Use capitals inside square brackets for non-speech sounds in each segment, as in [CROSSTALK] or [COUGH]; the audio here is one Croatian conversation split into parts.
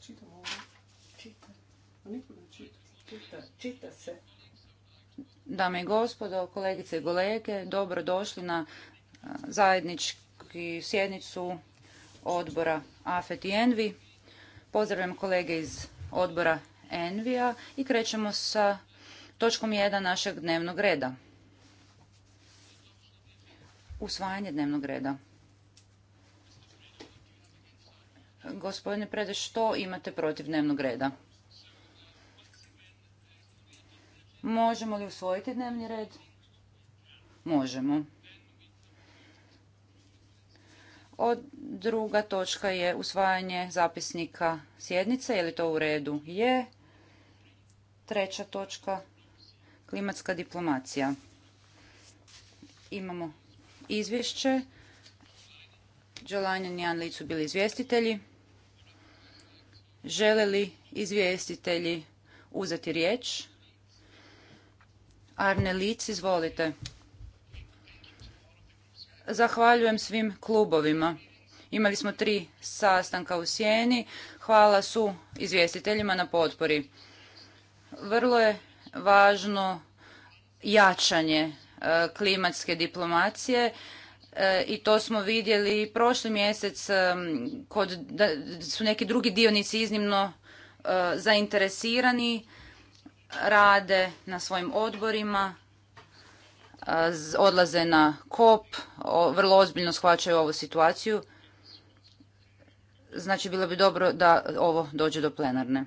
ne čita. Čita. Čita se. Dame i gospodo, kolegice i kolege, dobro došli na zajednički sjednicu odbora AFET i ENVI. Pozdravljam kolege iz odbora ENVI-a i krećemo sa točkom 1 našeg dnevnog reda. Usvajanje dnevnog reda. Gospodine Prede, što imate protiv dnevnog reda? Možemo li usvojiti dnevni red? Možemo. druga točka je usvajanje zapisnika sjednice. Je li to u redu? Je. Treća točka, klimatska diplomacija. Imamo izvješće. i Nijan Lid bili izvjestitelji. Žele li izvjestitelji uzeti riječ? Arne Lic, izvolite. Zahvaljujem svim klubovima. Imali smo tri sastanka u Sjeni. Hvala su izvjestiteljima na potpori. Vrlo je važno jačanje e, klimatske diplomacije E, i to smo vidjeli prošli mjesec e, kod da su neki drugi dionici iznimno e, zainteresirani, rade na svojim odborima, odlaze na kop, vrlo ozbiljno shvaćaju ovu situaciju. Znači, bilo bi dobro da ovo dođe do plenarne.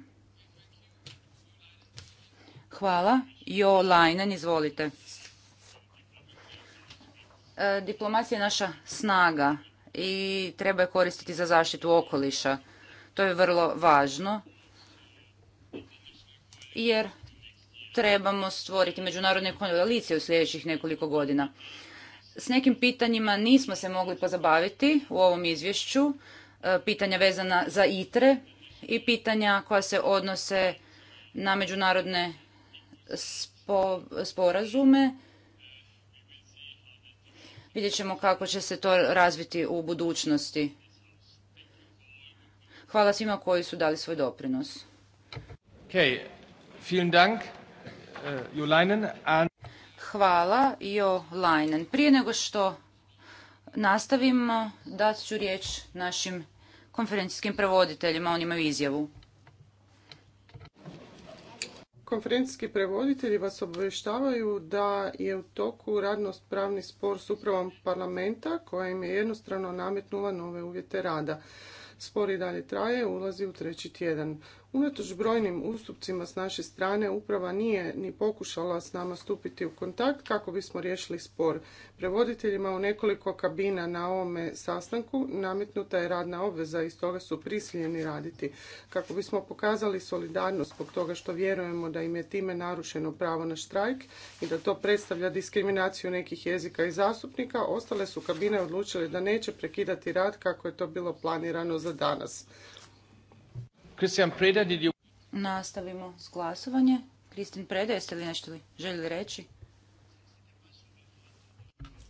Hvala. Jo Lajnen, izvolite. E, diplomacija je naša snaga i treba je koristiti za zaštitu okoliša. To je vrlo važno jer trebamo stvoriti međunarodne koalicije u sljedećih nekoliko godina. S nekim pitanjima nismo se mogli pozabaviti u ovom izvješću, e, pitanja vezana za ITRE i pitanja koja se odnose na međunarodne sporazume Vidjet ćemo kako će se to razviti u budućnosti. Hvala svima koji su dali svoj doprinos. Eh, Hvala, Jo Leinen. Prije nego što nastavimo, eh, dat ću riječ našim konferencijskim prevoditeljima, Oni imaju izjavu. Konferencijski prevoditelji vas obavještavaju da je u toku radno pravni spor s upravom parlamenta koja im je jednostrano nametnula nove uvjete rada. Spor i dalje traje, ulazi u treći tjedan. Unatoč brojnim ustupcima s naše strane, uprava nije ni pokušala s nama stupiti u kontakt kako bismo riješili spor. Prevoditeljima u nekoliko kabina na ovome sastanku nametnuta je radna obveza i stoga su prisiljeni raditi. Kako bismo pokazali solidarnost zbog toga što vjerujemo da im je time narušeno pravo na štrajk i da to predstavlja diskriminaciju nekih jezika i zastupnika, ostale su kabine odlučile da neće prekidati rad kako je to bilo planirano za danas. Preda, Nastavimo s glasovanje. Kristin Preda, jeste li nešto željeli reći?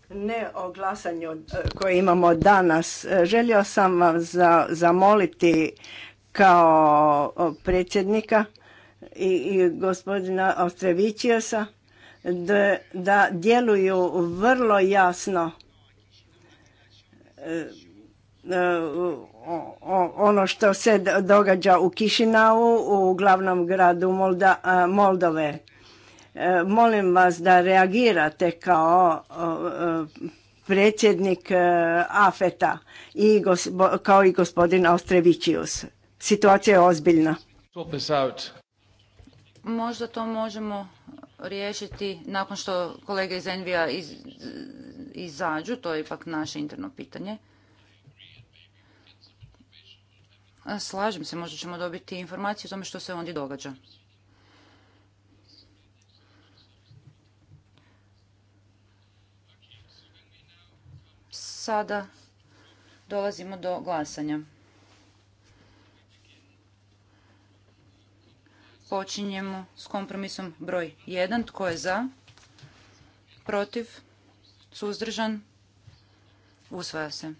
Ne o glasanju eh, koje imamo danas. Eh, želio sam vam zamoliti kao predsjednika i, gospodina Ostrevićijasa da, djeluju vrlo jasno eh, u ono što se događa u Kišinau, u glavnom gradu Moldove. E, molim vas da reagirate kao e, predsjednik e, AFETA i kao i gospodin Austrevićius. Situacija je ozbiljna. Možda to možemo riješiti nakon što kolege iz Envija izađu, to je ipak naše interno pitanje. Slažem se, možda ćemo dobiti informaciju o tome što se ondje događa. Sada dolazimo do glasanja. Počinjemo s kompromisom broj 1. Tko je za? Protiv? Suzdržan? Usvaja se.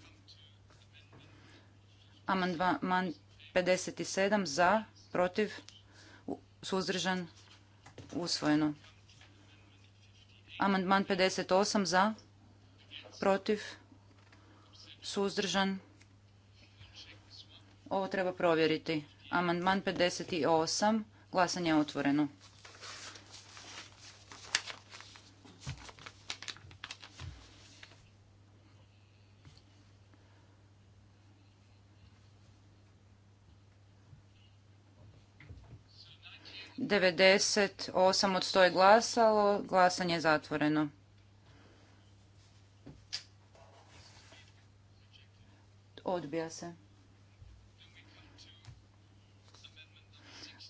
Amandman 57 za, protiv, suzdržan, usvojeno. Amandman 58 za, protiv, suzdržan. Ovo treba provjeriti. Amandman 58, glasanje je otvoreno. 98 od 100 je glasalo, glasanje je zatvoreno. Odbija se.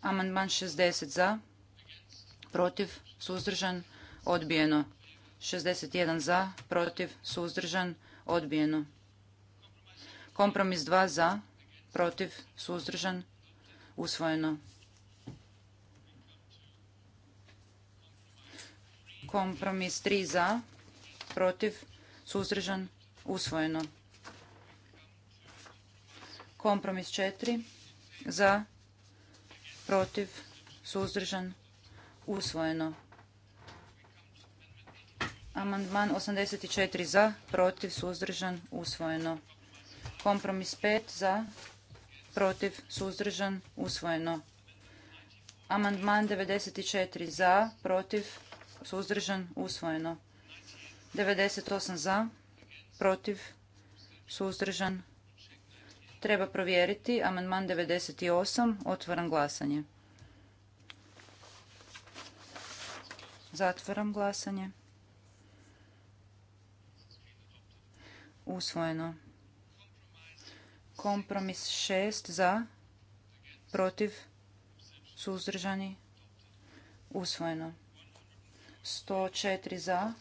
Amandman 60 za, protiv, suzdržan, odbijeno. 61 za, protiv, suzdržan, odbijeno. Kompromis 2 za, protiv, suzdržan, usvojeno. Kompromis 3 za, protiv, suzdržan, usvojeno. Kompromis 4 za, protiv, suzdržan, usvojeno. Amandman 84 za, protiv, suzdržan, usvojeno. Kompromis 5 za, protiv, suzdržan, usvojeno. Amandman 94 za, protiv, suzdržan, usvojeno. 98 za, protiv, suzdržan. Treba provjeriti. Amandman 98. Otvaram glasanje. Zatvaram glasanje. Usvojeno. Kompromis 6 za, protiv, suzdržani, usvojeno. 104 za,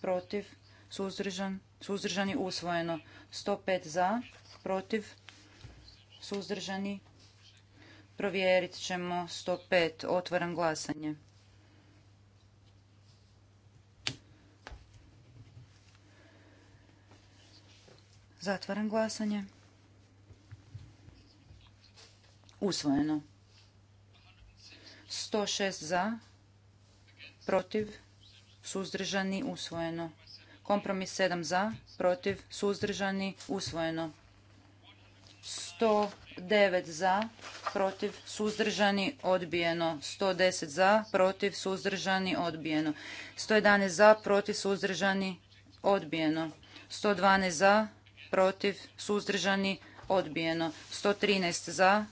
protiv, suzdržan, suzdržani usvojeno. 105 za, protiv, suzdržani. Provjerit ćemo 105. Otvaram glasanje. Zatvaram glasanje. Usvojeno. 106 za, protiv, suzdržani, usvojeno. Kompromis 7 za, protiv, suzdržani, usvojeno. 109 za, protiv, suzdržani, odbijeno. 110 za, protiv, suzdržani, odbijeno. 111 za, protiv, suzdržani, odbijeno. 112 za, protiv, suzdržani, odbijeno. 113 za,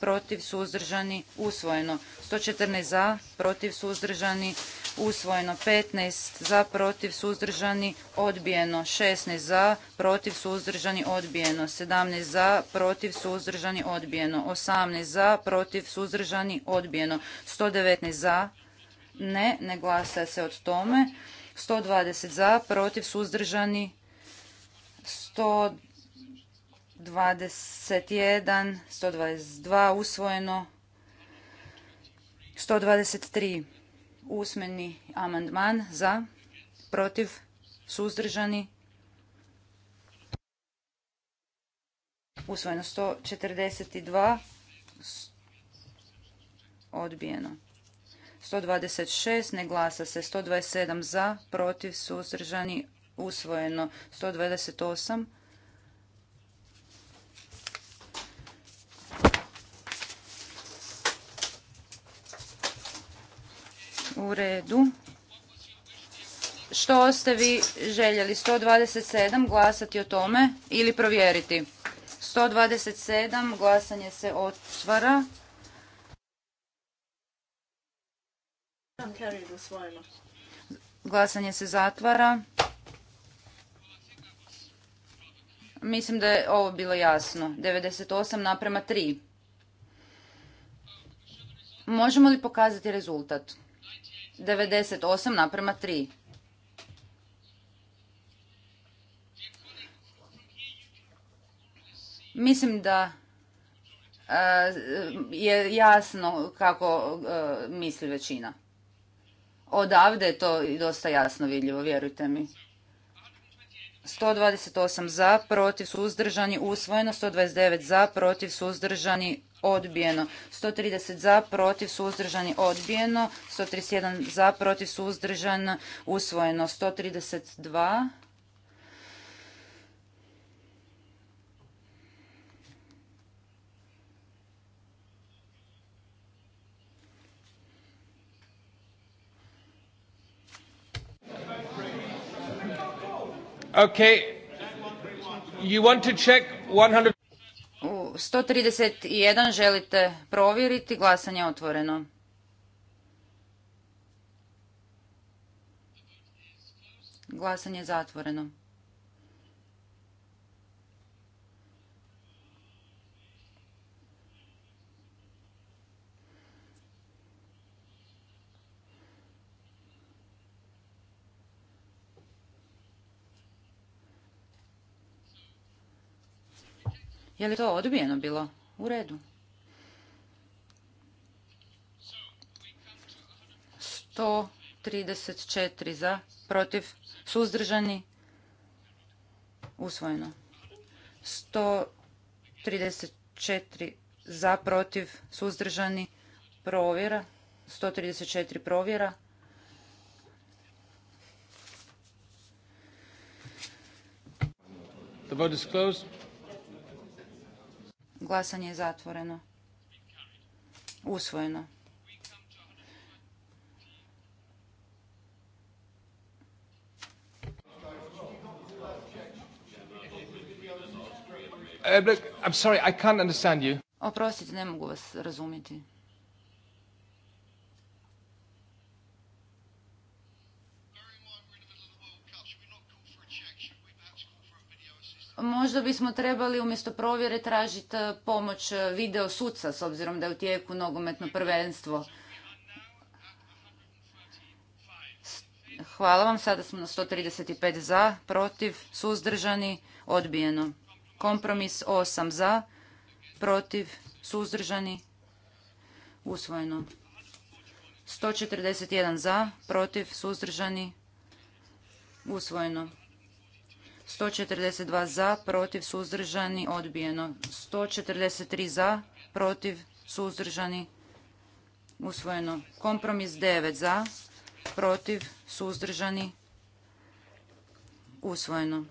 protiv, suzdržani, usvojeno. 114 za, protiv, suzdržani, usvojeno 15 za, protiv, suzdržani, odbijeno 16 za, protiv, suzdržani, odbijeno 17 za, protiv, suzdržani, odbijeno 18 za, protiv, suzdržani, odbijeno 119 za, ne, ne glasa se od tome, 120 za, protiv, suzdržani, 121, 122 usvojeno, 123 Usmeni amandman za, protiv, suzdržani. Usvojeno 142, odbijeno. 126, ne glasa se. 127 za, protiv, suzdržani, usvojeno. 128 U redu. Što ste vi željeli? 127 glasati o tome ili provjeriti? 127 glasanje se otvara. Glasanje se zatvara. Mislim da je ovo bilo jasno. 98 naprema 3. Možemo li pokazati rezultat? 98 naprema 3. Mislim da e, je jasno kako e, misli većina. Odavde je to dosta jasno vidljivo, vjerujte mi. 128 za, protiv suzdržani, usvojeno. 129 za, protiv suzdržani, odbijeno. 130 za, protiv, suzdržani, odbijeno. 131 za, protiv, suzdržan, usvojeno. 132 Okay. You want to check 100 131 želite provjeriti, glasanje je otvoreno. Glasanje je zatvoreno. Je li to odbijeno bilo? U redu. 134 za, protiv, suzdržani, usvojeno. 134 za, protiv, suzdržani, provjera. 134 provjera. The vote is Glasanje je zatvoreno. Usvojeno. Eh, Oprostite, ne mogu vas razumjeti. možda bismo trebali umjesto provjere tražiti e, pomoć e, video suca s obzirom da je u tijeku nogometno prvenstvo. Hvala vam. Sada smo na 135 za, protiv, suzdržani, odbijeno. Kompromis 8 za, protiv, suzdržani, usvojeno. 141 za, protiv, suzdržani, usvojeno. 142 za, protiv, suzdržani, odbijeno. 143 za, protiv, suzdržani, usvojeno. Kompromis 9 za, protiv, suzdržani, usvojeno.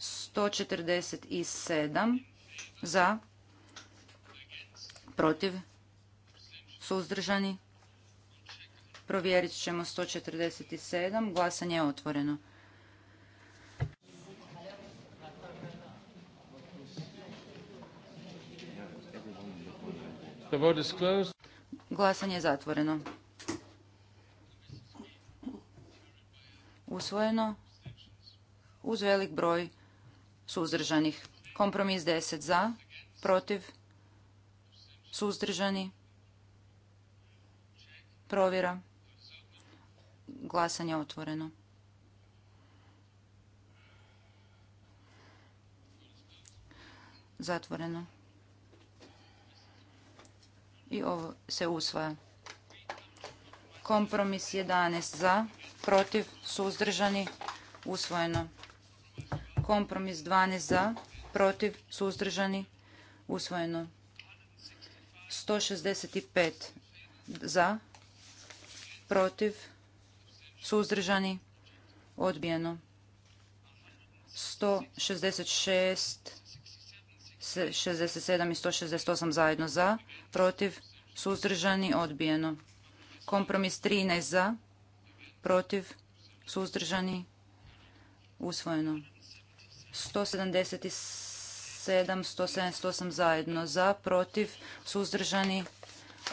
147 za, protiv, suzdržani, Provjerit ćemo 147. Glasanje je otvoreno. Glasanje je zatvoreno. Usvojeno uz velik broj suzdržanih. Kompromis 10 za, protiv, suzdržani, provjera. Glasanje otvoreno. Zatvoreno. I ovo se usvaja. Kompromis 11 za, protiv, suzdržani, usvojeno. Kompromis 12 za, protiv, suzdržani, usvojeno. 165 za, protiv, suzdržani, odbijeno. 166, 67 i 168 zajedno za, protiv, suzdržani, odbijeno. Kompromis 13 za, protiv, suzdržani, usvojeno. 177, 178 zajedno za, protiv, suzdržani,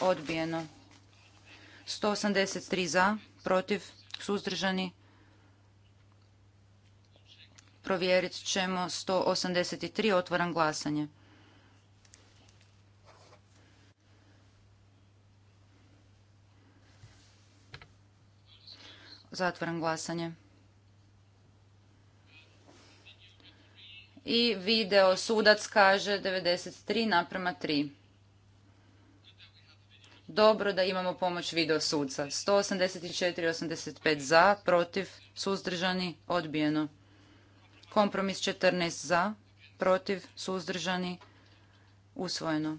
odbijeno. 183 za, protiv, suzdržani. Provjerit ćemo 183. Otvaram glasanje. Zatvaram glasanje. I video sudac kaže 93 naprema 3 dobro da imamo pomoć video sudca. 184 85 za, protiv, suzdržani, odbijeno. Kompromis 14 za, protiv, suzdržani, usvojeno.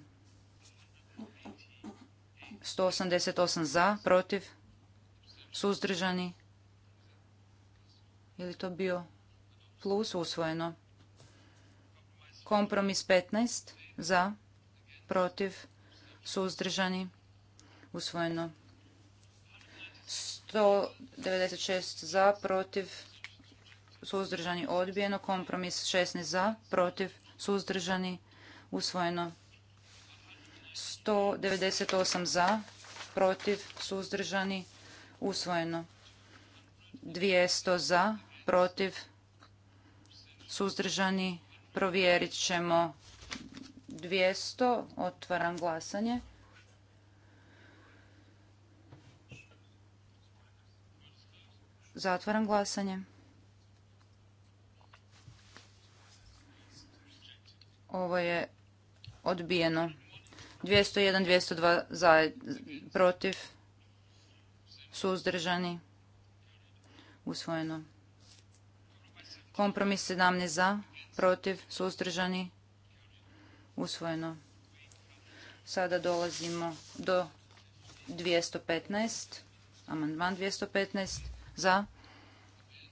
188 za, protiv, suzdržani. Je li to bio plus usvojeno? Kompromis 15 za, protiv, suzdržani, usvojeno. 196 za, protiv, suzdržani, odbijeno. Kompromis 16 za, protiv, suzdržani, usvojeno. 198 za, protiv, suzdržani, usvojeno. 200 za, protiv, suzdržani, provjerit ćemo 200. Otvaram glasanje. Zatvaram glasanje. Ovo je odbijeno. 201, 202 za, protiv, suzdržani, usvojeno. Kompromis 17 za, protiv, suzdržani, usvojeno. Sada dolazimo do 215, amandman 215 za,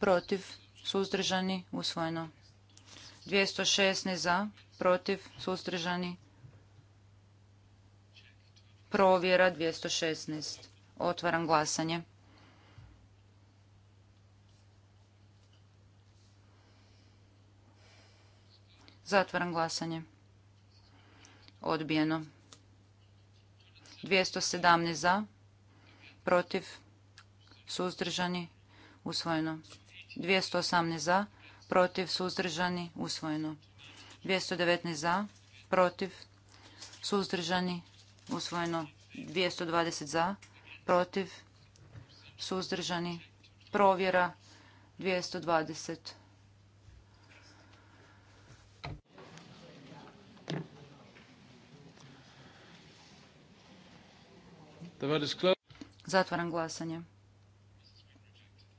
protiv, suzdržani, usvojeno. 216 za, protiv, suzdržani, provjera 216. Otvaram glasanje. Zatvaram glasanje. Odbijeno. 217 za, protiv, suzdržani, usvojeno. 218 za, protiv, suzdržani, usvojeno. 219 za, protiv, suzdržani, usvojeno. 220 za, protiv, suzdržani, provjera 220. Zatvaram glasanje.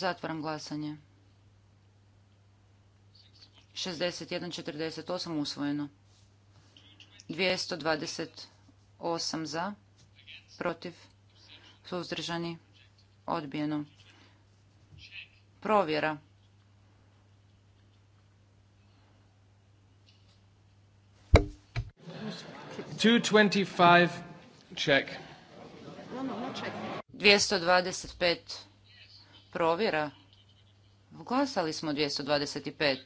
Zatvaram glasanje. 61.48 usvojeno. 228 za, protiv, suzdržani, odbijeno. Provjera. 225 check. 225 provjera. Glasali smo 225.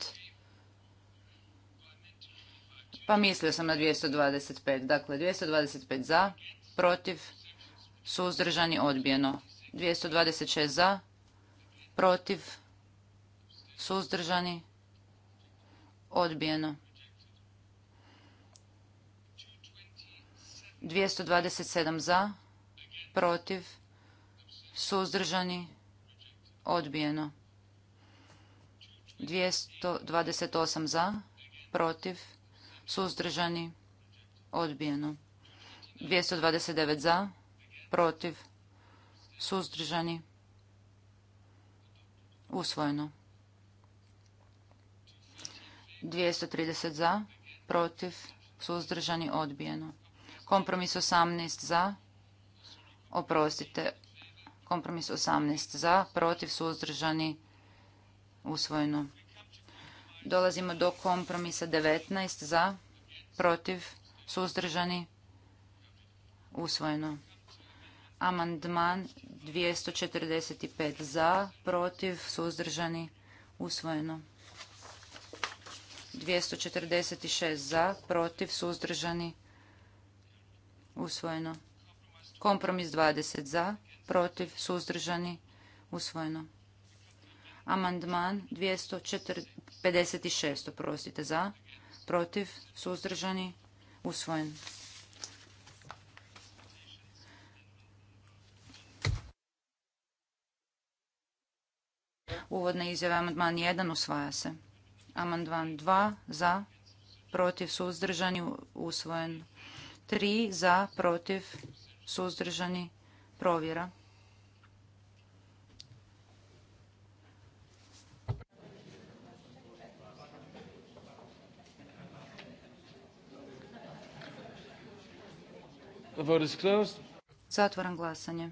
Pa mislio sam na 225. Dakle, 225 za, protiv, suzdržani, odbijeno. 226 za, protiv, suzdržani, odbijeno. 227 za, protiv, suzdržani, odbijeno Odbijeno. 228 za, protiv, suzdržani, odbijeno. 229 za, protiv, suzdržani, usvojeno. 230 za, protiv, suzdržani, odbijeno. Kompromis 18 za, oprostite, Kompromis 18 za, protiv, suzdržani, usvojeno. Dolazimo do kompromisa 19 za, protiv, suzdržani, usvojeno. Amandman 245 za, protiv, suzdržani, usvojeno. 246 za, protiv, suzdržani, usvojeno. Kompromis 20 za, protiv, suzdržani, usvojeno. Amandman 256, oprostite, za, protiv, suzdržani, usvojen. Uvodna izjava amandman 1 usvaja se. Amandman 2 za, protiv, suzdržani, usvojen. 3 za, protiv, suzdržani, usvojen Provjera. Zatvaram glasanje.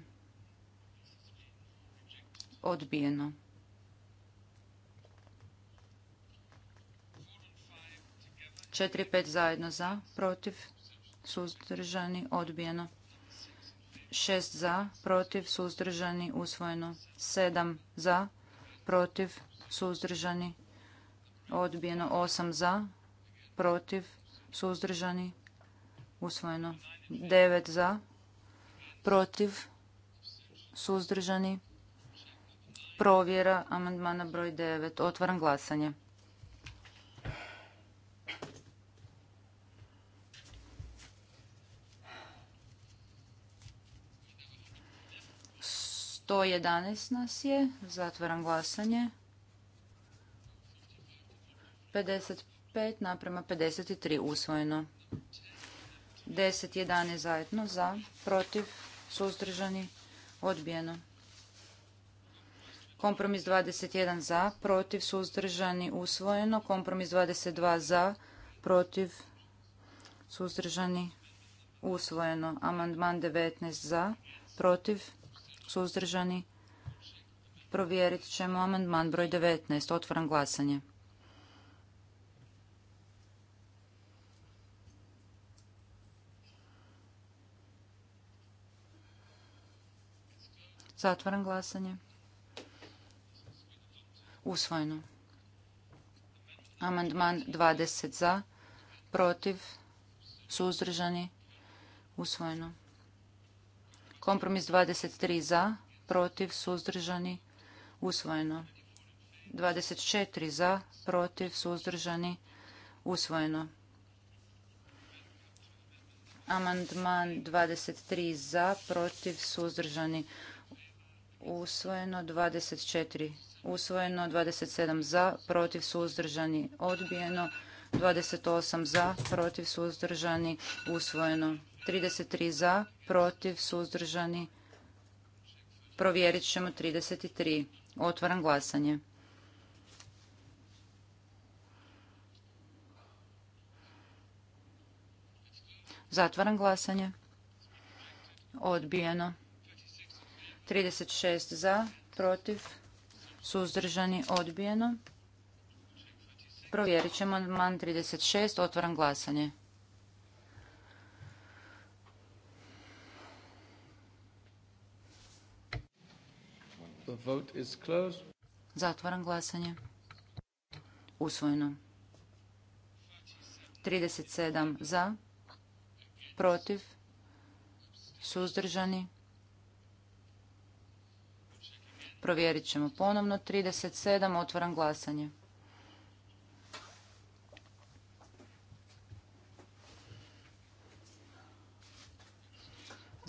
Odbijeno. Četiri pet zajedno za, protiv, suzdržani, odbijeno. 6 za, protiv, suzdržani, usvojeno. 7 za, protiv, suzdržani, odbijeno. 8 za, protiv, suzdržani, usvojeno. 9 za, protiv, suzdržani, provjera amandmana broj 9. Otvaram glasanje. 111 nas je. Zatvaram glasanje. 55 naprema 53 usvojeno. 10, 11 zajedno za, protiv, suzdržani, odbijeno. Kompromis 21 za, protiv, suzdržani, usvojeno. Kompromis 22 za, protiv, suzdržani, usvojeno. Amandman 19 za, protiv, Suzdržani? Provjerit ćemo amandman broj 19. Otvaram glasanje. Zatvaram glasanje. Usvojeno. Amandman 20 za, protiv, suzdržani, usvojeno. Kompromis 23 za, protiv, suzdržani, usvojeno. 24 za, protiv, suzdržani, usvojeno. Amandman 23 za, protiv, suzdržani, usvojeno. 24 usvojeno, 27 za, protiv, suzdržani, odbijeno. 28 za, protiv, suzdržani, usvojeno. 33 za, protiv, suzdržani. Provjerit ćemo 33. Otvaram glasanje. Zatvaram glasanje. Odbijeno. 36 za, protiv, suzdržani, odbijeno. Provjerit ćemo man 36. Otvaram glasanje. The Zatvaram glasanje. Usvojeno. 37 za, protiv, suzdržani. Provjerit ćemo ponovno. 37. Otvaram glasanje.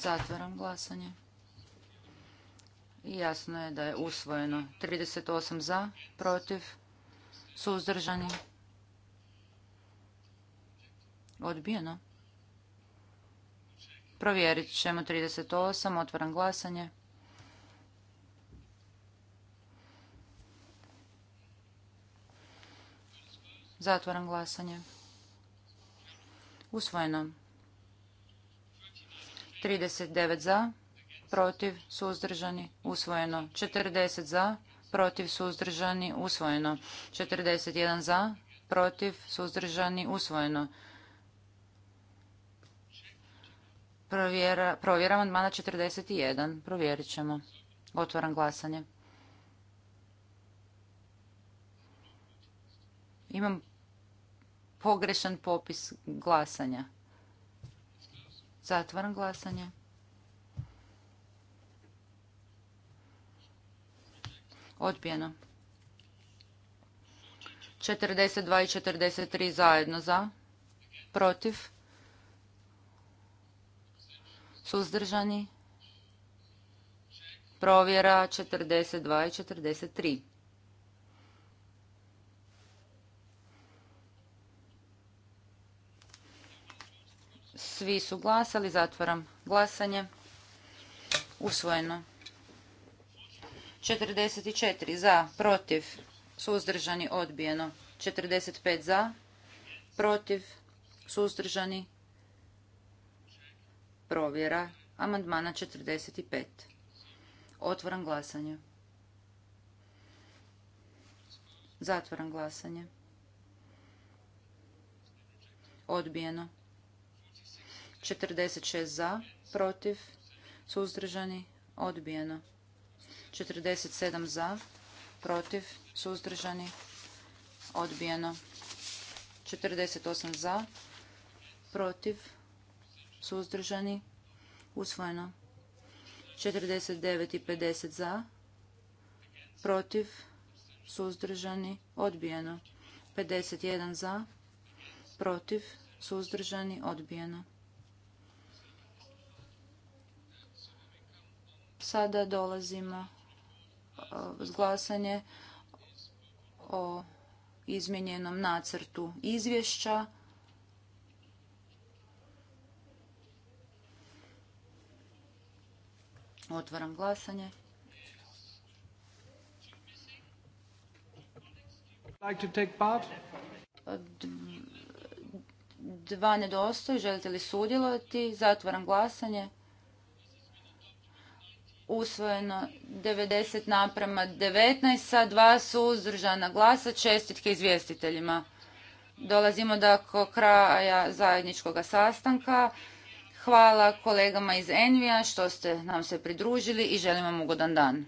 Zatvaram glasanje. Jasno je da je usvojeno. 38 za, protiv, suzdržani. Odbijeno. Provjerit ćemo 38. Otvaram glasanje. Zatvaram glasanje. Usvojeno. 39 za, protiv, suzdržani, usvojeno. 40 za, protiv, suzdržani, usvojeno. 41 za, protiv, suzdržani, usvojeno. Provjera, provjera amandmana 41. Provjerit ćemo. Otvaram glasanje. Imam pogrešan popis glasanja. Zatvaram glasanje. Odbijeno. 42 i 43 zajedno za. Protiv. Suzdržani. Provjera 42 i 43. Svi su glasali, zatvaram glasanje. Usvojeno. 44 za, protiv, suzdržani, odbijeno. 45 za, protiv, suzdržani, provjera. Amandmana 45. Otvoram glasanje. Zatvoram glasanje. Odbijeno. 46 za, protiv, suzdržani, odbijeno. 47 za, protiv, suzdržani, odbijeno. 48 za, protiv, suzdržani, usvojeno. 49 i 50 za, protiv, suzdržani, odbijeno. 51 za, protiv, suzdržani, odbijeno. Sada dolazimo s glasanje o izmjenjenom nacrtu izvješća. Otvaram glasanje. Dva nedostaju. Želite li sudjelovati? Zatvaram glasanje usvojeno 90 naprema 19 sa dva suzdržana glasa. Čestitke izvjestiteljima. Dolazimo do kraja zajedničkoga sastanka. Hvala kolegama iz Envija što ste nam se pridružili i želim vam ugodan dan.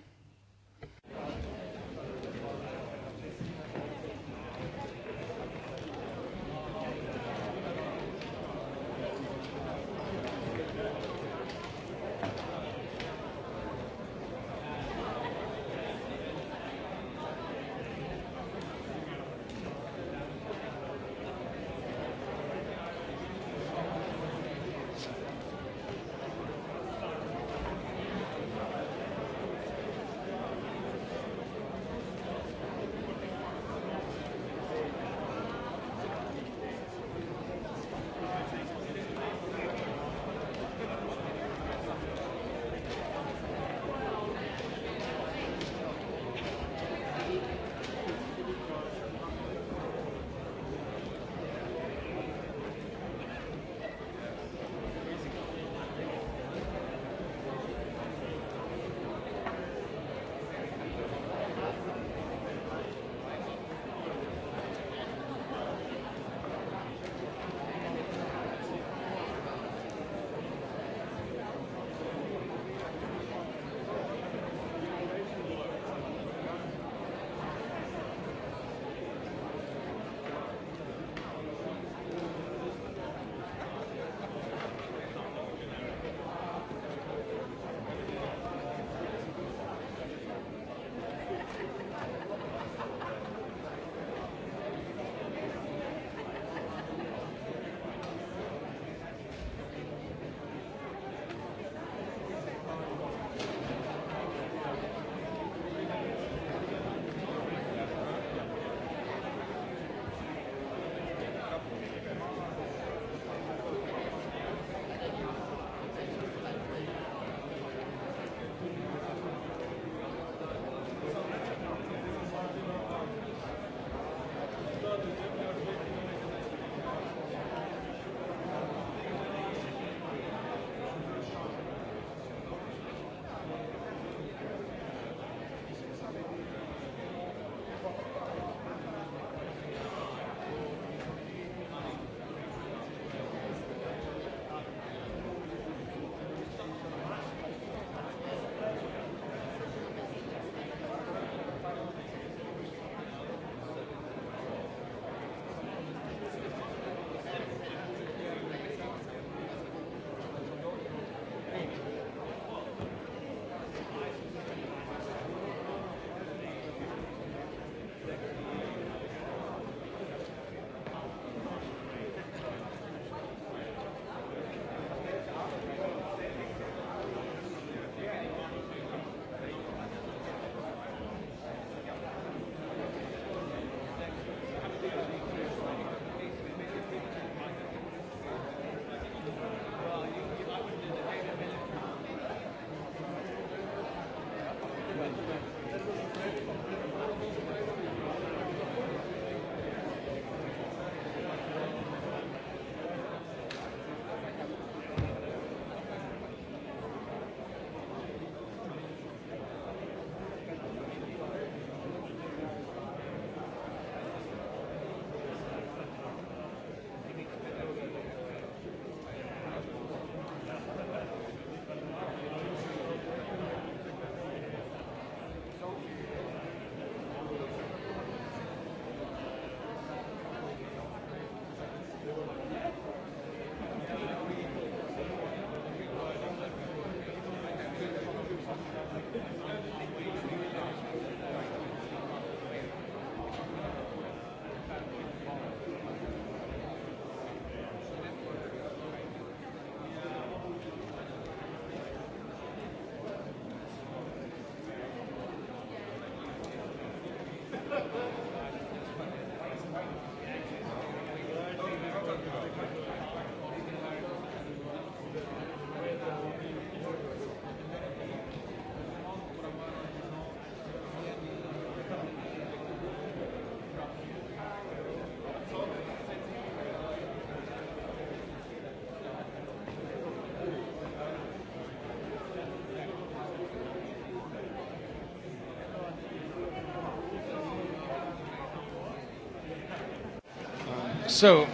So,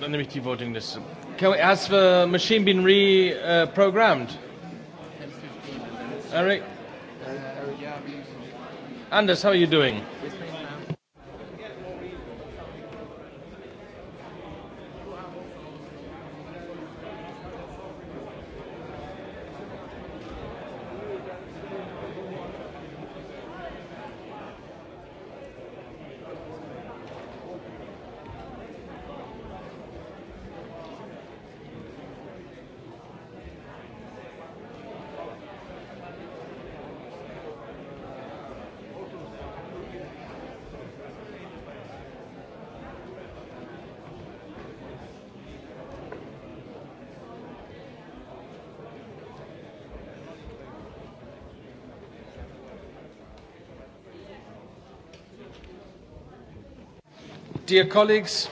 dann nehme ich die Voting this. Can we, has the machine been reprogrammed? Uh, Eric? Anders, how are you doing? Dear colleagues,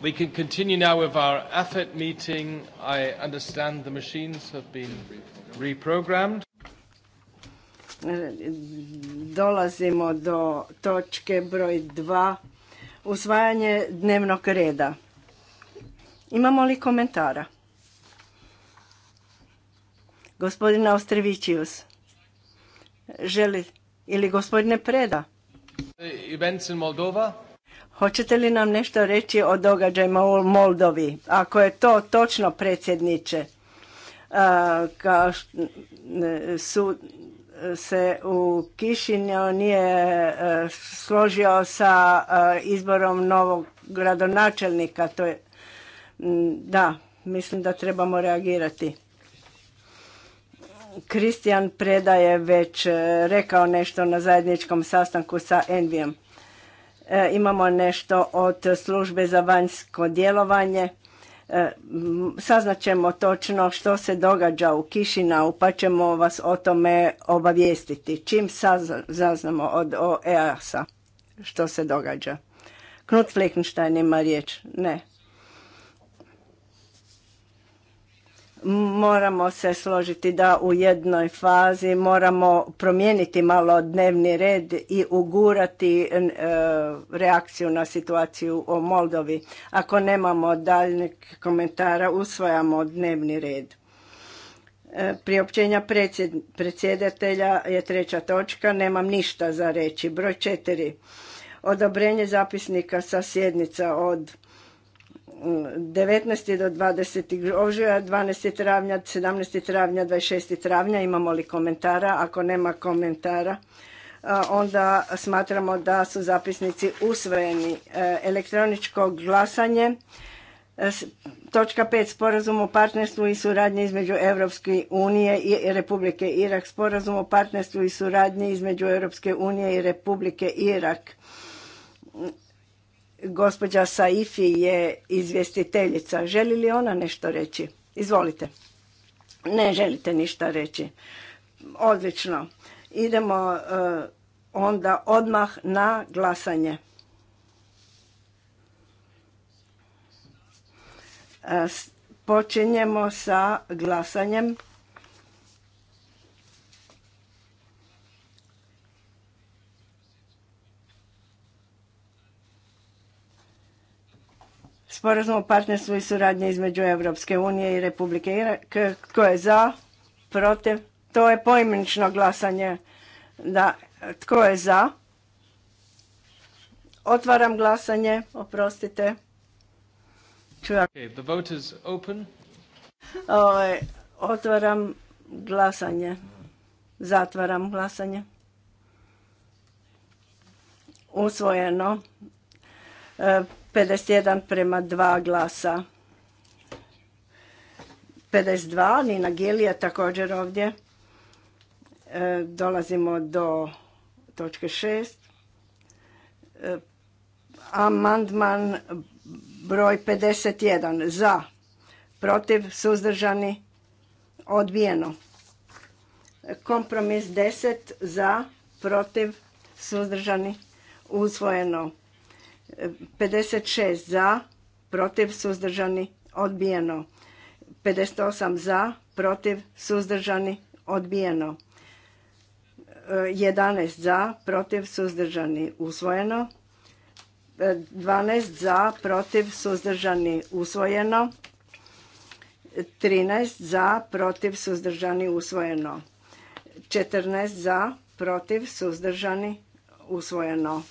we can continue now with our AFET meeting. I understand the machines have been reprogrammed. Dolazimo do točke broj 2, usvajanje dnevnog reda. Imamo li komentara? Gospodin Austrevičius, želi, ili gospodine Preda? Events in Moldova, Hoćete li nam nešto reći o događajima u Moldovi? Ako je to točno, predsjedniče, kao su se u Kišinju nije e, složio sa e, izborom novog gradonačelnika. To je, da, mislim da trebamo reagirati. Kristijan Preda je već e, rekao nešto na zajedničkom sastanku sa Envijem. E, imamo nešto od službe za vanjsko djelovanje. E, saznat ćemo točno što se događa u Kišinau pa ćemo vas o tome obavijestiti. Čim saznamo od EAS-a što se događa. Knut Fleckenstein ima riječ. Ne. moramo se složiti da u jednoj fazi moramo promijeniti malo dnevni red i ugurati e, reakciju na situaciju o Moldovi. Ako nemamo daljnjeg komentara, usvojamo dnevni red. E, priopćenja predsjedatelja je treća točka, nemam ništa za reći. Broj četiri. Odobrenje zapisnika sa sjednica od 19. do 20. ožuja, 12. travnja, 17. travnja, 26. travnja. Imamo li komentara? Ako nema komentara, onda smatramo da su zapisnici usvojeni. E, elektroničko glasanje, e, točka 5. Sporazum o partnerstvu i suradnji između Europske unije i Republike Irak. Sporazum o partnerstvu i suradnji između Europske unije i Republike Irak Gospođa Saifi je izvjestiteljica. Želi li ona nešto reći? Izvolite. Ne želite ništa reći. Odlično. Idemo eh, onda odmah na glasanje. Eh, počinjemo sa glasanjem. Sporazum o partnerstvu i suradnje između Europske unije i Republike Irak. Tko je za? Protiv? To je poimenično glasanje. Da. Tko je za? Otvaram glasanje. Oprostite. Ovaj, otvaram glasanje. Zatvaram glasanje. Usvojeno. E, 51 prema 2 glasa. 52, Nina Gilija također ovdje. E, dolazimo do točke 6. E, amandman broj 51 za, protiv, suzdržani, odbijeno. Kompromis 10 za, protiv, suzdržani, usvojeno. 56 za, protiv, suzdržani, odbijeno. 58 za, protiv, suzdržani, odbijeno. 11 za, protiv, suzdržani, usvojeno. 12 za, protiv, suzdržani, usvojeno. 13 za, protiv, suzdržani, usvojeno. 14 za, protiv, suzdržani, usvojeno.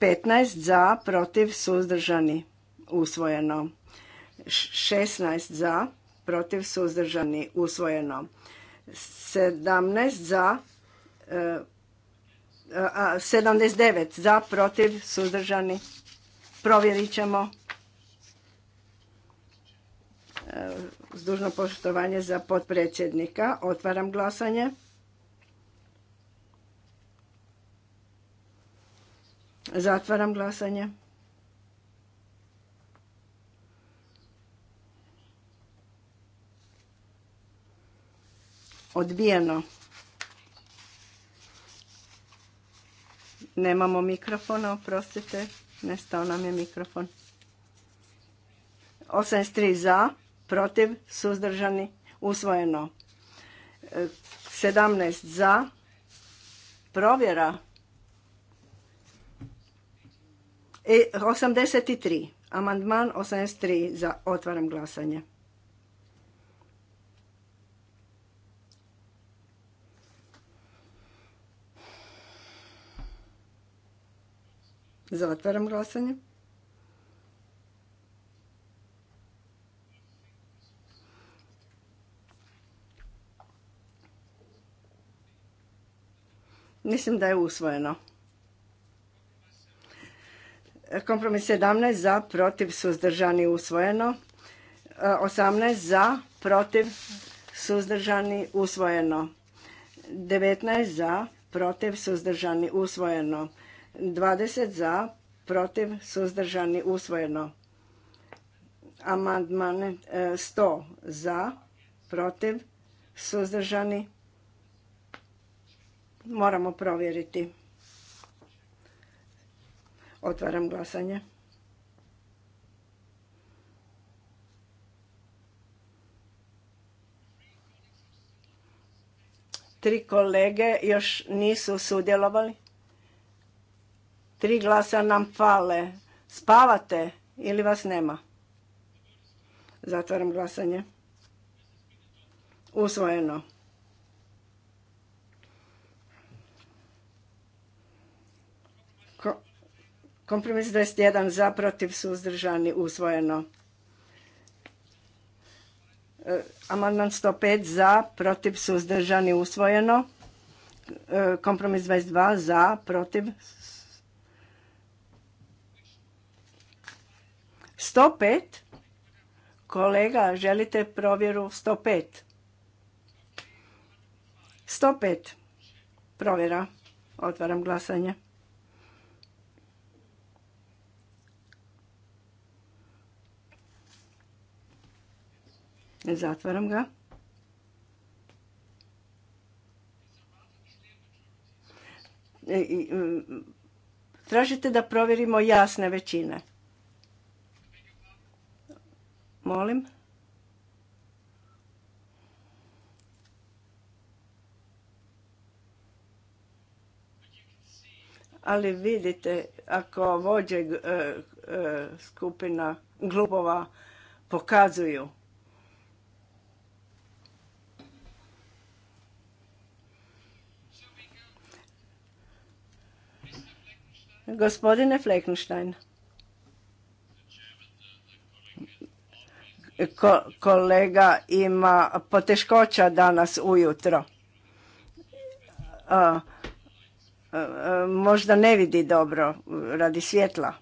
15 za, protiv, suzdržani, usvojeno. 16 za, protiv, suzdržani, usvojeno. 17 za, 79 e, za, protiv, suzdržani, provjerit ćemo s e, dužno poštovanje za potpredsjednika. Otvaram glasanje. Zatvaram glasanje. Odbijeno. Nemamo mikrofona, oprostite. Nestao nam je mikrofon. 83 za, protiv, suzdržani, usvojeno. 17 za, provjera. 83. E, Amandman 83 za otvaram glasanje. Za otvaram glasanje. Mislim da je usvojeno. Kompromis 17 za, protiv, suzdržani, usvojeno. 18 za, protiv, suzdržani, usvojeno. 19 za, protiv, suzdržani, usvojeno. 20 za, protiv, suzdržani, usvojeno. Amandman 100 e, za, protiv, suzdržani. Moramo provjeriti. Otvaram glasanje. Tri kolege još nisu sudjelovali. Tri glasa nam fale. Spavate ili vas nema? Zatvaram glasanje. Usvojeno. Kompromis 21 za, protiv, suzdržani, usvojeno. E, amandman 105 za, protiv, suzdržani, usvojeno. E, kompromis 22 za, protiv. 105. Kolega, želite provjeru 105? 105. Provjera. Otvaram glasanje. Zatvaram ga. E, tražite da provjerimo jasne većine. Molim. Ali vidite, ako vođe e, e, skupina glubova pokazuju Gospodine Fleckenstein. kolega ima poteškoća danas ujutro. možda ne vidi dobro radi svjetla.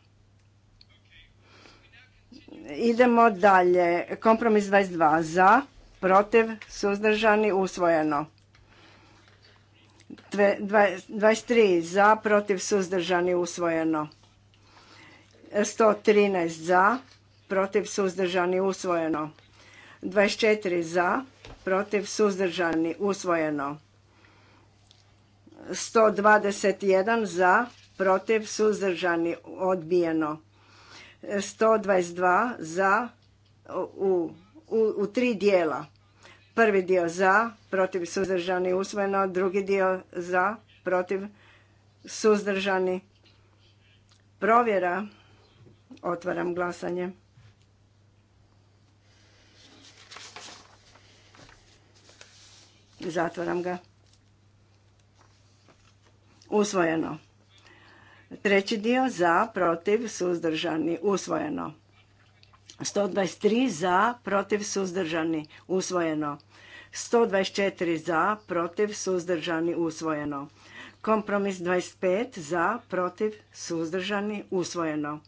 Idemo dalje. Kompromis 22 za, protiv, suzdržani, usvojeno. 23 za, protiv suzdržani usvojeno. 113 za, protiv suzdržani usvojeno. 24 za, protiv suzdržani usvojeno. 121 za, protiv suzdržani odbijeno. 122 za u, u, u tri dijela. Prvi dio za, protiv suzdržani usvojeno, drugi dio za, protiv suzdržani. Provjera. Otvaram glasanje. Zatvaram ga. Usvojeno. Treći dio za, protiv, suzdržani, usvojeno. 123 za, protiv, suzdržani, usvojeno. 124 za, protiv, suzdržani, usvojeno. Kompromis 25 za, protiv, suzdržani, usvojeno.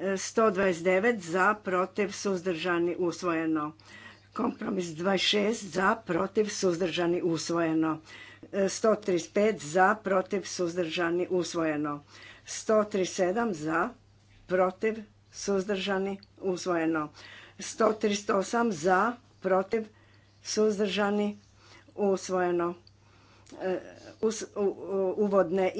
129 za, protiv, suzdržani, usvojeno. Kompromis 26 za, protiv, suzdržani, usvojeno. 135 za, protiv, suzdržani, usvojeno. 137 za, protiv, suzdržani, usvojeno. 138 za, protiv, suzdržani, usvojeno. E, uvodne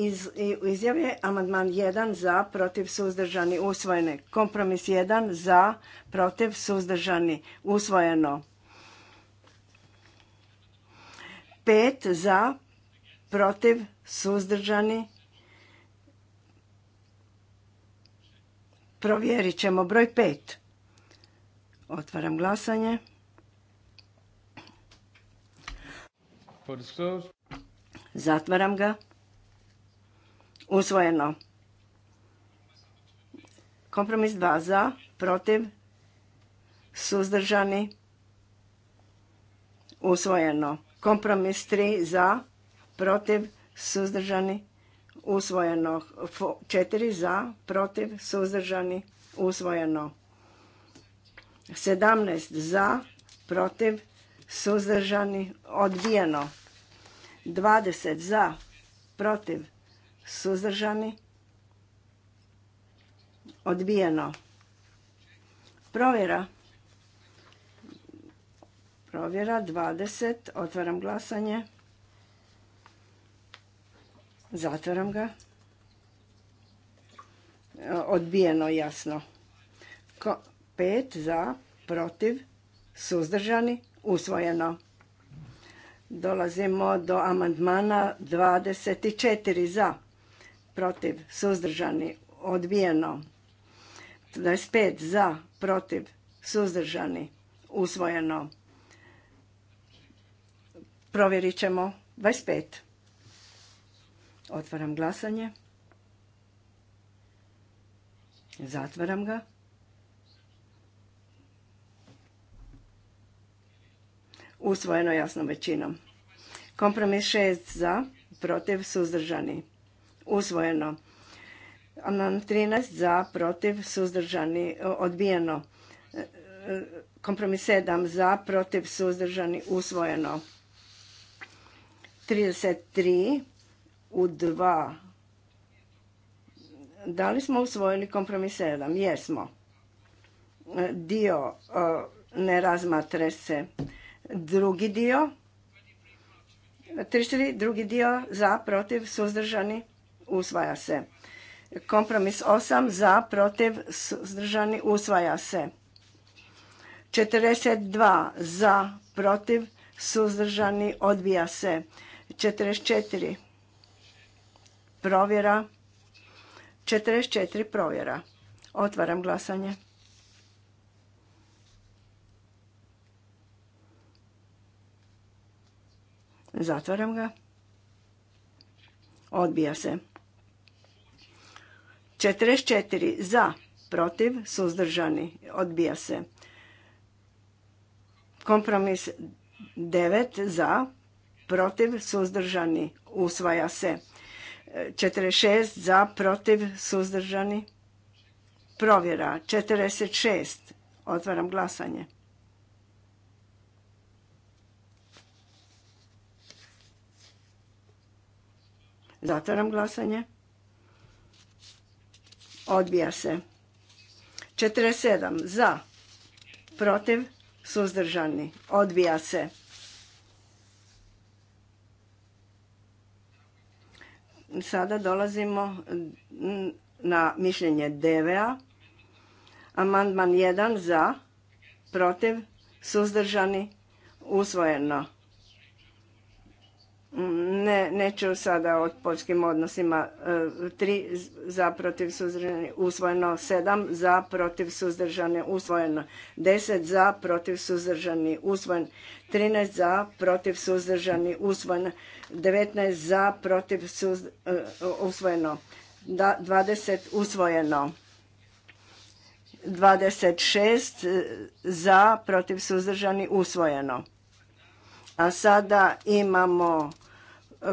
izjave. Amandman 1 za, protiv, suzdržani, usvojene. Kompromis 1 za, protiv, suzdržani, usvojeno. 5 za, protiv, suzdržani. Provjerit ćemo broj 5. Otvaram glasanje. Zatvaram ga. Usvojeno. Kompromis 2 za, protiv, suzdržani, usvojeno. Kompromis 3 za, protiv, suzdržani, usvojeno. 4 za, protiv, suzdržani, usvojeno. 17 za, protiv, suzdržani, odbijeno. 20 za, protiv, suzdržani, odbijeno. Provjera. Provjera 20, otvaram glasanje. Zatvaram ga. Odbijeno jasno. 5 za, protiv, suzdržani, usvojeno. Dolazimo do amandmana 24 za, protiv, suzdržani, odbijeno. 25 za, protiv, suzdržani, usvojeno. Provjerit ćemo 25. Otvaram glasanje. Zatvaram ga. usvojeno jasnom većinom. Kompromis 6 za, protiv, suzdržani, usvojeno. Amandman 13 za, protiv, suzdržani, odbijeno. E, e, kompromis 7 za, protiv, suzdržani, usvojeno. 33 u 2. Da li smo usvojili kompromis 7? Jesmo. E, dio ne razmatre se. Drugi dio, drugi dio za, protiv, suzdržani, usvaja se. Kompromis 8 za, protiv, suzdržani, usvaja se. 42 za, protiv, suzdržani, odbija se. 44 provjera. 44 provjera. Otvaram glasanje. Zatvaram ga. Odbija se. 44 za, protiv, suzdržani. Odbija se. Kompromis 9 za, protiv, suzdržani. Usvaja se. 46 za, protiv, suzdržani. Provjera. 46. Otvaram glasanje. Zatvaram glasanje. Odbija se. 47 za, protiv, suzdržani. Odbija se. Sada dolazimo na mišljenje DVA. Amandman 1 za, protiv, suzdržani, usvojeno. Ne, neću sada o poljskim odnosima. E, tri za protiv suzdržani usvojeno, sedam za protiv suzdržani usvojeno, deset za protiv suzdržani usvojen, trinaest za protiv suzdržani usvojen, devetnaest za protiv suz, e, usvojeno, dvadeset usvojeno. 26 za, protiv suzdržani usvojeno. A sada imamo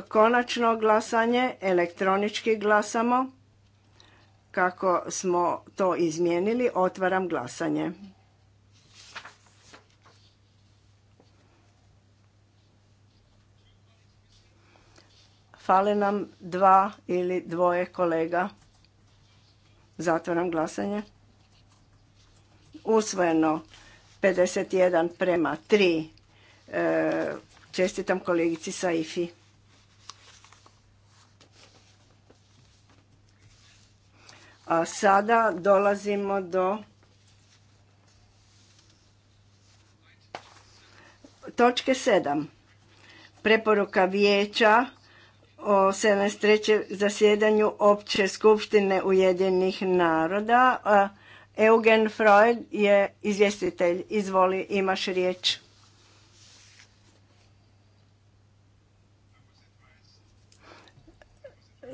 Konačno glasanje, elektronički glasamo. Kako smo to izmijenili, otvaram glasanje. Fale nam dva ili dvoje kolega. Zatvaram glasanje. Usvojeno 51 prema 3. E, čestitam kolegici Saifi. A sada dolazimo do točke 7. Preporuka vijeća o 73. zasjedanju Opće skupštine Ujedinjenih naroda. Eugen Freud je izvjestitelj. Izvoli, imaš riječ.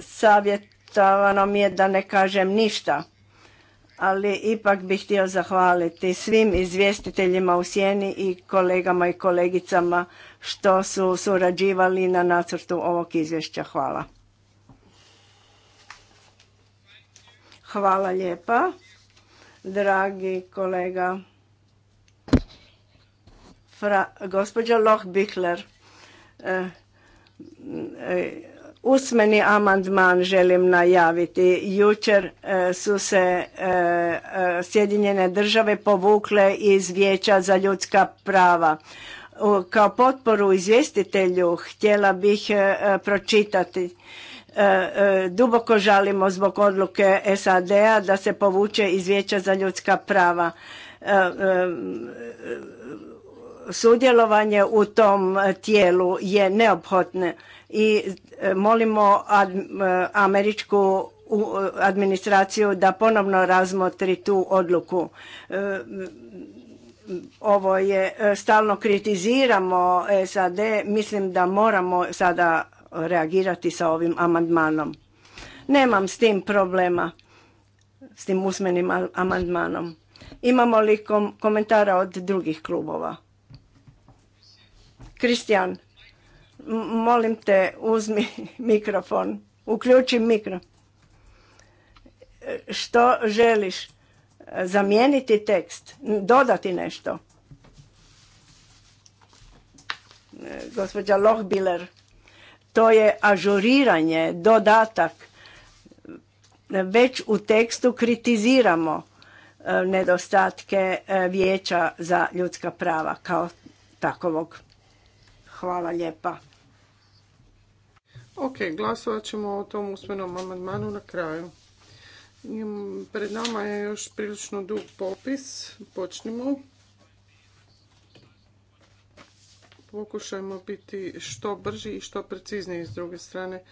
Savjet jednostavno mi je da ne kažem ništa, ali ipak bih htio zahvaliti svim izvjestiteljima u sjeni i kolegama i kolegicama što su surađivali na nacrtu ovog izvješća. Hvala. Hvala lijepa, dragi kolega. Fra, gospođa Loh Bichler eh, eh, Usmeni amandman želim najaviti. Jučer e, su se e, e, Sjedinjene države povukle iz Vijeća za ljudska prava. Kao potporu izvjestitelju htjela bih pročitati duboko žalimo zbog odluke SAD-a da se povuče iz Vijeća za ljudska prava. Sudjelovanje u tom tijelu je neophodno i E, molimo e, američku administraciju da ponovno razmotri tu odluku. E, ovo je, stalno kritiziramo SAD, mislim da moramo sada reagirati sa ovim amandmanom. Nemam s tim problema, s tim usmenim amandmanom. Imamo li komentara od drugih klubova? Kristijan molim te uzmi [LAUGHS] mikrofon, uključi mikro. Što želiš? Zamijeniti tekst, dodati nešto. E, gospođa Lohbiler, to je ažuriranje, dodatak. Već u tekstu kritiziramo e, nedostatke e, vijeća za ljudska prava kao takovog. Hvala lijepa. Ok, glasovat ćemo o tom usmenom amandmanu na kraju. Pred nama je još prilično dug popis. Počnimo. Pokušajmo biti što brži i što precizniji s druge strane.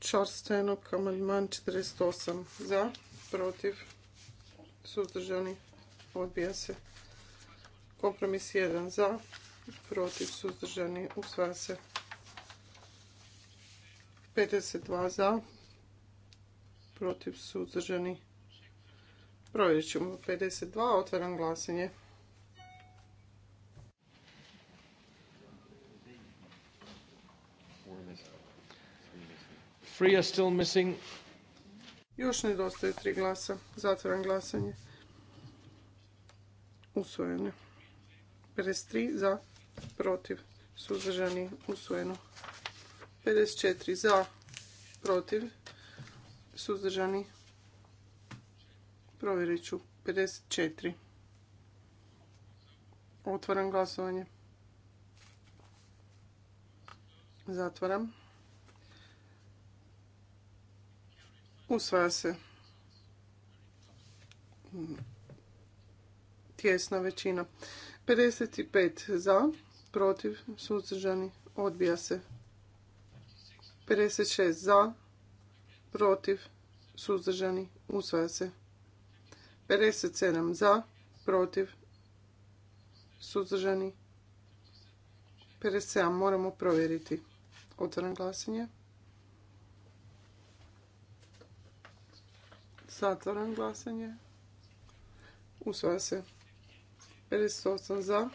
Charles Stenok, amandman 48. Za, protiv, suzdržani, odbija se. Kompromis 1. Za, protiv, suzdržani, usvaja se. 52 za, protiv suzdržani. Provjerit ćemo 52, otvaram glasanje. missing. Još nedostaje tri glasa. Zatvaram glasanje. Usvojeno. 53 za, protiv, suzdržani, usvojeno. 54 za, protiv, suzdržani. Provjerit ću 54. Otvaram glasovanje. Zatvaram. Usvaja se. Tjesna većina. 55 za, protiv, suzdržani, odbija se. 56 za, protiv, suzdržani, usvaja se. 57 za, protiv, suzdržani, 57 moramo provjeriti. Otvaram glasanje. Zatvaram glasanje. Usvaja se. 58 za,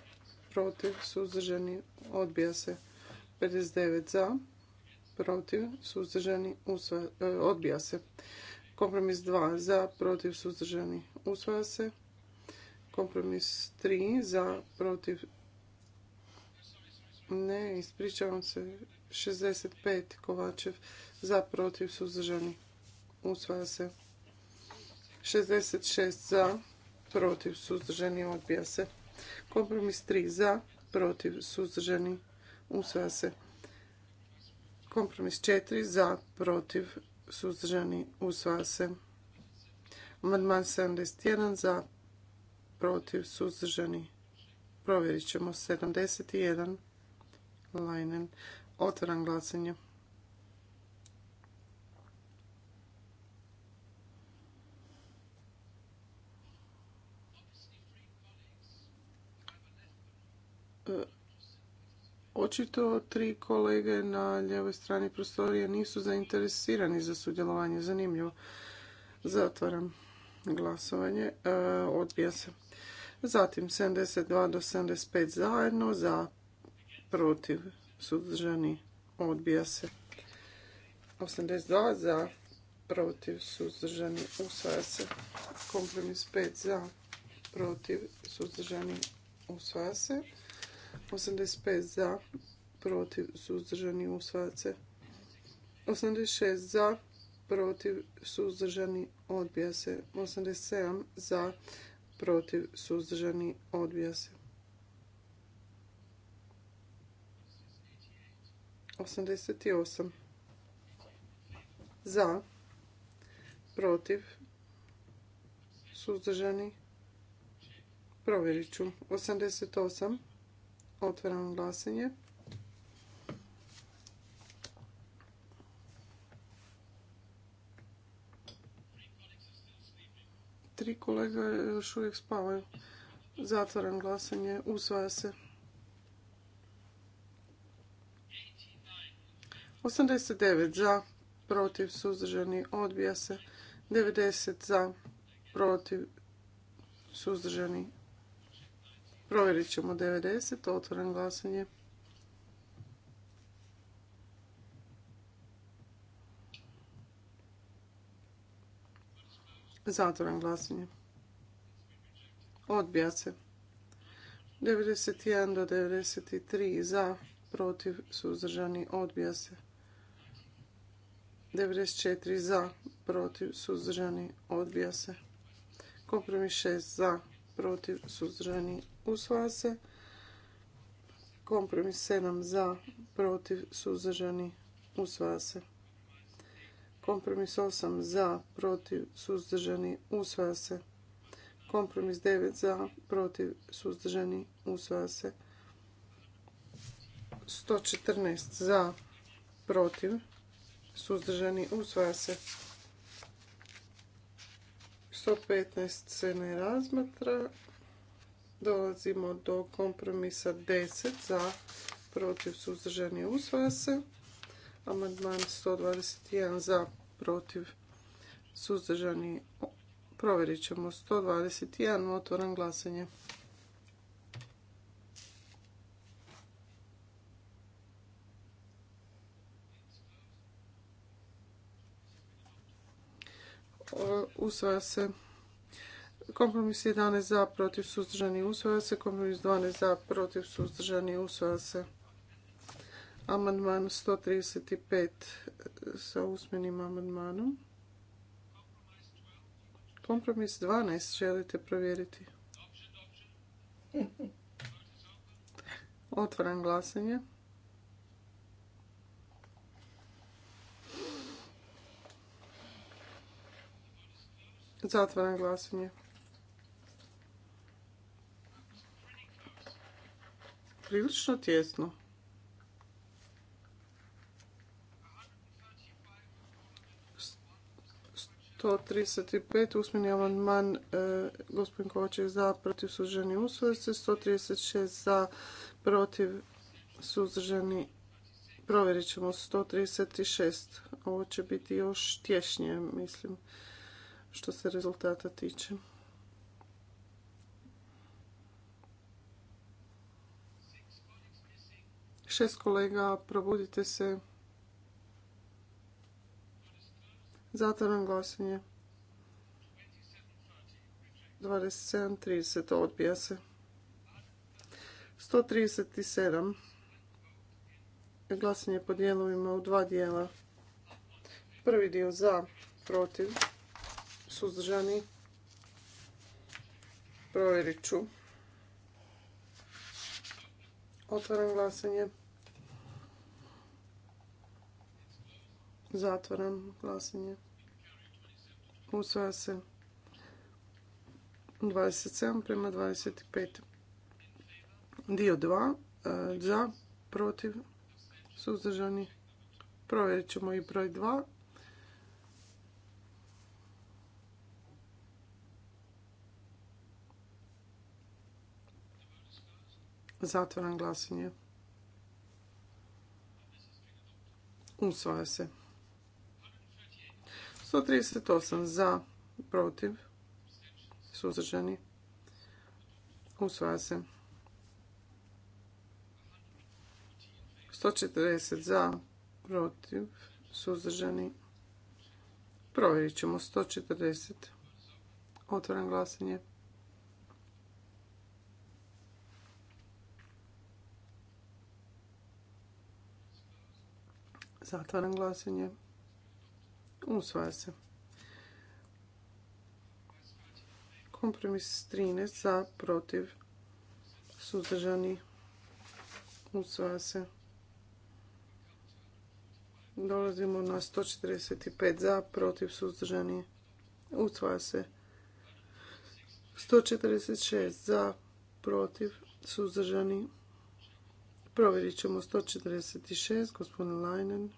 protiv, suzdržani, odbija se. 59 za, protiv, suzdržani, e, odbija se. Kompromis 2 za, protiv, suzdržani, usvaja se. Kompromis 3 za, protiv, ne, ispričavam se, 65 Kovačev za, protiv, suzdržani, usvaja se. 66 za, protiv, suzdržani, odbija se. Kompromis 3 za, protiv, suzdržani, usvaja se. Kompromis 4 za, protiv, suzdržani, usvaja se. Amandman 71 za, protiv, suzdržani. Provjerit ćemo 71. Lajnen. Otvaram glasanje. Očito tri kolege na ljevoj strani prostorije nisu zainteresirani za sudjelovanje. Zanimljivo. Zatvaram glasovanje. E, odbija se. Zatim 72 do 75 zajedno za protiv suzdržani odbija se. 82 za protiv suzdržani usvaja se. Kompromis 5 za protiv suzdržani usvaja se. 85 za, protiv, suzdržani, usvaja se. 86 za, protiv, suzdržani, odbija se. 87 za, protiv, suzdržani, odbija se. 88 za, protiv, suzdržani, provjerit ću. 88 Otvaram glasanje. Tri kolega još uvijek spavaju. Zatvaram glasanje. Usvaja se. 89 za, protiv, suzdržani, odbija se. 90 za, protiv, suzdržani, Provjerit ćemo 90. Otvoren glasanje. Zatvoren glasanje. Odbija se. 91 do 93 za, protiv, suzdržani, odbija se. 94 za, protiv, suzdržani, odbija se. Kompromis 6 za, protiv, suzdržani, usvaja se. Kompromis 7 za, protiv, suzdržani, usvaja se. Kompromis 8 za, protiv, suzdržani, usvaja se. Kompromis 9 za, protiv, suzdržani, usvaja se. 114 za, protiv, suzdržani, usvaja se. 115 se ne razmatra, Dolazimo do kompromisa 10 za protiv suzdržanje. usvaja se. Amandman 121 za protiv suzdržani provjerit ćemo 121 otvoran glasanje. Usvaja se Kompromis 11 za, protiv, suzdržanih usvaja se. Kompromis 12 za, protiv, suzdržani, usvaja se. Amandman 135 sa usmenim amandmanom. Kompromis 12 želite provjeriti. Otvaram glasanje. Zatvaram glasanje. prilično tjesno. To 35. usmeni amandman e, gospodin Kovačev za, protiv suzdržani usvojice, 136 za, protiv suzdržani provjerit ćemo 136. Ovo će biti još tješnije, mislim, što se rezultata tiče. šest kolega, probudite se. Zatvaram glasanje. 27.30 odbija se. 137. Glasanje po dijelovima u dva dijela. Prvi dio za, protiv, suzdržani. Provjerit ću. Otvaram glasanje. Zatvaram glasanje. Usvaja se 27 prema 25. Dio 2. E, za, protiv, suzdržani. Provjerit ćemo i broj 2. Zatvaram glasanje. Usvaja se. 138 za, protiv, suzdržani, usvaja se. 140 za, protiv, suzdržani, provjerit ćemo 140. otvoren glasanje. Zatvaram glasanje. Usvaja se. Kompromis 13 za, protiv, suzdržani. Usvaja se. Dolazimo na 145 za, protiv, suzdržani. Usvaja se. 146 za, protiv, suzdržani. Provjerit ćemo 146, gospodin Lajnen.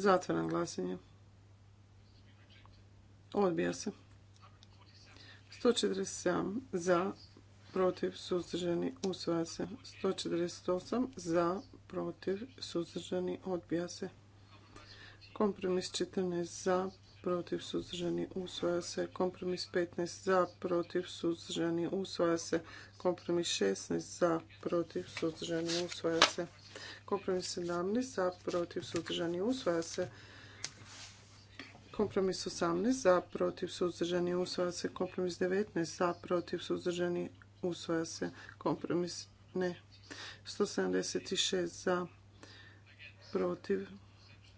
Zatvaram glasanje. Odbija se. 147 za, protiv, suzdržani, usvaja se. 148 za, protiv, suzdržani, odbija se. Kompromis 14 za, protiv, suzdržani, usvaja se. Kompromis 15 za, protiv, suzdržani, usvaja se. Kompromis 16 za, protiv, suzdržani, usvaja se. Kompromis 17 za, protiv, suzdržani, usvaja se. Kompromis 18 za, protiv, suzdržani, usvaja se. Kompromis 19 za, protiv, suzdržani, usvaja se. Kompromis ne. 176 za, protiv,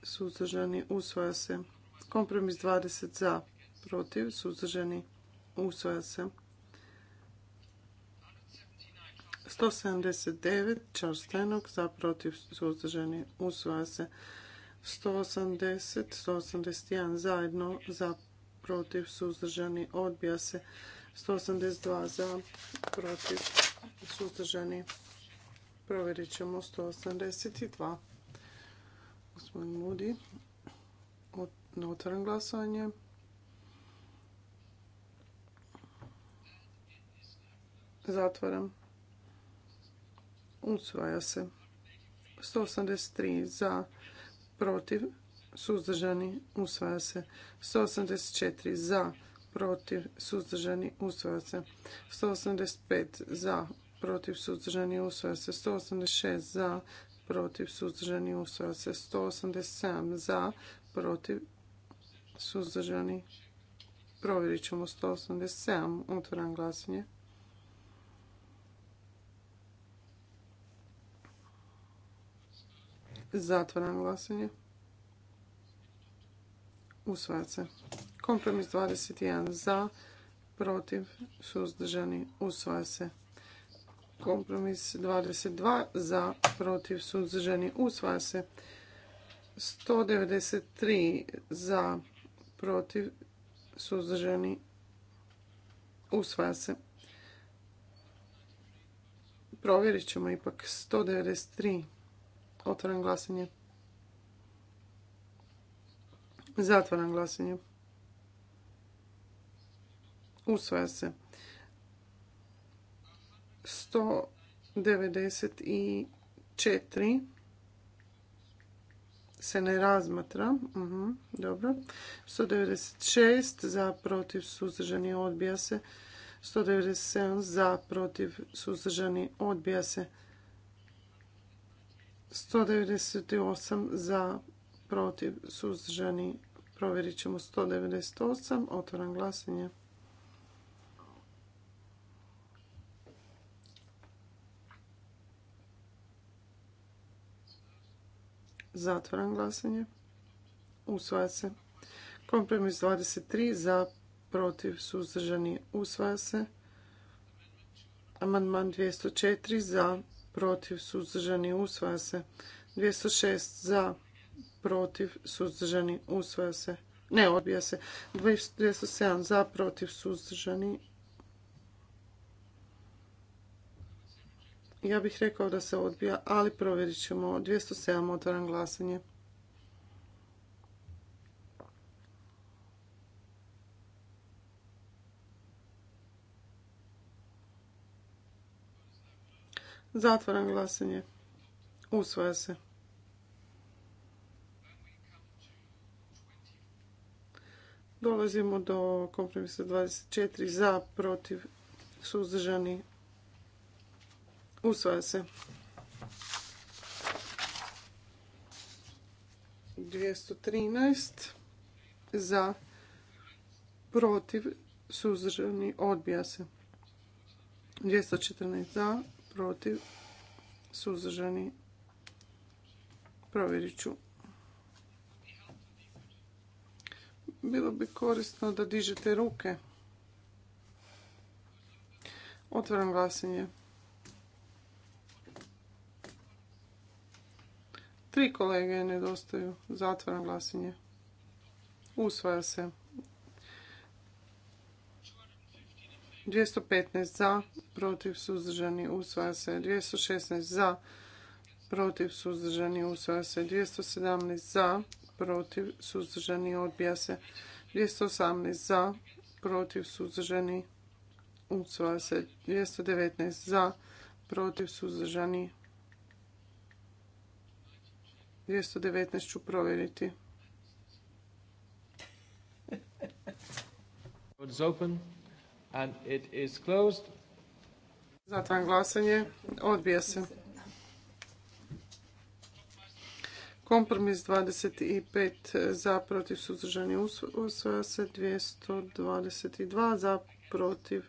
suzdržani, usvaja se. Kompromis 20 za, protiv, suzdržani, usvaja se. 179 čarstvenog za protiv suzdržani usvaja se 180 181 zajedno za protiv suzdržani odbija se 182 za protiv suzdržani provjerit ćemo 182 gospodin Mudi otvoren glasovanje zatvaram usvaja se. 183 za, protiv, suzdržani, usvaja se. 184 za, protiv, suzdržani, usvaja se. 185 za, protiv, suzdržani, usvaja se. 186 za, protiv, suzdržani, usvaja se. 187 za, protiv, suzdržani, provjerit ćemo 187, otvoram glasanje. Zatvaram glasanje. Usvaja se. Kompromis 21 za, protiv, suzdržani, usvaja se. Kompromis 22 za, protiv, suzdržani, usvaja se. 193 za, protiv, suzdržani, usvaja se. Provjerit ćemo ipak 193 Otvaram glasanje. Zatvaram glasanje. Usvaja se. 194 se ne razmatra. Mhm, dobro. 196 za protiv suzdržani odbija se. 197 za protiv suzdržani odbija se. 198 za, protiv, suzdržani. Provjerit ćemo 198. Otvoram glasanje. Zatvoram glasanje. Usvaja se. Kompromis 23 za, protiv, suzdržani. Usvaja se. Amandman 204 za, protiv, suzdržani, usvaja se. 206 za, protiv, suzdržani, usvaja se. Ne, odbija se. 207 za, protiv, suzdržani. Ja bih rekao da se odbija, ali provjerit ćemo. 207 otvaram glasanje. Zatvaram glasanje. Usvaja se. Dolazimo do kompromisa 24 za, protiv, suzdržani. Usvaja se. 213 za, protiv, suzdržani, odbija se. 214 za, protiv, suzdržani, provjerit ću. Bilo bi korisno da dižete ruke. Otvaram glasanje. Tri kolege nedostaju. Zatvaram glasanje. Usvaja se. 215 za, protiv suzdržani usvaja se 216 za, protiv suzdržani usvaja se 217 za, protiv suzdržani odbija se 218 za, protiv suzdržani usvaja se 219 za, protiv suzdržani 219 ću provjeriti. It's And it is closed. glasanje. Odbija se. Kompromis 25 za protiv suzdržani usvaja se. 222 za protiv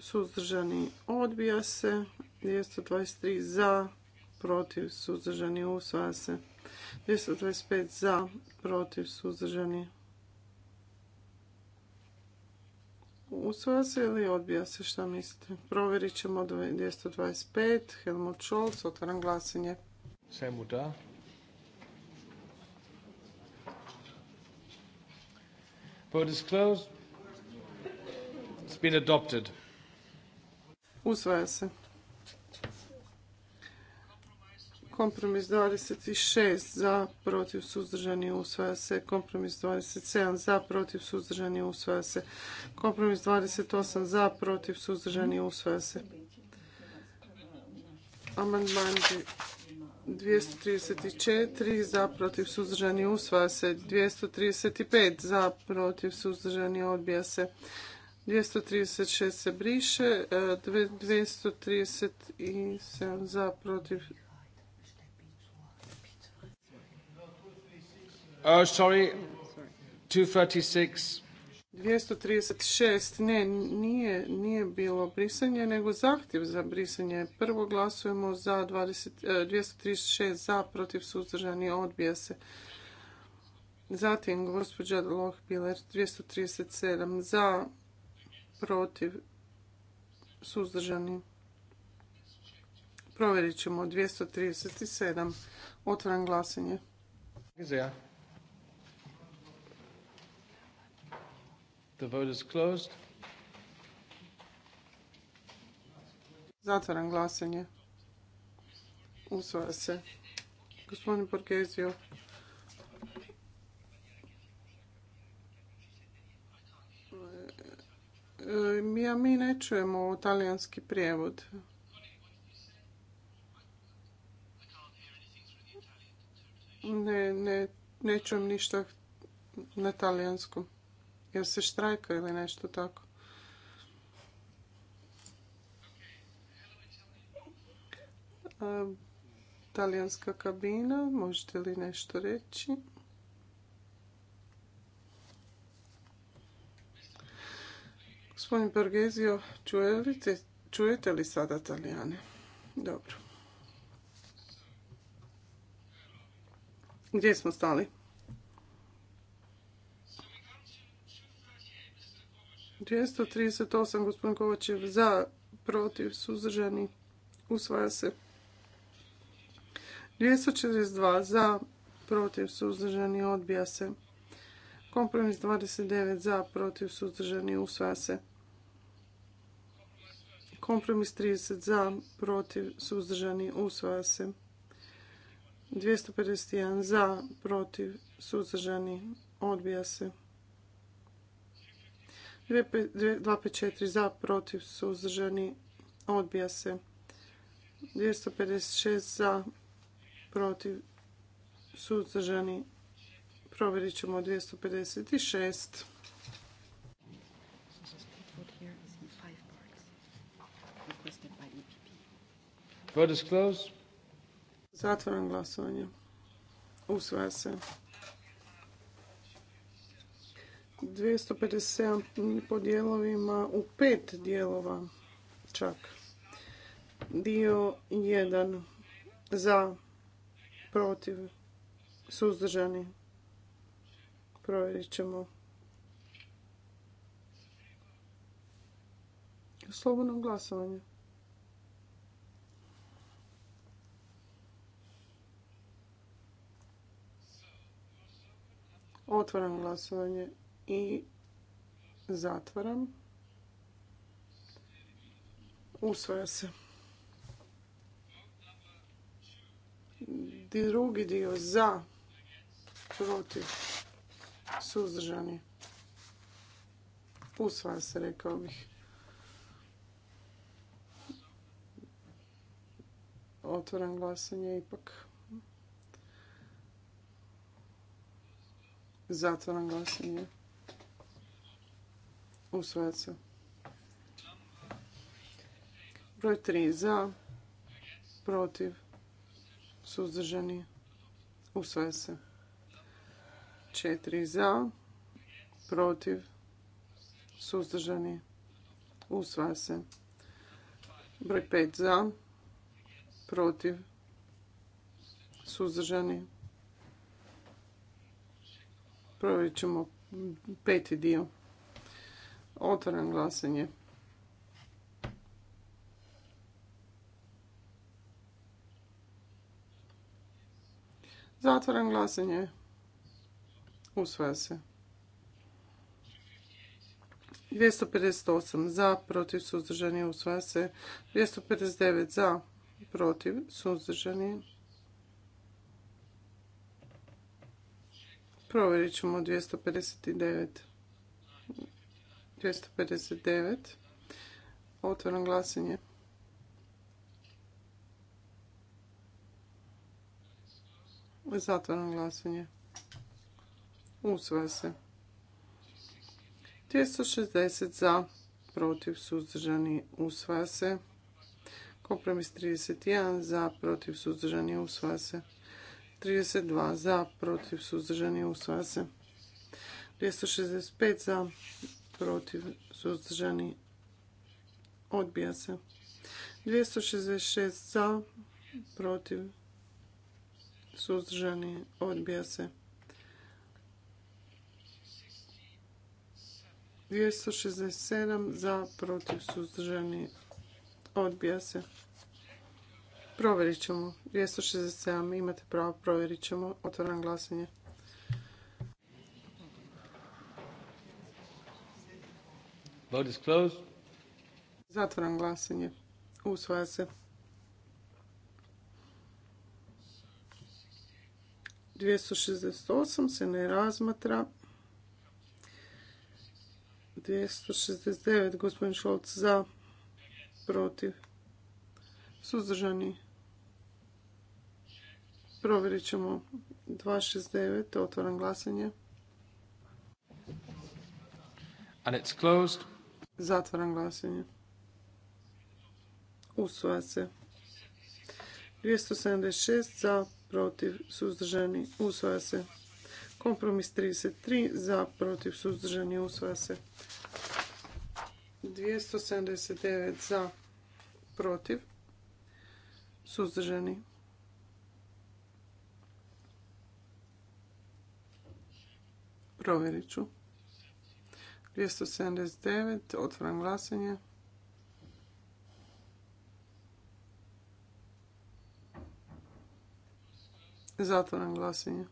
suzdržani odbija se. 223 za protiv suzdržani usvaja se. 225 za protiv suzdržani Usvaja se ili odbija se, šta mislite? Provjerit ćemo 225, Helmut Scholz, otvaram glasanje. Svemu da. Vote is closed. It's been adopted. Usvaja se. Kompromis 26 za, protiv, suzdržani, usvaja se. Kompromis 27 za, protiv, suzdržani, usvaja se. Kompromis 28 za, protiv, suzdržani, usvaja se. Amandman 234 za, protiv, suzdržani, usvaja se. 235 za, protiv, suzdržani, odbija se. 236 se briše, 237 e, za protiv Oh, sorry. 236. 236. Ne, nije, nije bilo brisanje, nego zahtjev za brisanje. Prvo glasujemo za 20, 236 uh, za, protiv suzdržani, odbija se. Zatim gospođa Lohbiler 237 za, protiv suzdržani. Provjerit ćemo 237. Otvaram glasanje. The vote is closed. Zatvaram glasanje. Usvaja se. Gospodin Borgesio. E, ja mi ne čujemo talijanski prijevod. Ne, ne, ne čujem ništa na talijanskom. Jel se štrajka ili nešto tako. Talijanska kabina, možete li nešto reći? Gospodin Pargezio, čujete, čujete li sada Italijane? Dobro. Gdje smo stali? 238 gospodin Kovačev za, protiv, suzdržani, usvaja se. 242 za, protiv, suzdržani, odbija se. Kompromis 29 za, protiv, suzdržani, usvaja se. Kompromis 30 za, protiv, suzdržani, usvaja se. 251 za, protiv, suzdržani, odbija se. 254 za, protiv, suzdržani, odbija se. 256 za, protiv, suzdržani, provjerit ćemo 256. Zatvaram glasovanje. Usvaja se. 257 po dijelovima u pet dijelova čak. Dio 1 za, protiv, suzdržani. Provjerit ćemo. Slobodno glasovanje. Otvaram glasovanje i zatvaram. Usvaja se. Drugi dio za, protiv, suzdržani. Usvaja se, rekao bih. Otvaram glasanje ipak. Zatvoram glasanje. Usvaja se. Broj 3 za, protiv, suzdržani. Usvaja se. 4 za, protiv, suzdržani. Usvaja se. Broj 5 za, protiv, suzdržani. Provjerit ćemo peti dio. Otvaram glasanje. Zatvaram glasanje. Usvaja se. 258 za, protiv suzdržani, usvaja se. 259 za, protiv suzdržani. Provjerit ćemo 259. 259. Otvorno glasanje. Zatvorno glasanje. Usvaja se. 260 za, protiv, suzdržani, usvaja se. Kompromis 31 za, protiv, suzdržani, usvaja se. 32 za, protiv, suzdržani, usvaja se. 265 za, protiv, suzdržani, odbija se. 266 za, protiv, suzdržani, odbija se. 267 za, protiv, suzdržani, odbija se. Provjerit ćemo. 267, imate pravo, provjerit ćemo. Otvaram glasanje. Vote is closed. Zatvaram glasanje. Usvaja se. 268 se ne razmatra. 269 gospodin Šolc za, protiv, suzdržani. Provjerit ćemo 269, otvoram glasanje. And it's closed. Zatvaram glasenje. Usvaja se. 276 za, protiv, suzdržani, usvaja se. Kompromis 33 za, protiv, suzdržani, usvaja se. 279 za, protiv, suzdržani. Provjerit ću. 279. Otvaram glasanje. Zatvaram glasanje.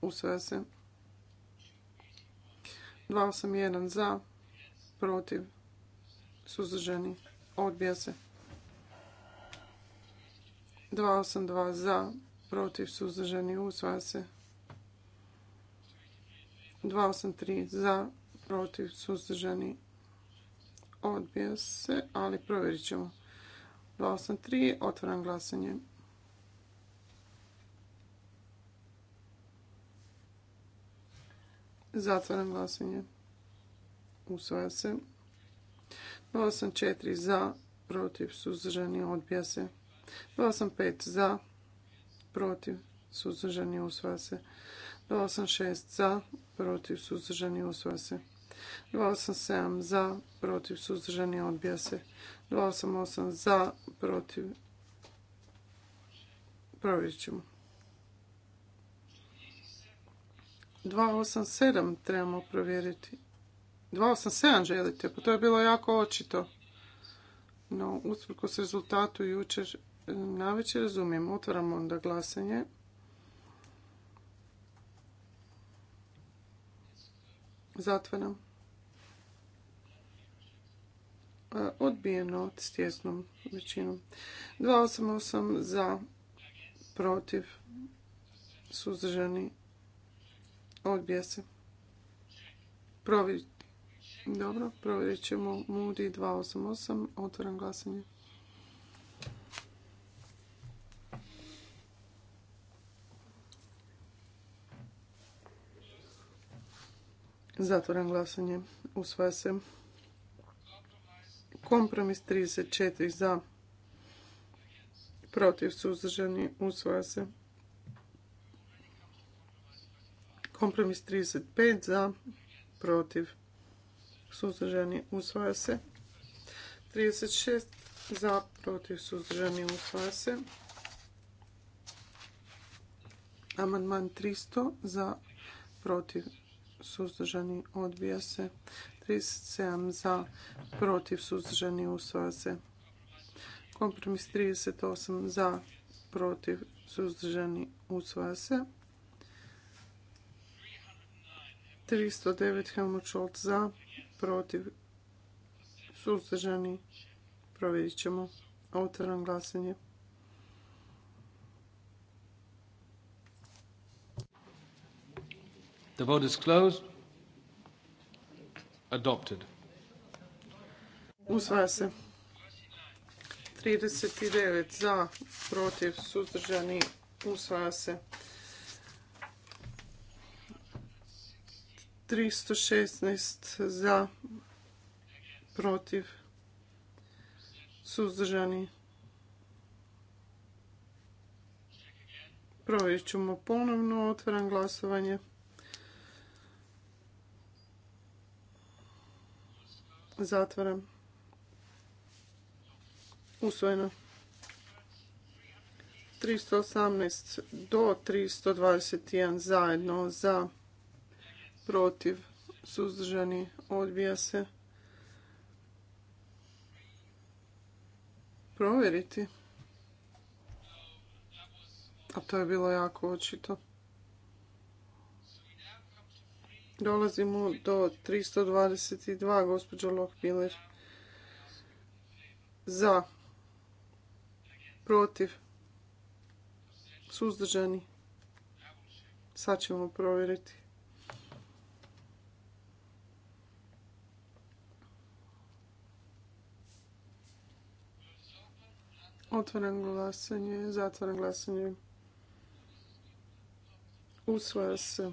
Usvaja se. 281 za, protiv, Suzdrženi. odbija se. 282 za, protiv, Suzdrženi. usvaja se. 283 za, protiv, suzdržani, odbija se, ali provjerit ćemo. 283, otvoram glasanje. Zatvaram glasanje. Usvaja se. 284 za, protiv, suzdržani, odbija se. 285 za, protiv, suzdržani, usvaja se. 286 za, protiv suzdržani usvaja se. 287 za, protiv suzdržani odbija se. 288 za, protiv. Provjerit ćemo. 287 trebamo provjeriti. 287 želite, pa to je bilo jako očito. No, s rezultatu jučer na razumijem. Otvaram onda glasanje. Zatvaram. E, odbijeno s tjesnom većinom. 288 za, protiv, suzdržani, odbija se. Provjeriti. Dobro, provjerit ćemo Moody 288, otvoram glasanje. Zatvoram glasanje. Usvaja se. Kompromis 34 za. Protiv suzdržani. Usvaja se. Kompromis 35 za. Protiv suzdržani. Usvaja se. 36 za. Protiv suzdržani. Usvaja se. Amandman 300 za. Protiv suzdržani, odbija se. 37 za, protiv, suzdržani, usvaja se. Kompromis 38 za, protiv, suzdržani, usvaja se. 309 Helmut Scholz za, protiv, suzdržani, provjerit ćemo. Otvaram glasanje. The vote is closed. Adopted. Usvaja se. 39 za, protiv, suzdržani, usvaja se. 316 za, protiv, suzdržani. Provjerit ćemo ponovno, otvaram glasovanje. Zatvaram. Usvojeno. 318 do 321 zajedno za protiv suzdržani odbija se. Provjeriti. A to je bilo jako očito. Dolazimo do 322, gospođo Lohmiller. Za. Protiv. Suzdržani. Sad ćemo provjeriti. Otvaram glasanje, zatvaram glasanje. Usvaja se.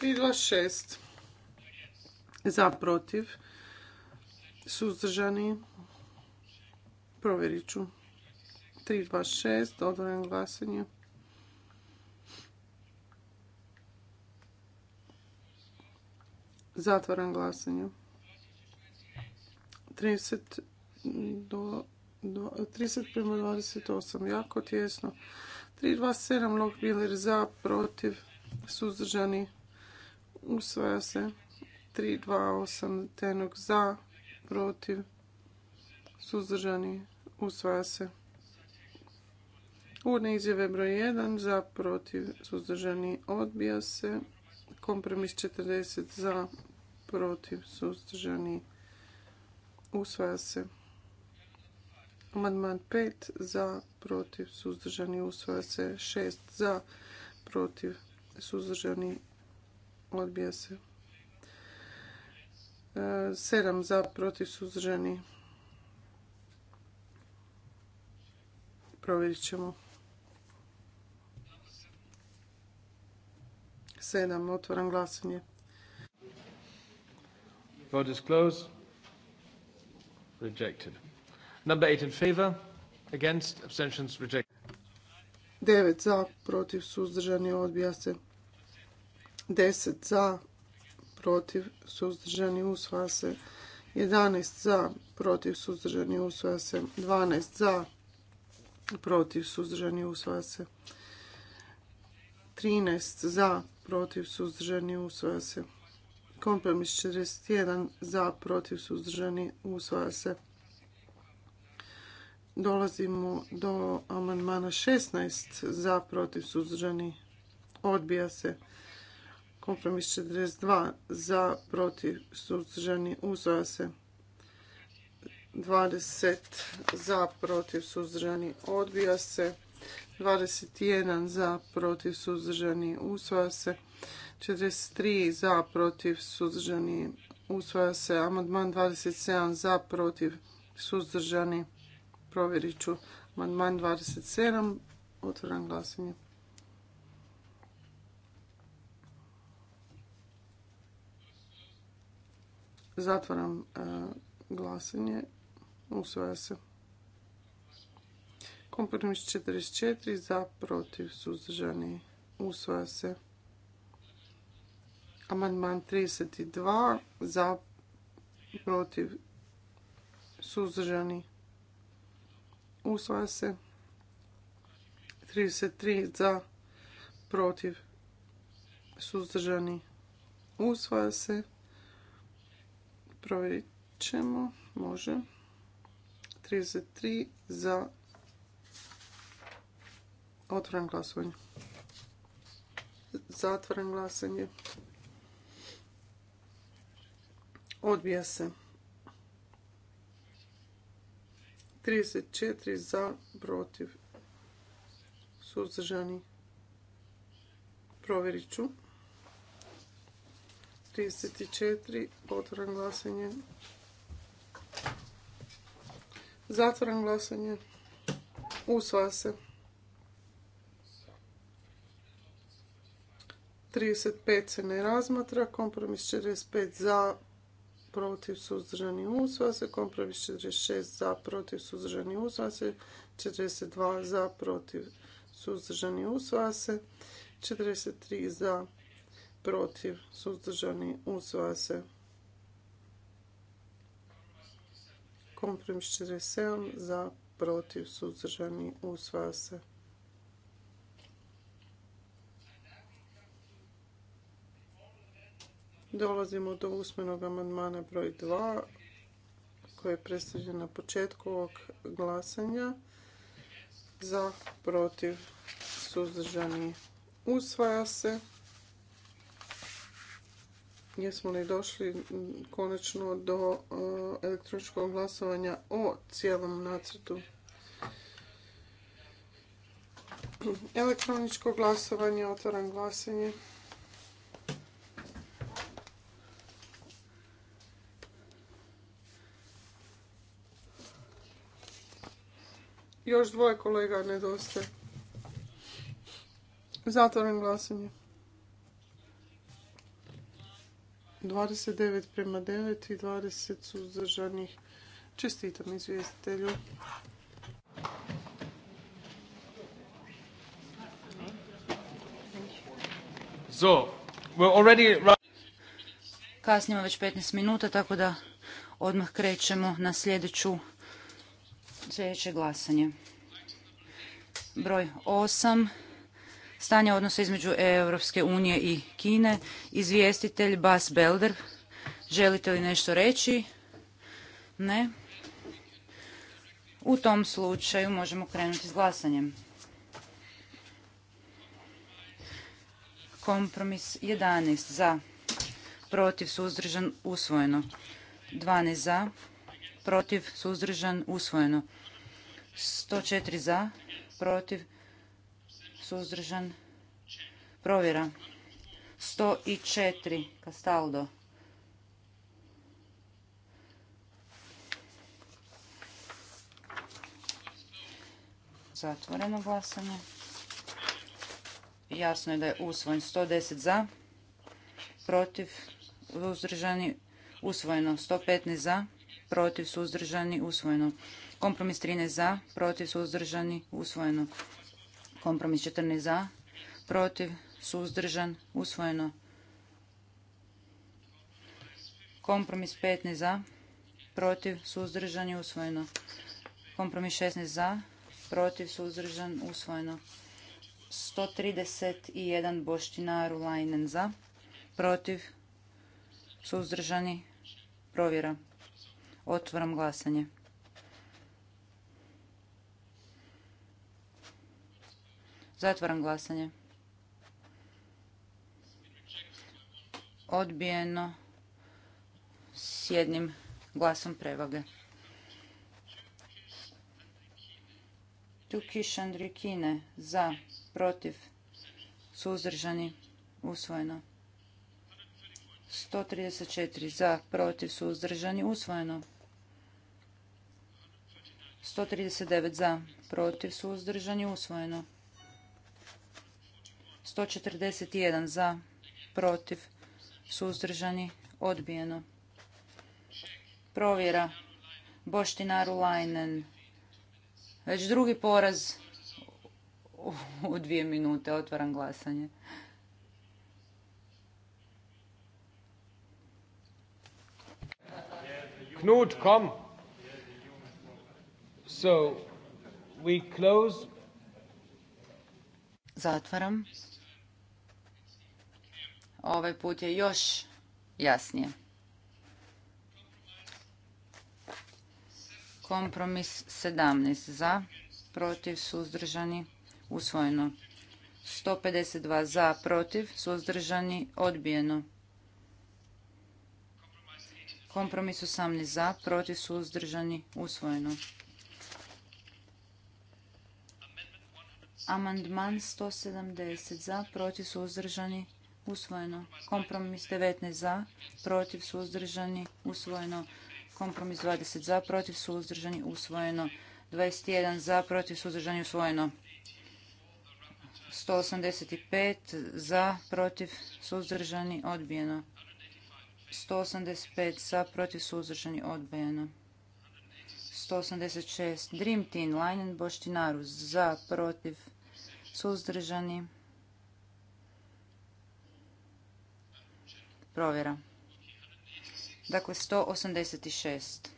326 za protiv suzdržani provjerit ću 326 otvoren glasanje zatvoren glasanje 30 do 30 prema 28, jako tjesno. 327 Lokbiler za, protiv, suzdržani, usvaja se 328 tenog za, protiv, suzdržani, usvaja se. Uvodne izjave broj 1 za, protiv, suzdržani, odbija se. Kompromis 40 za, protiv, suzdržani, usvaja se. Amandman 5 za, protiv, suzdržani, usvaja se. 6 za, protiv, suzdržani, odbija se. 7 e, za, protiv, suzdržani. Provjerit ćemo. 7, otvoram glasanje. Vote is Rejected. Number 8 in favor. Against. Abstentions rejected. 9 za, protiv, suzdržani, odbija se. 10 za, protiv, suzdržani, usvaja se. 11 za, protiv, suzdržani, usvaja se. 12 za, protiv, suzdržani, usvase. se. 13 za, protiv, suzdržani, usvaja se. Kompromis 41 za, protiv, suzdržani, usvaja se. Dolazimo do amandmana 16 za, protiv, suzdržani, odbija se. Kompromis 42 za, protiv, suzdržani, usvaja se. 20 za, protiv, suzdržani, odbija se. 21 za, protiv, suzdržani, usvaja se. 43 za, protiv, suzdržani, usvaja se. Amandman 27 za, protiv, suzdržani, provjerit ću. Amandman 27, otvoram glasanje. Zatvaram e, glasanje. Usvaja se. Kompromis 44 za protiv suzdržani. Usvaja se. Amandman 32 za protiv suzdržani. Usvaja se. 33 za protiv suzdržani. Usvaja se. Provjerit ćemo, može. 33 za otvoren glasovanje. Zatvoren glasanje. Odbija se. 34 za, protiv. Suzdržani. Provjerit ću. 34. Otvoram glasanje. Zatvoram glasanje. Usva se. 35 se ne razmatra. Kompromis 45 za, protiv, suzdržani, usva se. Kompromis 46 za, protiv, suzdržani, usva se. 42 za, protiv, suzdržani, usva se. 43 za, protiv, suzdržani, usvaja se. Kompromis 47 za, protiv, suzdržani, usvaja se. Dolazimo do usmenog amandmana broj 2 koji je predstavljen na početku ovog glasanja. Za, protiv, suzdržani, usvaja se jesmo li došli konačno do e, elektroničkog glasovanja o cijelom nacrtu. Elektroničko glasovanje, otvaram glasanje. Još dvoje kolega nedostaje. Zatvaram glasanje. 29 prema 9 i 20 suzdržanih. Čestitam izvijestitelju. So, we're Kasnimo već 15 minuta, tako da odmah krećemo na sljedeću, sljedeće glasanje. Broj 8. Stanje odnosa između Europske unije i Kine. Izvjestitelj Bas Belder, želite li nešto reći? Ne. U tom slučaju možemo krenuti s glasanjem. Kompromis 11 za, protiv, suzdržan, usvojeno. 12 za, protiv, suzdržan, usvojeno. 104 za, protiv, suzdržan, provjera. 104, kastaldo. Zatvoreno glasanje. Jasno je da je usvojen 110 za, protiv, suzdržani, usvojeno 115 za, protiv, suzdržani, usvojeno. Kompromis 13 za, protiv, suzdržani, usvojeno. Kompromis 14 za, protiv, suzdržan, usvojeno. Kompromis 15 za, protiv, suzdržan usvojeno. Kompromis 16 za, protiv, suzdržan, usvojeno. 131 Boštinaru Lajnen za, protiv, suzdržani, provjera. Otvoram glasanje. Zatvaram glasanje. Odbijeno s jednim glasom prevage. Tukiš Andrikine za, protiv, suzdržani, usvojeno. 134 za, protiv, suzdržani, usvojeno. 139 za, protiv, suzdržani, usvojeno. 141 za, protiv, suzdržani, odbijeno. Provjera. Boštinaru Lajnen. Već drugi poraz u dvije minute. Otvaram glasanje. Knut, kom. Zatvaram ovaj put je još jasnije. Kompromis 17 za, protiv, suzdržani, usvojeno. 152 za, protiv, suzdržani, odbijeno. Kompromis 18 za, protiv, suzdržani, usvojeno. Amandman 170 za, protiv, suzdržani, usvojeno. Kompromis 19 za, protiv suzdržani, usvojeno. Kompromis 20 za, protiv suzdržani, usvojeno. 21 za, protiv suzdržani, usvojeno. 185 za, protiv suzdržani, odbijeno. 185 za, protiv suzdržani, odbijeno. 186 Dream Team, Lajnen Boštinaru za, protiv suzdržani, Provjera. Dakle, 186.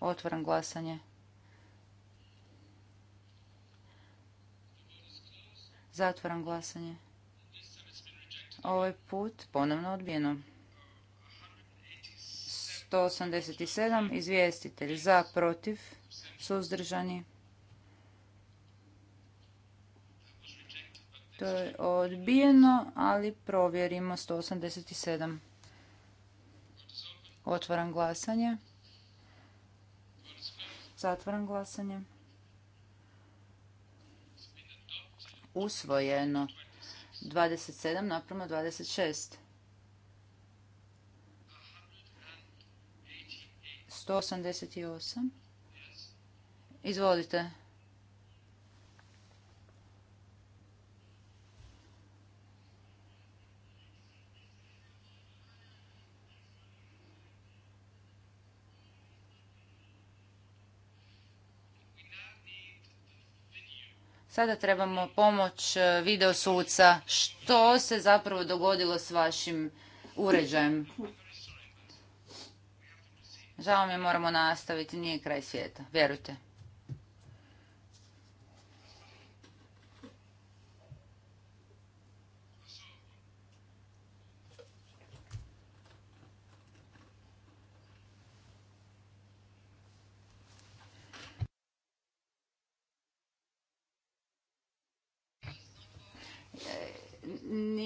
Otvaram glasanje. Zatvaram glasanje. Ovaj put ponovno odbijeno. 187. Izvjestitelj za, protiv, suzdržani, To je odbijeno, ali provjerimo 187. Otvaram glasanje. Zatvaram glasanje. Usvojeno. 27 naprema 26. 188. Izvolite. Sada trebamo pomoć e, video suca. Što se zapravo dogodilo s vašim uređajem? Žao mi moramo nastaviti, nije kraj svijeta, vjerujte.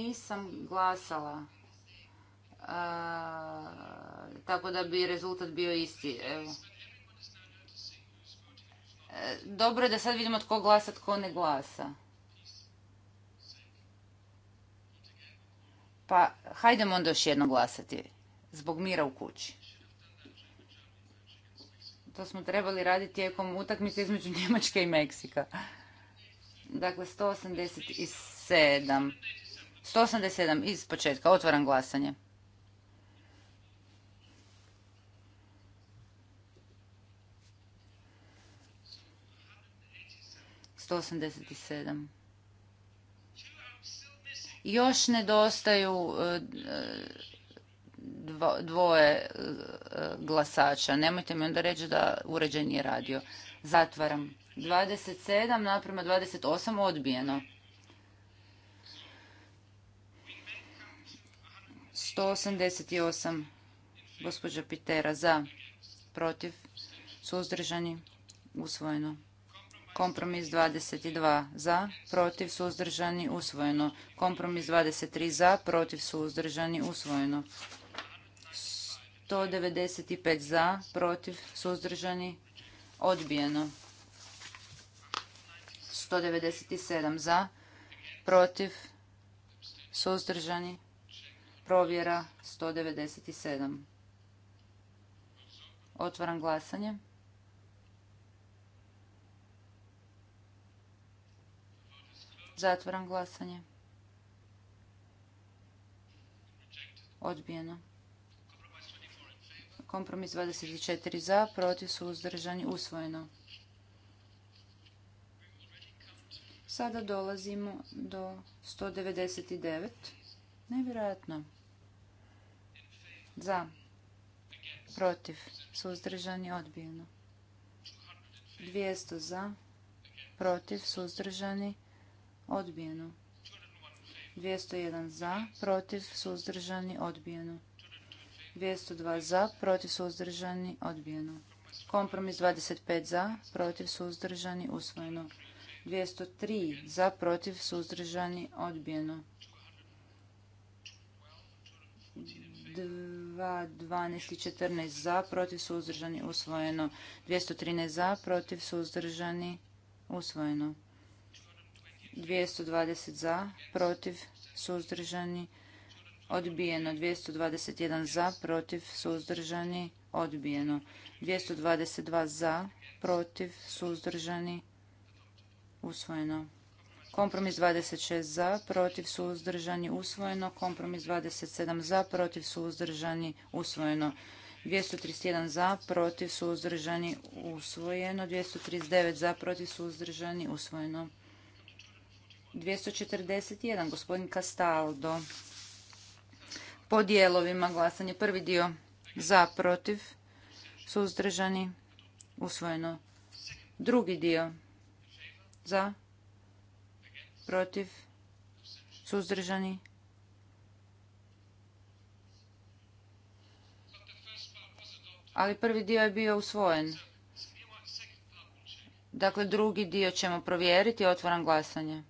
nisam glasala. E, tako da bi rezultat bio isti. E, dobro je da sad vidimo tko glasa, tko ne glasa. Pa hajdemo onda još jednom glasati. Zbog mira u kući. To smo trebali raditi tijekom utakmice između [LAUGHS] Njemačke i Meksika. Dakle, 187. 187 iz početka. Otvaram glasanje. Sto Još nedostaju e, e, dvoje e, glasača. Nemojte mi onda reći da uređaj nije radio. Zatvaram. 27 naprema 28 odbijeno. 188. Gospođa Pitera za, protiv, suzdržani, usvojeno. Kompromis 22 za, protiv, suzdržani, usvojeno. Kompromis 23 za, protiv, suzdržani, usvojeno. 195 za, protiv, suzdržani, odbijeno. 197 za, protiv, suzdržani, Provjera 197. Otvaram glasanje. Zatvaram glasanje. Odbijeno. Kompromis 24 za, protiv su uzdržani, usvojeno. Sada dolazimo do 199. Nevjerojatno za, protiv, suzdržani, odbijeno. 200 za, protiv, suzdržani, odbijeno. 201 za, protiv, suzdržani, odbijeno. 202 za, protiv, suzdržani, odbijeno. Kompromis 25 za, protiv, suzdržani, usvojeno. 203 za, protiv, suzdržani, odbijeno. 12 i 14 za, protiv suzdržani usvojeno. 213 za, protiv suzdržani usvojeno. 220 za, protiv suzdržani odbijeno. 221 za, protiv suzdržani odbijeno. 222 za, protiv suzdržani usvojeno. Kompromis 26 za, protiv suzdržani usvojeno. Kompromis 27 za, protiv suzdržani usvojeno. 231 za, protiv suzdržani usvojeno. 239 za, protiv suzdržani usvojeno. 241 gospodin Castaldo. Po dijelovima glasanje. Prvi dio za, protiv suzdržani usvojeno. Drugi dio za, protiv, suzdržani. Ali prvi dio je bio usvojen. Dakle, drugi dio ćemo provjeriti. Otvoram glasanje.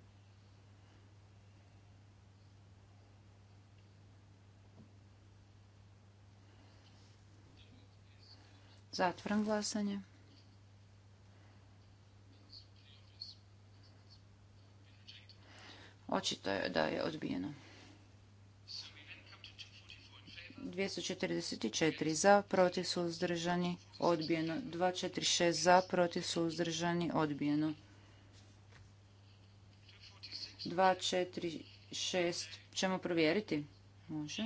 Zatvoram glasanje. Očito je da je odbijeno. 244 za, protiv suzdržani, odbijeno. 246 za, protiv suzdržani, odbijeno. 246 ćemo provjeriti? Može.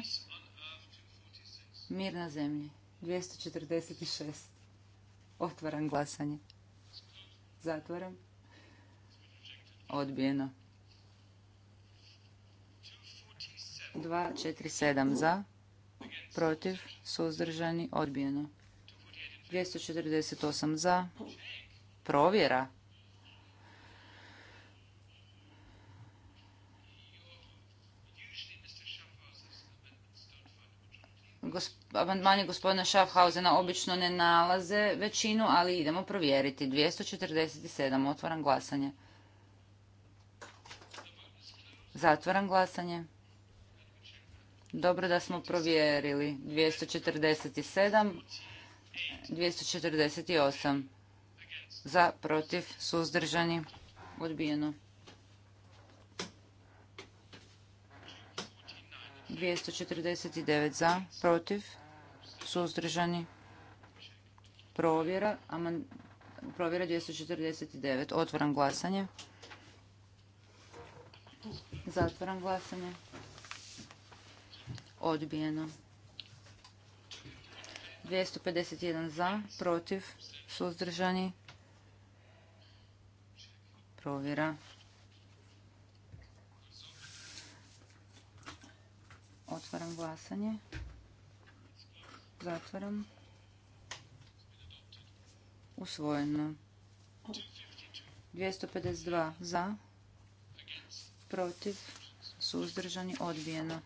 Mir na zemlji. 246. Otvaram glasanje. Zatvaram. Odbijeno. 247 za, protiv, suzdržani, odbijeno. 248 za, provjera. Amandmani gospodina Schaffhausena obično ne nalaze većinu, ali idemo provjeriti. 247. Otvaram glasanje. Zatvaram glasanje. Dobro da smo provjerili. 247, 248. Za, protiv, suzdržani, odbijeno. 249 za, protiv, suzdržani, provjera, aman, provjera 249. Otvoram glasanje. Zatvoram glasanje odbijeno. 251 za, protiv, suzdržani, provjera. Otvaram glasanje. Zatvaram. Usvojeno. 252 za, protiv, suzdržani, odbijeno.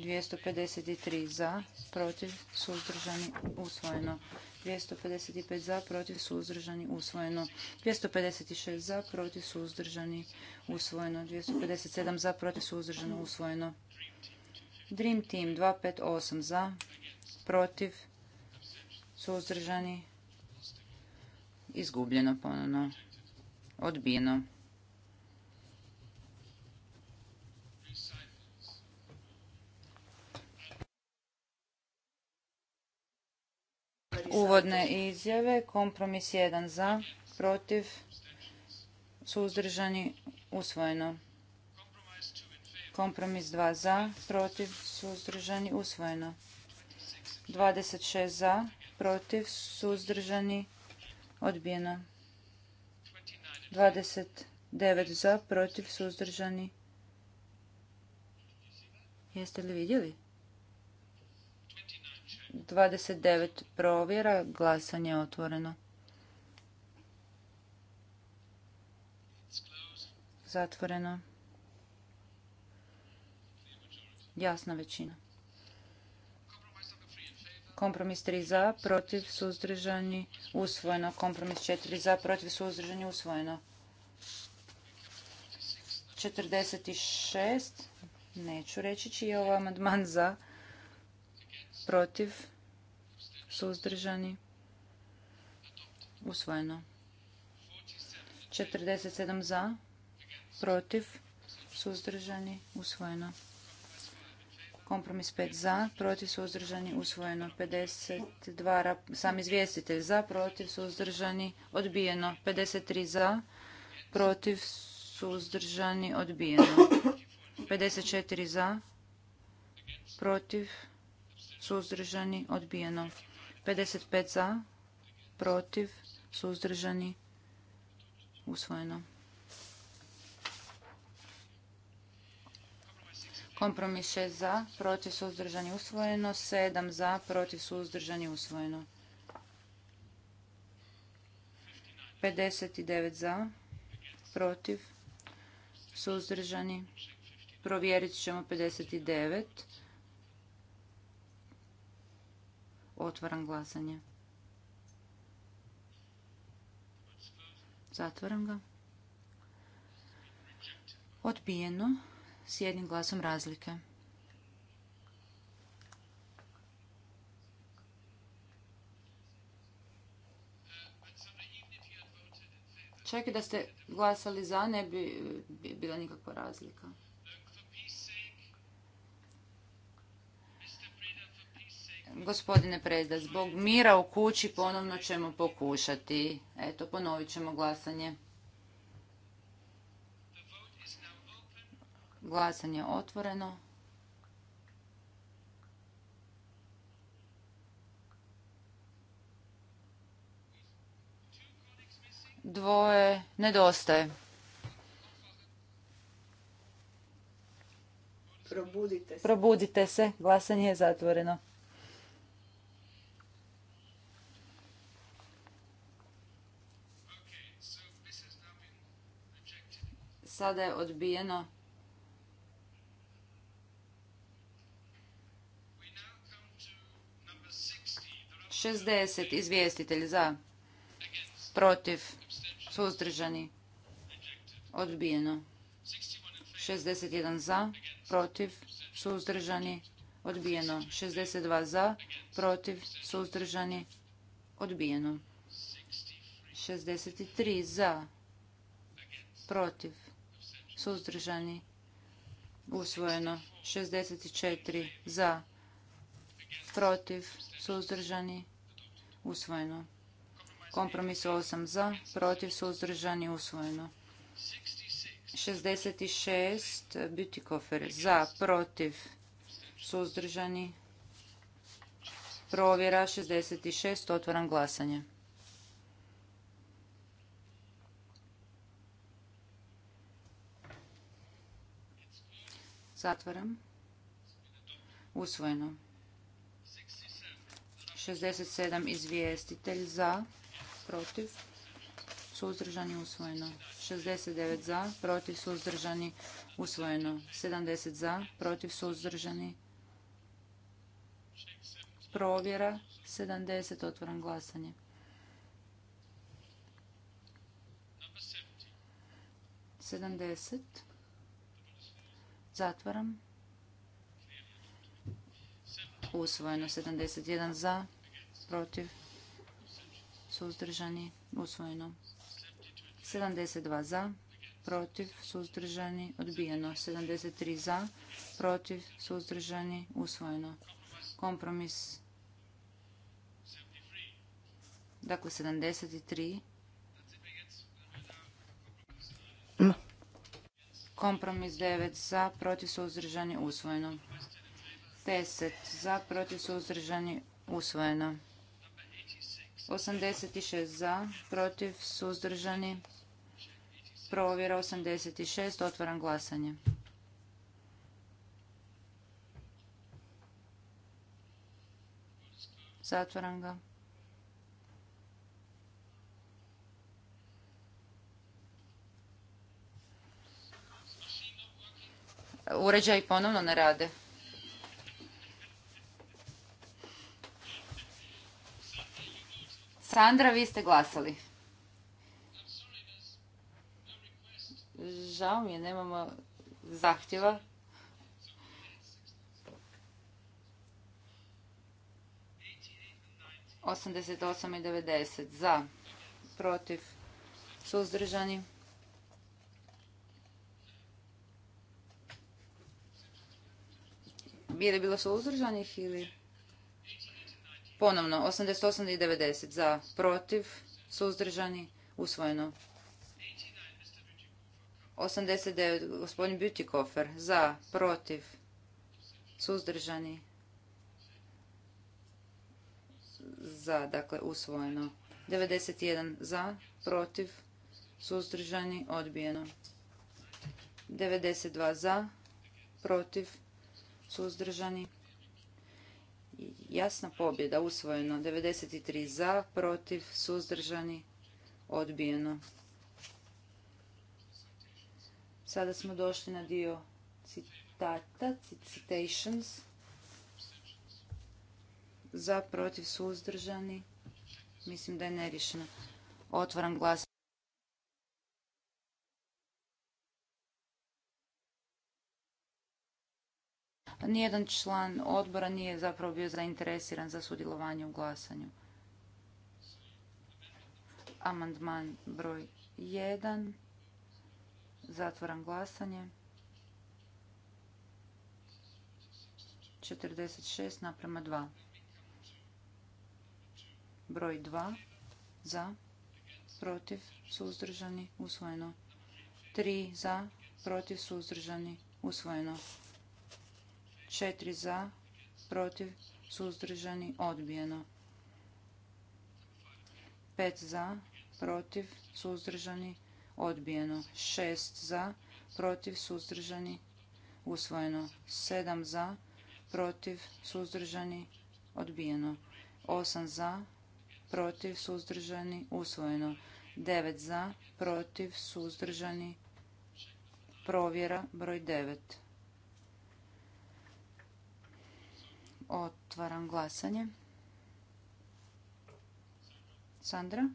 253 za, protiv, suzdržani, usvojeno. 255 za, protiv, suzdržani, usvojeno. 256 za, protiv, suzdržani, usvojeno. 257 za, protiv, suzdržano, usvojeno. Dream Team 258 za, protiv, suzdržani, izgubljeno ponovno, odbijeno. Uvodne izjave, kompromis 1 za, protiv, suzdržani, usvojeno. Kompromis 2 za, protiv, suzdržani, usvojeno. 26 za, protiv, suzdržani, odbijeno. 29 za, protiv, suzdržani. Jeste li vidjeli? 29 provjera, glasanje je otvoreno. Zatvoreno. Jasna većina. Kompromis 3 za, protiv, suzdržani, usvojeno. Kompromis 4 za, protiv, suzdržani, usvojeno. 46, neću reći čiji je ovo amandman za protiv, suzdržani, usvojeno. 47 za, protiv, suzdržani, usvojeno. Kompromis 5 za, protiv, suzdržani, usvojeno. 52, sam izvjestitelj za, protiv, suzdržani, odbijeno. 53 za, protiv, suzdržani, odbijeno. 54 za, protiv, suzdržani, odbijeno. 55 za, protiv, suzdržani, usvojeno. Kompromis 6 za, protiv, suzdržani, usvojeno. 7 za, protiv, suzdržani, usvojeno. 59 za, protiv, suzdržani. Provjerit ćemo 59. Otvaram glasanje. Zatvaram ga. Odbijeno s jednim glasom razlike. Čak da ste glasali za, ne bi bila nikakva razlika. Gospodine Preda, zbog mira u kući ponovno ćemo pokušati. Eto, ponovit ćemo glasanje. Glasanje otvoreno. Dvoje nedostaje. Probudite se. Glasanje je zatvoreno. Sada je odbijeno. Šestdeset. Izvjestitelj za. Protiv. Suzdržani. Odbijeno. jedan za. Protiv. Suzdržani. Odbijeno. 62 za. Protiv. Suzdržani. Odbijeno. 63 za. Protiv suzdržani, usvojeno. 64 za, protiv, suzdržani, usvojeno. Kompromis 8 za, protiv, suzdržani, usvojeno. 66 kofere za, protiv, suzdržani, provjera 66, otvaram glasanje. Zatvaram. Usvojeno. 67 izvjestitelj za, protiv, suzdržani, usvojeno. 69 za, protiv, suzdržani, usvojeno. 70 za, protiv, suzdržani. Provjera. 70. Otvoram glasanje. 70. Zatvaram. Usvojeno 71 za, protiv, suzdržani, usvojeno. 72 za, protiv, suzdržani, odbijeno. 73 za, protiv, suzdržani, usvojeno. Kompromis, dakle 73 Kompromis 9 za, protiv suzdržani usvojeno. 10 za, protiv suzdržani usvojeno. 86 za, protiv suzdržani. Provjera 86, otvaram glasanje. Zatvaram ga. Uređaj ponovno ne rade. Sandra, vi ste glasali. Žao mi je, nemamo zahtjeva. Osamdeset osam i devedeset za protiv suzdržani Je li bilo suzdržanih ili... Ponovno, 88 i 90 za, protiv, suzdržani, usvojeno. 89, gospodin Butikofer, za, protiv, suzdržani, za, dakle, usvojeno. 91 za, protiv, suzdržani, odbijeno. 92 za, protiv, suzdržani. Jasna pobjeda, usvojeno. 93 za, protiv, suzdržani, odbijeno. Sada smo došli na dio citata, citations. Za, protiv, suzdržani. Mislim da je nerješeno. Otvaram glas. Nijedan član odbora nije zapravo bio zainteresiran za sudjelovanje u glasanju. Amandman broj 1. Zatvoram glasanje. 46 naprema 2. Broj 2. Za. Protiv. Suzdržani. Usvojeno. 3. Za. Protiv. Suzdržani. Usvojeno. Četiri za, protiv, suzdržani, odbijeno. 5 za, protiv, suzdržani, odbijeno. Šest za, protiv, suzdržani, usvojeno. Sedam za, protiv, suzdržani, odbijeno. Osam za, protiv, suzdržani, usvojeno. 9 za, protiv, suzdržani, provjera broj 9. Otvaram glasanje. Sandra?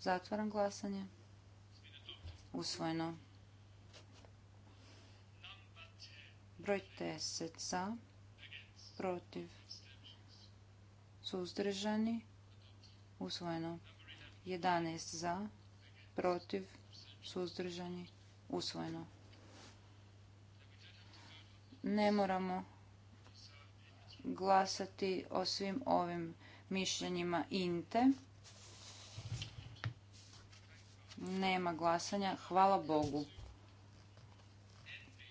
Zatvaram glasanje. Usvojeno. Broj 10 za, protiv, suzdržani, usvojeno. 11 za, protiv, suzdržani, usvojeno ne moramo glasati o svim ovim mišljenjima INTE. Nema glasanja, hvala Bogu.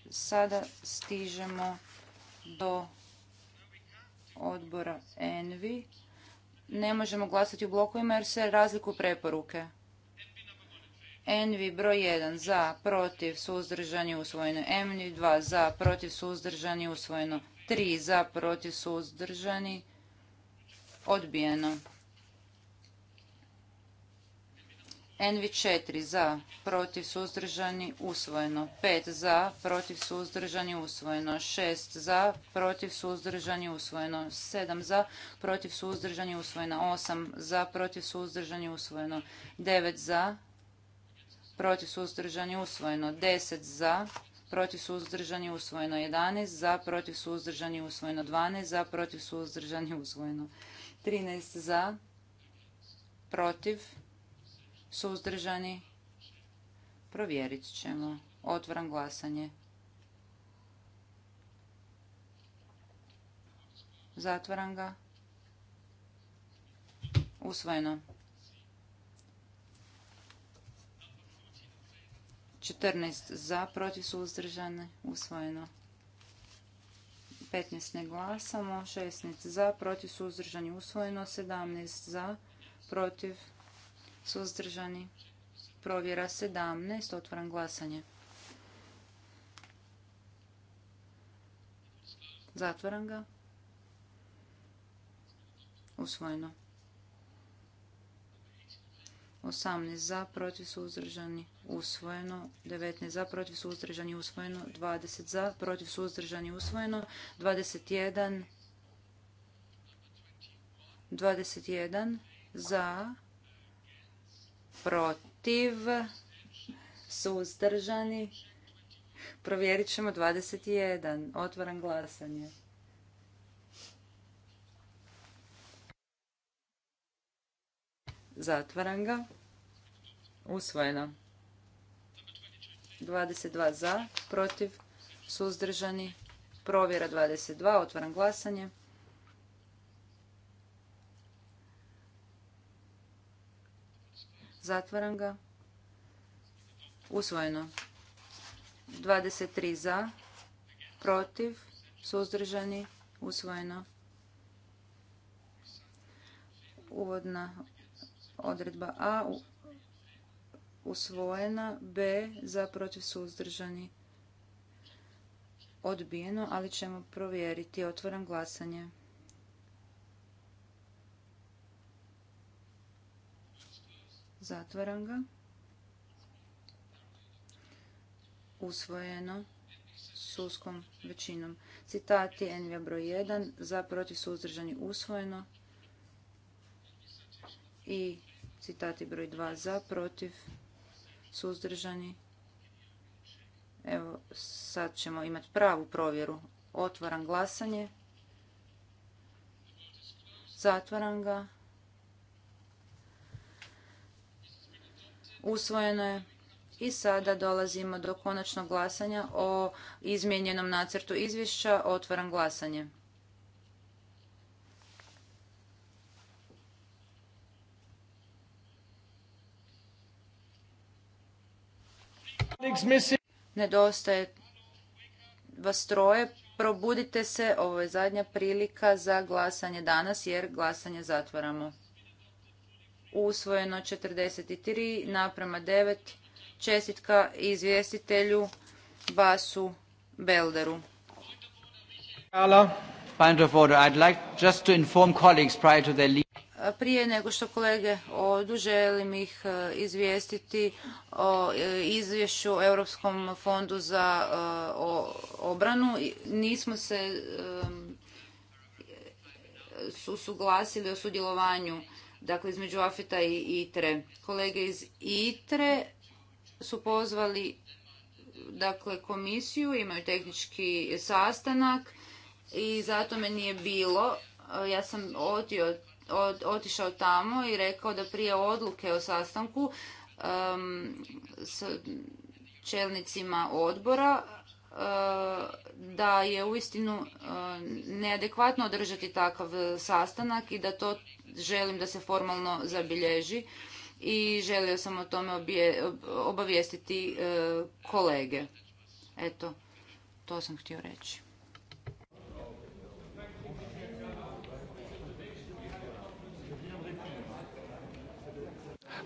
Sada stižemo do odbora ENVI. Ne možemo glasati u blokovima jer se razlikuju preporuke. Envi broj 1 za, protiv, suzdržani, usvojeno. Envi 2 za, protiv, suzdržani, usvojeno. 3 za, protiv, suzdržani, odbijeno. Envi 4 za, protiv, suzdržani, usvojeno. 5 za, protiv, suzdržani, usvojeno. 6 za, protiv, suzdržani, usvojeno. 7 za, protiv, suzdržani, usvojeno. 8 za, protiv, suzdržani, usvojeno. 9 za, protiv suzdržani usvojeno 10 za, protiv suzdržani usvojeno 11 za, protiv suzdržani usvojeno 12 za, protiv suzdržani usvojeno 13 za, protiv suzdržani provjerit ćemo. Otvaram glasanje. Zatvaram ga. Usvojeno. 14 za, protiv suzdržani, usvojeno. 15 ne glasamo, 16 za, protiv suzdržani, usvojeno. 17 za, protiv suzdržani, provjera 17, otvoram glasanje. Zatvaram ga. Usvojeno. 18 za, protiv suzdržani, usvojeno, 19 za, protiv suzdržani usvojeno, 20 za, protiv suzdržani usvojeno, 21, 21 za, protiv, suzdržani, provjerit ćemo 21, otvaram glasanje. Zatvaram ga. Usvojeno. 22 za, protiv, suzdržani, provjera 22, otvaram glasanje. Zatvaram ga. Usvojeno. 23 za, protiv, suzdržani, usvojeno. Uvodna odredba A, usvojena, B za protiv suzdržani odbijeno, ali ćemo provjeriti. Otvaram glasanje. Zatvaram ga. Usvojeno s uskom većinom. Citati Envija broj 1 za protiv suzdržani usvojeno i citati broj 2 za protiv suzdržani. Evo, sad ćemo imati pravu provjeru. Otvaram glasanje. Zatvaram ga. Usvojeno je. I sada dolazimo do konačnog glasanja o izmijenjenom nacrtu izvješća. Otvaram glasanje. Nedostaje vas troje. Probudite se, ovo je zadnja prilika za glasanje danas jer glasanje zatvaramo. Usvojeno 43 naprema 9. Čestitka izvjestitelju Basu Belderu. Hvala. Point of order. I'd like just to inform colleagues prior to their leave. Prije nego što kolege odu, želim ih e, izvijestiti o e, izvješću Europskom fondu za e, obranu. Nismo se usuglasili o sudjelovanju dakle između AFITA i ITRE. Kolege iz ITRE su pozvali dakle komisiju, imaju tehnički sastanak i zato me nije bilo. Ja sam otio otišao tamo i rekao da prije odluke o sastanku s čelnicima odbora eh, da je uistinu eh, neadekvatno održati takav sastanak i da to želim da se formalno zabilježi i želio sam o tome obavijestiti eh, kolege. Eto, to sam htio reći.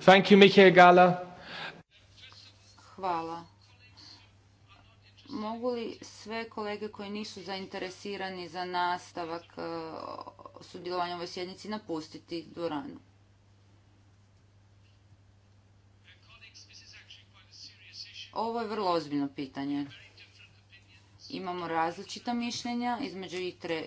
Thank you, Hvala. Mogu li sve kolege koji nisu zainteresirani za nastavak e, sudjelovanja u ovoj sjednici napustiti dvoranu? Ovo je vrlo ozbiljno pitanje imamo različita mišljenja između ITRE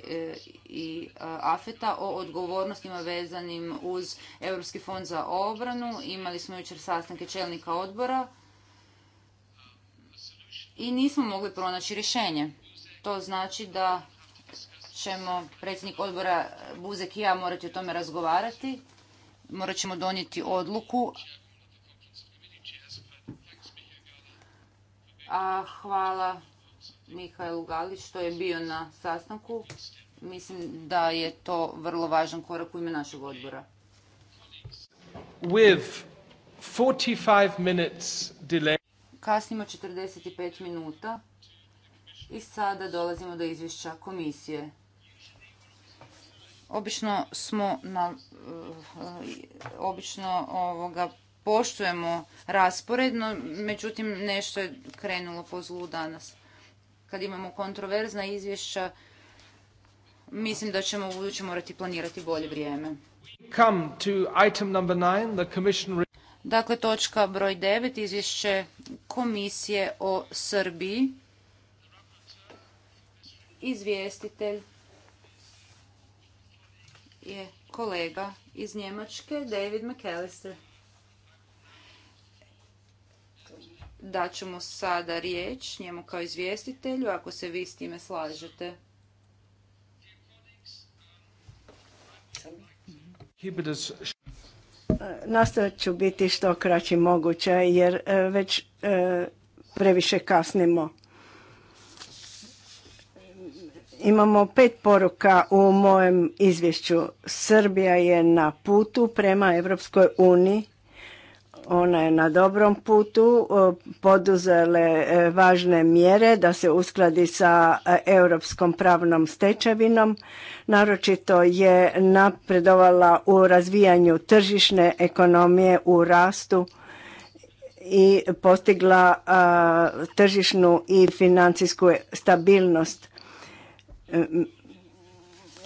i e, e, AFETA o odgovornostima vezanim uz Europski fond za obranu. Imali smo jučer sastanke čelnika odbora i nismo mogli pronaći rješenje. To znači da ćemo predsjednik odbora Buzek i ja morati o tome razgovarati. Morat ćemo donijeti odluku, hvala Mihajlu Galić što je bio na sastanku. Mislim da je to vrlo važan korak u ime našeg odbora. With 45 minutes Kasnimo 45 minuta i sada dolazimo do izvješća komisije. Obično smo na, eh, obično ovoga poštujemo rasporedno, međutim nešto je krenulo po zlu danas kad imamo kontroverzna izvješća, mislim da ćemo u buduće morati planirati bolje vrijeme. Dakle, točka broj 9, izvješće komisije o Srbiji. Izvjestitelj je kolega iz Njemačke, David McAllister. Daću ćemo sada riječ, njemu kao izvjestitelju, ako se vi s time slažete. E, Nastavit ću biti što kraći moguće jer e, već e, previše kasnimo. Imamo pet poruka u mojem izvješću. Srbija je na putu prema Europskoj uniji ona je na dobrom putu, e, poduzele e, važne mjere da se uskladi sa e, europskom pravnom stečevinom. Naročito je napredovala u razvijanju tržišne ekonomije u rastu i postigla tržišnu i financijsku stabilnost.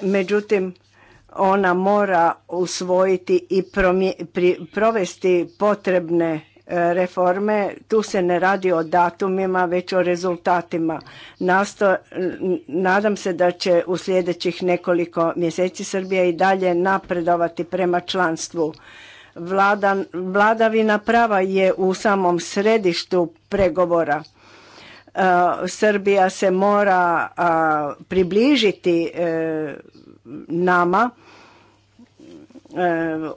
Međutim, ona mora usvojiti i provesti potrebne e, reforme. Tu se ne radi o datumima, već o rezultatima. nadam se da će u sljedećih nekoliko mjeseci Srbija i dalje napredovati prema članstvu. vladavina prava je u samom središtu pregovora. E, Srbija se mora približiti e, nama E,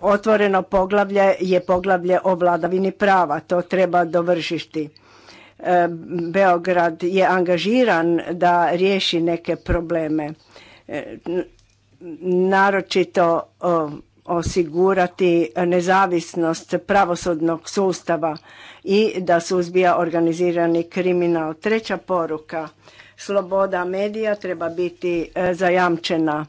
otvoreno poglavlje je poglavlje o vladavini prava. To treba dovršiti. E, Beograd je angažiran da riješi neke probleme. E, naročito osigurati nezavisnost pravosudnog sustava i da suzbija organizirani kriminal. Treća poruka, sloboda medija treba biti zajamčena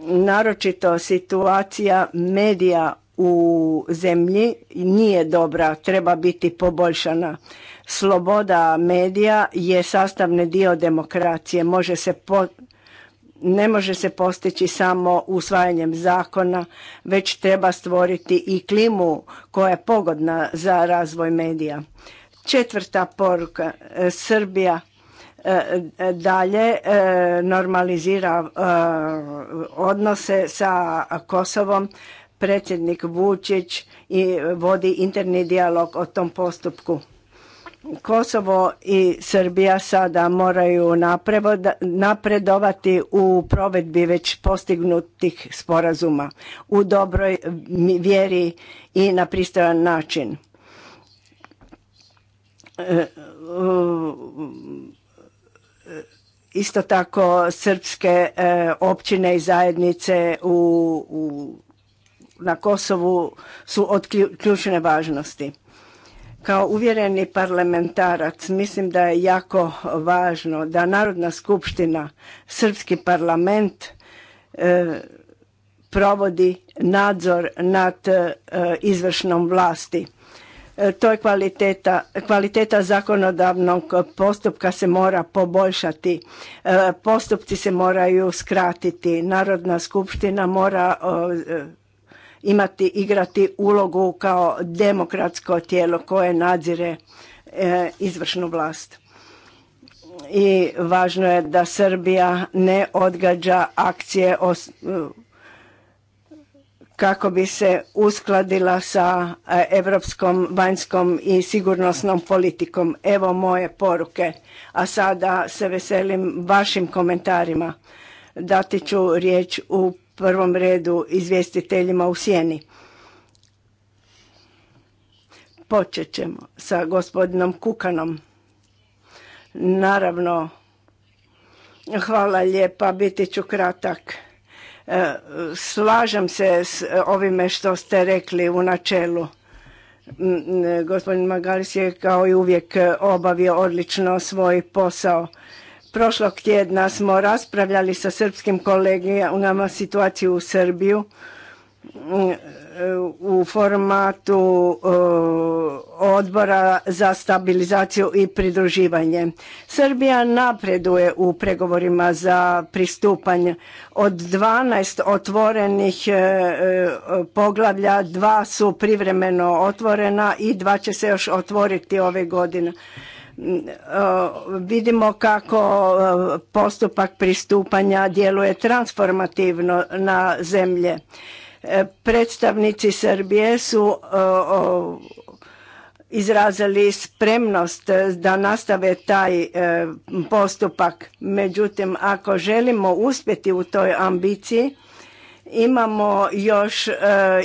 naročito situacija medija u zemlji nije dobra, treba biti poboljšana. Sloboda medija je sastavni dio demokracije, može se ne može se postići samo usvajanjem zakona, već treba stvoriti i klimu koja je pogodna za razvoj medija. Četvrta poruka, e, Srbija E, dalje e, normalizira e, odnose sa Kosovom. Predsjednik Vučić i vodi interni dijalog o tom postupku. Kosovo i Srbija sada moraju napredovati u provedbi već postignutih sporazuma u dobroj vjeri i na pristojan način isto tako srpske e, općine i zajednice u, na Kosovu su od ključne važnosti. Kao uvjereni parlamentarac mislim da je jako važno da Narodna skupština, Srpski parlament e, provodi nadzor nad e, izvršnom vlasti E, to je kvaliteta, kvaliteta zakonodavnog postupka se mora poboljšati. E, postupci se moraju skratiti. Narodna skupština mora e, imati, igrati ulogu kao demokratsko tijelo koje nadzire izvršnu vlast i važno je da Srbija ne odgađa akcije kako bi se uskladila sa europskom vanjskom i sigurnosnom politikom. Evo moje poruke. A sada se veselim vašim komentarima. Dati ću riječ u prvom redu izvjestiteljima u sjeni. Počet ćemo sa gospodinom Kukanom. Naravno, hvala lijepa, biti ću kratak E, slažem se s ovime što ste rekli u načelu. Gospodin Magalis je kao i uvijek obavio odlično svoj posao. Prošlog tjedna smo raspravljali sa srpskim nama situaciju u Srbiju u formatu e, odbora za stabilizaciju i pridruživanje. Srbija napreduje u pregovorima za pristupanje. Od 12 otvorenih e, e, poglavlja, dva su privremeno otvorena i dva će se još otvoriti ove godine. Mm, vidimo kako postupak pristupanja djeluje transformativno na zemlje E, predstavnici Srbije su e, izrazili spremnost da nastave taj e, postupak. Međutim, ako želimo uspjeti u toj ambiciji, imamo još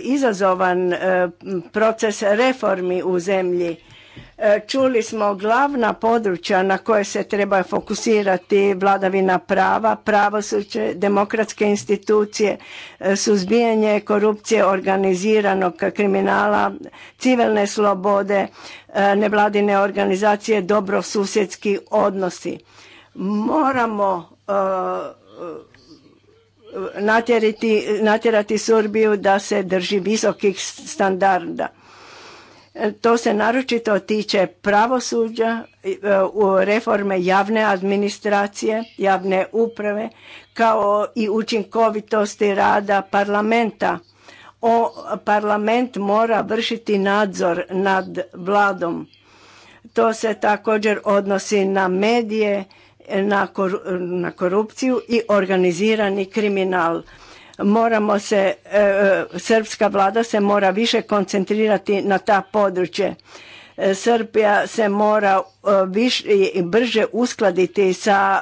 izazovan proces reformi u zemlji E, čuli smo glavna područja na koje se treba fokusirati vladavina prava, pravosuđe, demokratske institucije, e, suzbijanje korupcije, organiziranog kriminala, civilne slobode, e, nevladine organizacije, dobro odnosi. Moramo natjerati, natjerati Srbiju da se drži visokih standarda E, to se naročito tiče pravosuđa, e, reforme javne administracije, javne uprave, kao i učinkovitosti rada parlamenta. O, parlament mora vršiti nadzor nad vladom. To se također odnosi na medije, na korupciju i organizirani kriminal moramo se, e, srpska vlada se mora više koncentrirati na ta područja. E, Srbija se mora e, više, i brže uskladiti sa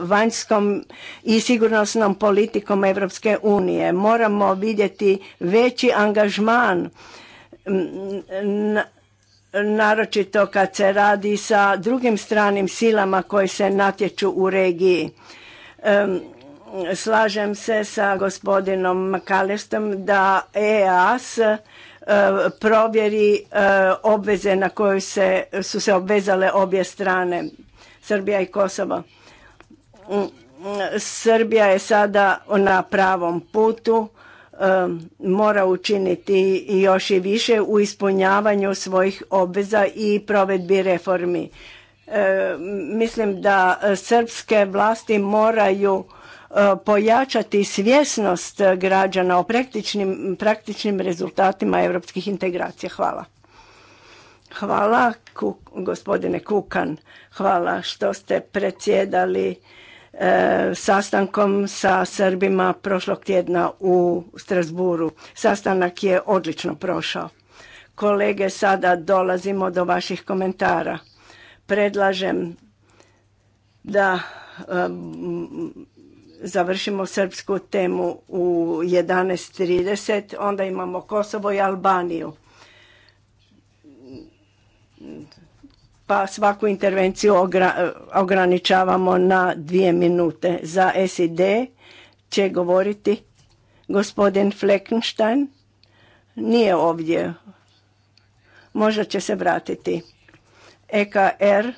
vanjskom i sigurnosnom politikom Europske unije. Moramo vidjeti veći angažman naročito kad se radi sa drugim stranim silama koje se natječu u regiji slažem se sa gospodinom Kalestom da EAS e, provjeri e, obveze na koje su se obvezale obje strane, Srbija i Kosovo. Mm, Srbija je sada na pravom putu, e, mora učiniti još i više u ispunjavanju svojih obveza i provedbi reformi. Mislim da srpske vlasti moraju E, pojačati svjesnost građana o praktičnim, rezultatima europskih integracija. Hvala. Hvala gospodine Kukan, hvala što ste predsjedali e, sastankom sa Srbima prošlog tjedna u Strasburu. Sastanak je odlično prošao. Kolege, sada dolazimo do vaših komentara. Predlažem da e, završimo srpsku temu u 11.30, onda imamo Kosovo i Albaniju. Pa svaku intervenciju ograničavamo na dvije minute. Za SID će govoriti gospodin Fleckenstein. Nije ovdje. Možda će se vratiti. EKR, er,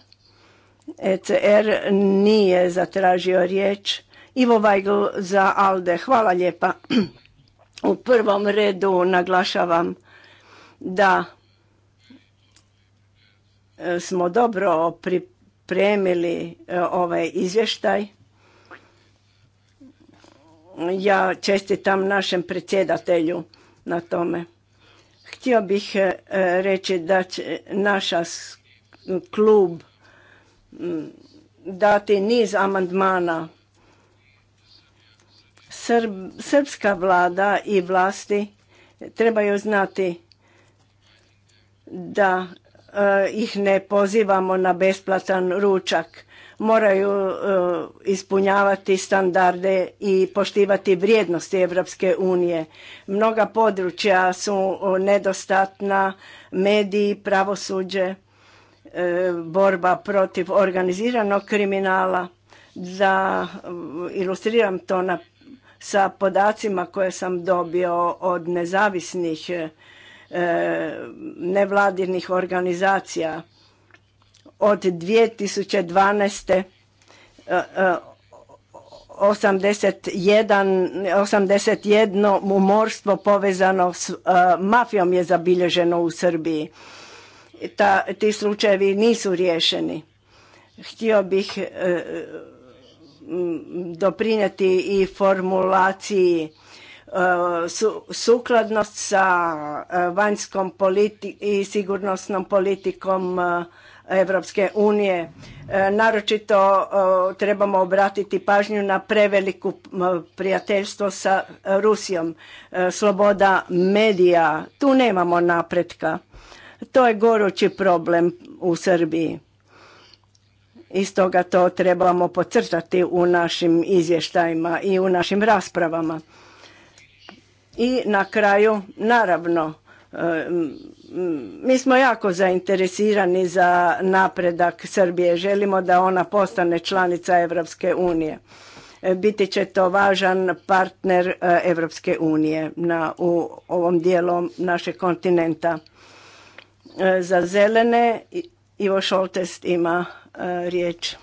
ECR er nije zatražio riječ Ivo Weigl za ALDE. Hvala lijepa. U prvom redu naglašavam da e, smo dobro pripremili e, ovaj izvještaj. Ja čestitam našem predsjedatelju na tome. Htio bih e, reći da će naš klub dati niz amandmana srpska vlada i vlasti trebaju znati da eh, ih ne pozivamo na besplatan ručak. Moraju eh, ispunjavati standarde i poštivati vrijednosti Europske unije. Mnoga područja su eh, nedostatna, mediji, pravosuđe, borba protiv organiziranog kriminala. Da ilustriram to na sa podacima koje sam dobio od nezavisnih e, nevladinih organizacija od 2012. 81, 81 umorstvo povezano s e, mafijom je zabilježeno u Srbiji. ti slučajevi nisu riješeni. Htio bih e, doprinijeti i formulaciji e, sukladnost sa e, vanjskom i sigurnosnom politikom e, Evropske unije. Naročito trebamo obratiti pažnju na preveliku prijateljstvo sa Rusijom, sloboda medija. Tu nemamo napretka. To je gorući problem u Srbiji i stoga to trebamo pocrtati u našim izvještajima i u našim raspravama. I na kraju, naravno, e, mi smo jako zainteresirani za napredak Srbije. Želimo da ona postane članica Europske unije. E, biti će to važan partner Europske unije na, u ovom dijelu našeg kontinenta. E, za zelene Ivo Šoltest ima e, riječ.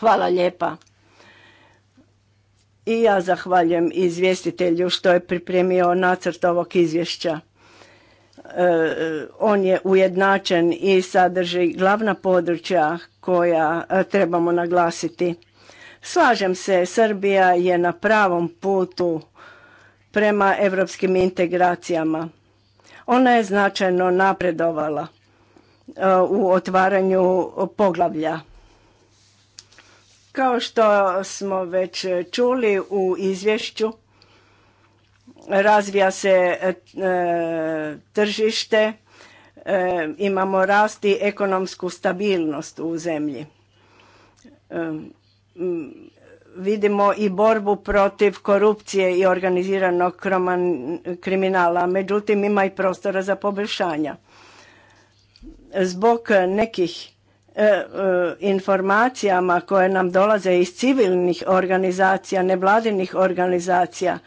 Hvala lijepa. I ja zahvaljujem izvjestitelju što je pripremio nacrt ovog izvješća. E, on je ujednačen i sadrži glavna područja koja e, trebamo naglasiti. Slažem se, Srbija je na pravom putu prema evropskim integracijama. Ona je značajno napredovala Eh, u otvaranju poglavlja. Kao što smo već čuli u izvješću, razvija se eh, tržište, eh, imamo imamo rasti ekonomsku stabilnost u zemlji. vidimo i borbu protiv korupcije i organiziranog kriminala, međutim ima i prostora za poboljšanja zbog nekih e, e, informacijama koje nam dolaze iz civilnih organizacija, nevladinih organizacija,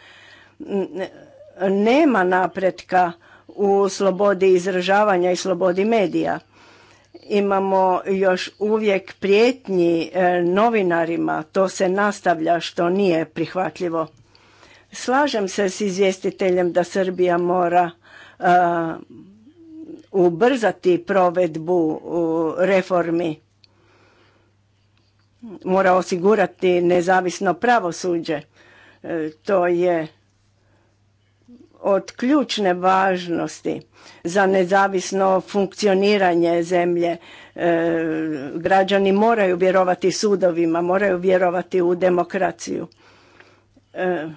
nema napretka u slobodi izražavanja i slobodi medija. Imamo još uvijek prijetnji e, novinarima, to se nastavlja što nije prihvatljivo. Slažem se s izvjestiteljem da Srbija mora ubrzati provedbu reformi mora osigurati nezavisno pravosuđe e, to je od ključne važnosti za nezavisno funkcioniranje zemlje e, građani moraju vjerovati sudovima moraju vjerovati u demokraciju e,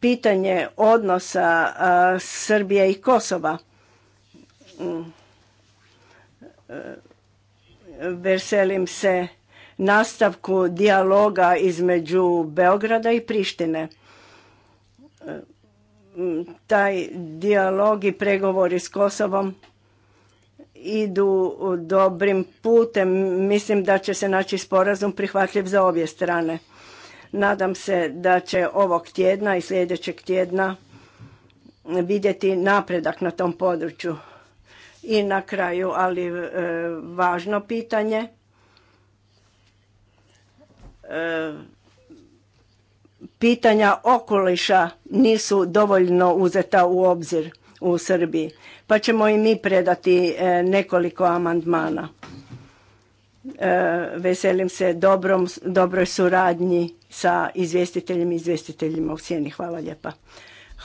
pitanje odnosa Srbije i Kosova Veselim se nastavku dijaloga između Beograda i Prištine. Taj dijalog i pregovori s Kosovom idu dobrim putem. Mislim da će se naći sporazum prihvatljiv za obje strane. Nadam se da će ovog tjedna i sljedećeg tjedna vidjeti napredak na tom području. I na kraju, ali e, važno pitanje, e, pitanja okoliša nisu dovoljno uzeta u obzir u Srbiji. Pa ćemo i mi predati e, nekoliko amandmana. Veselim se dobroj suradnji sa izvjestiteljima i izvjestiteljima u sjeni. Hvala lijepa.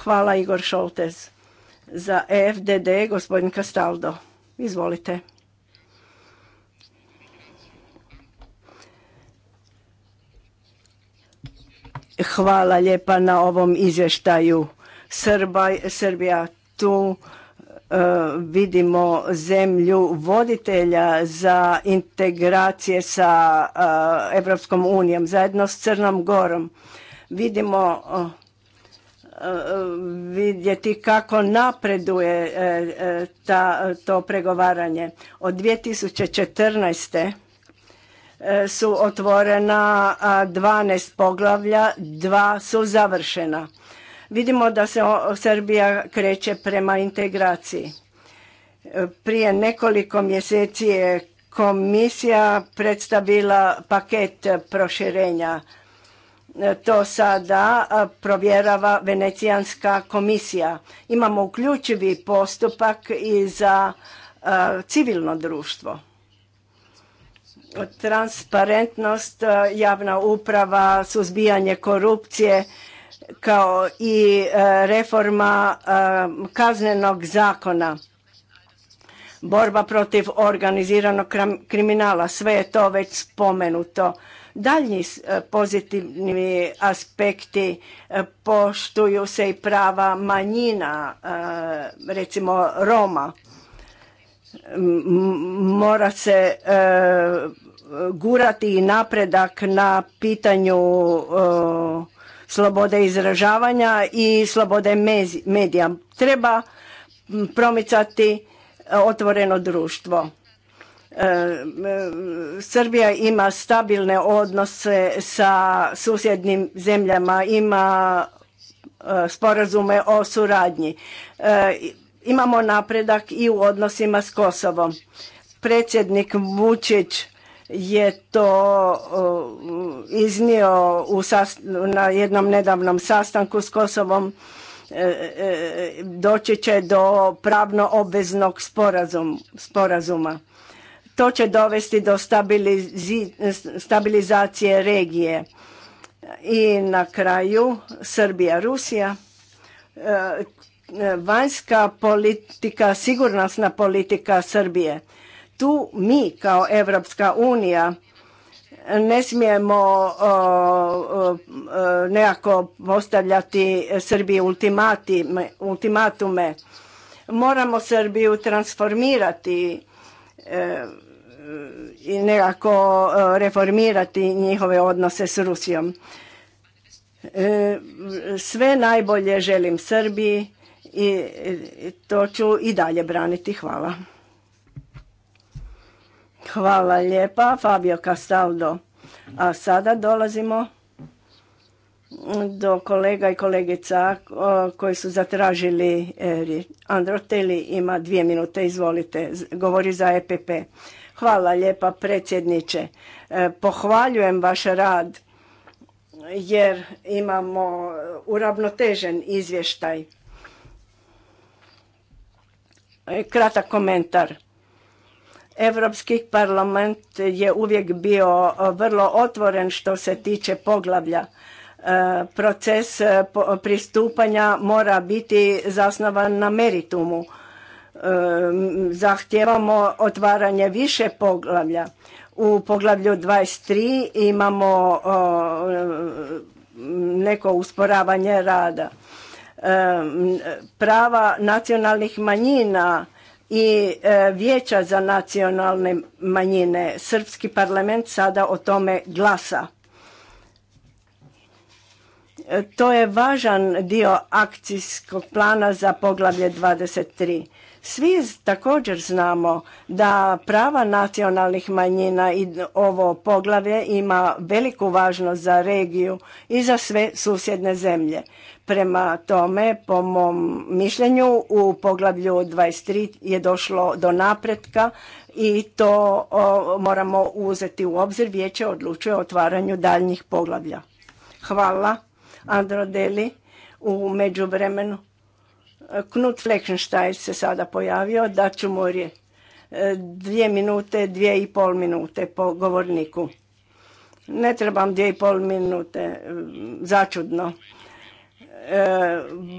Hvala Igor Šoltez. Za e FDD, gospodin Kastaldo, Izvolite. Hvala lijepa na ovom izvještaju. Srbija tu e, vidimo zemlju voditelja za integracije sa e, Evropskom unijom zajedno s Crnom Gorom. Vidimo vidjeti kako napreduje e, e, to pregovaranje. Od 2014 e, su otvorena 12 poglavlja, dva su završena. Vidimo da se Srbija kreće prema integraciji. Prije nekoliko mjeseci je komisija predstavila paket proširenja to sada provjerava Venecijanska komisija. Imamo uključivi postupak i za civilno društvo. Transparentnost, javna uprava, suzbijanje korupcije kao i reforma kaznenog zakona. Borba protiv organiziranog kriminala, sve je to već spomenuto. Daljnji e, pozitivni aspekti e, poštuju se i prava manjina, e, recimo Roma. Mora se gurati i napredak na pitanju slobode izražavanja i slobode medija. Treba promicati otvoreno društvo. Srbija ima stabilne odnose sa susjednim zemljama, ima e, sporazume o suradnji. E, imamo napredak i u odnosima s Kosovom. Predsjednik Vučić je to e, iznio na jednom nedavnom sastanku s Kosovom doći će do pravno obveznog sporazuma. To će dovesti do stabilizacije regije. I na kraju Srbija, Rusija. E, vanjska politika, sigurnosna politika Srbije. Tu mi kao Evropska unija ne smijemo e, nekako postavljati Srbiji ultimatume. Moramo Srbiju transformirati e, i nekako e, reformirati njihove odnose s Rusijom. E, sve najbolje želim Srbiji i to ću i dalje braniti. Hvala. Hvala lijepa, Fabio Castaldo. A sada dolazimo do kolega i kolegica koji su zatražili e, Andro ima dvije minute, izvolite, govori za EPP. Hvala lijepa predsjedniče. E, pohvaljujem vaš rad jer imamo e, uravnotežen izvještaj. E, kratak komentar. Europski parlament je uvijek bio vrlo otvoren što se tiče poglavlja. Proces pristupanja mora biti zasnovan na meritumu zahtijevamo otvaranje više poglavlja. U poglavlju 23 imamo neko usporavanje rada. Prava nacionalnih manjina i e, vijeća za nacionalne manjine. Srpski parlament sada o tome glasa. E, to je važan dio akcijskog plana za poglavlje 23. Svi također znamo da prava nacionalnih manjina i ovo poglavlje ima veliku važnost za regiju i za sve susjedne zemlje. Prema tome, po mom mišljenju, u poglavlju 23 je došlo do napretka i to moramo uzeti u obzir. Vijeće odlučuje o otvaranju daljnjih poglavlja. Hvala, Andro Deli, u međuvremenu Knut Fleckenstein se sada pojavio, da ću mu dvije minute, dvije i pol minute po govorniku. Ne trebam dvije i pol minute, mm, začudno. E,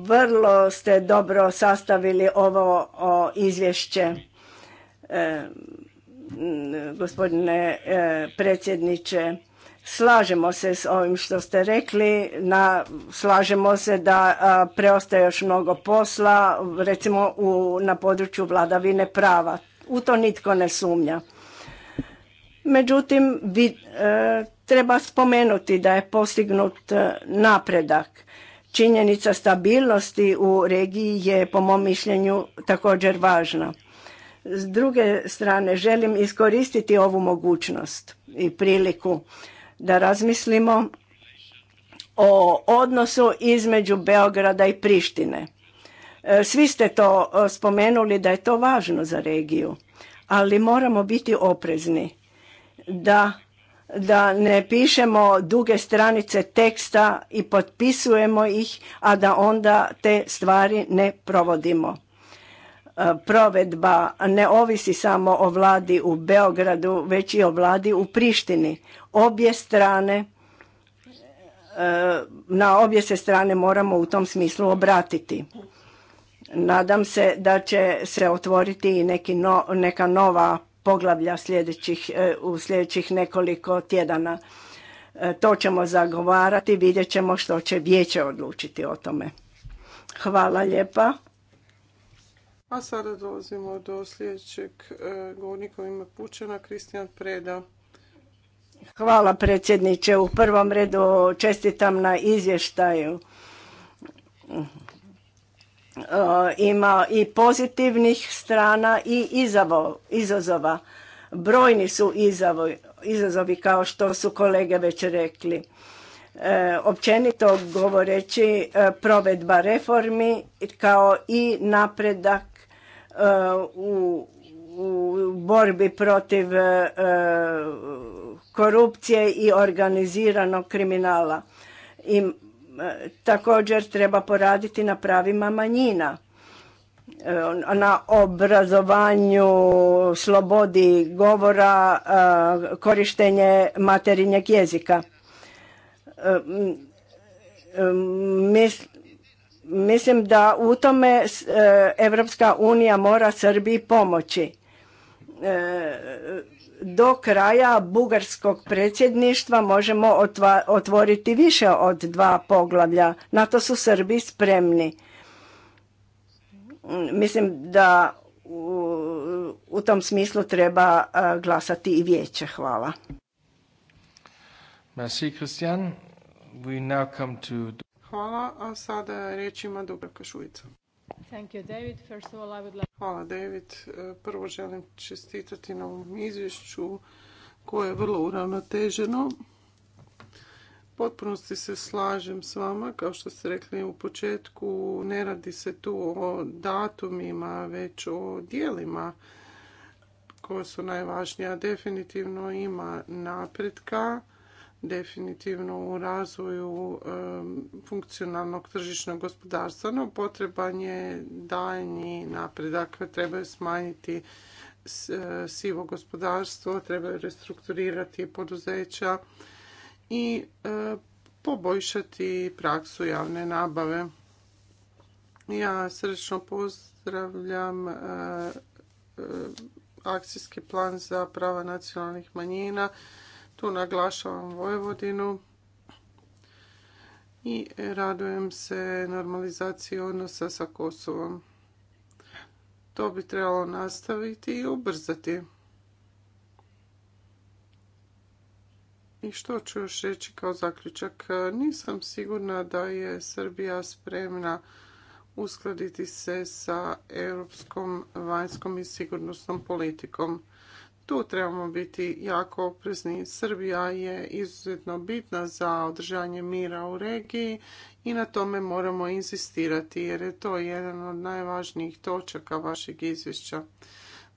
vrlo ste dobro sastavili ovo o izvješće, e, gospodine e, predsjedniče. Slažemo se s ovim što ste rekli, na, slažemo se da preostaje još mnogo posla, recimo u, na području vladavine prava. U to nitko ne sumnja. Međutim, e, treba spomenuti da je postignut e, napredak. Činjenica stabilnosti u regiji je, po mom mišljenju, također važna. S druge strane, želim iskoristiti ovu mogućnost i priliku da razmislimo o odnosu između Beograda i Prištine. E, svi ste to e, spomenuli da je to važno za regiju, ali moramo biti oprezni da, da ne pišemo duge stranice teksta i potpisujemo ih, a da onda te stvari ne provodimo. E, provedba ne ovisi samo o vladi u Beogradu, već i o vladi u Prištini obje strane e, na obje se strane moramo u tom smislu obratiti. Nadam se da će se otvoriti i neki neka nova poglavlja sljedećih, e, u sljedećih nekoliko tjedana. E, to ćemo zagovarati, vidjet ćemo što će vijeće odlučiti o tome. Hvala lijepa. A sada dolazimo do sljedećeg govornika u ime Pučana, Kristijan Preda. Hvala predsjedniče. U prvom redu čestitam na izvještaju. E, ima i pozitivnih strana i izazova. Brojni su izazovi kao što su kolege već rekli. E, općenito govoreći e, provedba reformi kao i napredak u, borbi protiv korupcije i organiziranog kriminala. I e, također treba poraditi na pravima manjina, e, na obrazovanju, slobodi govora, e, korištenje materinjeg jezika. Mislim da u tome Evropska unija mora Srbiji pomoći do kraja bugarskog predsjedništva možemo otvoriti više od dva poglavlja. Na to su Srbi spremni. Mm, mislim da u, tom smislu treba glasati i vijeće. Hvala. Merci, Christian. We now come to... Hvala, a sada reč ima Dubravka Šujica. Thank you, David. First of all, I would Hvala David. E, prvo želim čestitati na ovom izvješću koje je vrlo uravnoteženo. Potpunosti se slažem s vama, kao što ste rekli u početku, ne radi se tu o datumima, već o dijelima koja su najvažnija. Definitivno ima napretka definitivno u razvoju funkcionalnog tržišnog gospodarstva, no potreban je daljnji napredak. Trebaju smanjiti e, sivo gospodarstvo, trebaju restrukturirati poduzeća i e, poboljšati praksu javne nabave. Ja srdečno pozdravljam e, akcijski plan za prava nacionalnih manjina tu naglašavam Vojvodinu i radujem se normalizaciji odnosa sa Kosovom. To bi trebalo nastaviti i ubrzati. I što ću još reći kao zaključak? Nisam sigurna da je Srbija spremna uskladiti se sa europskom vanjskom i sigurnosnom politikom. Tu trebamo biti jako oprezni. Srbija je izuzetno bitna za održanje mira u regiji i na tome moramo inzistirati jer je to jedan od najvažnijih točaka vašeg izvješća.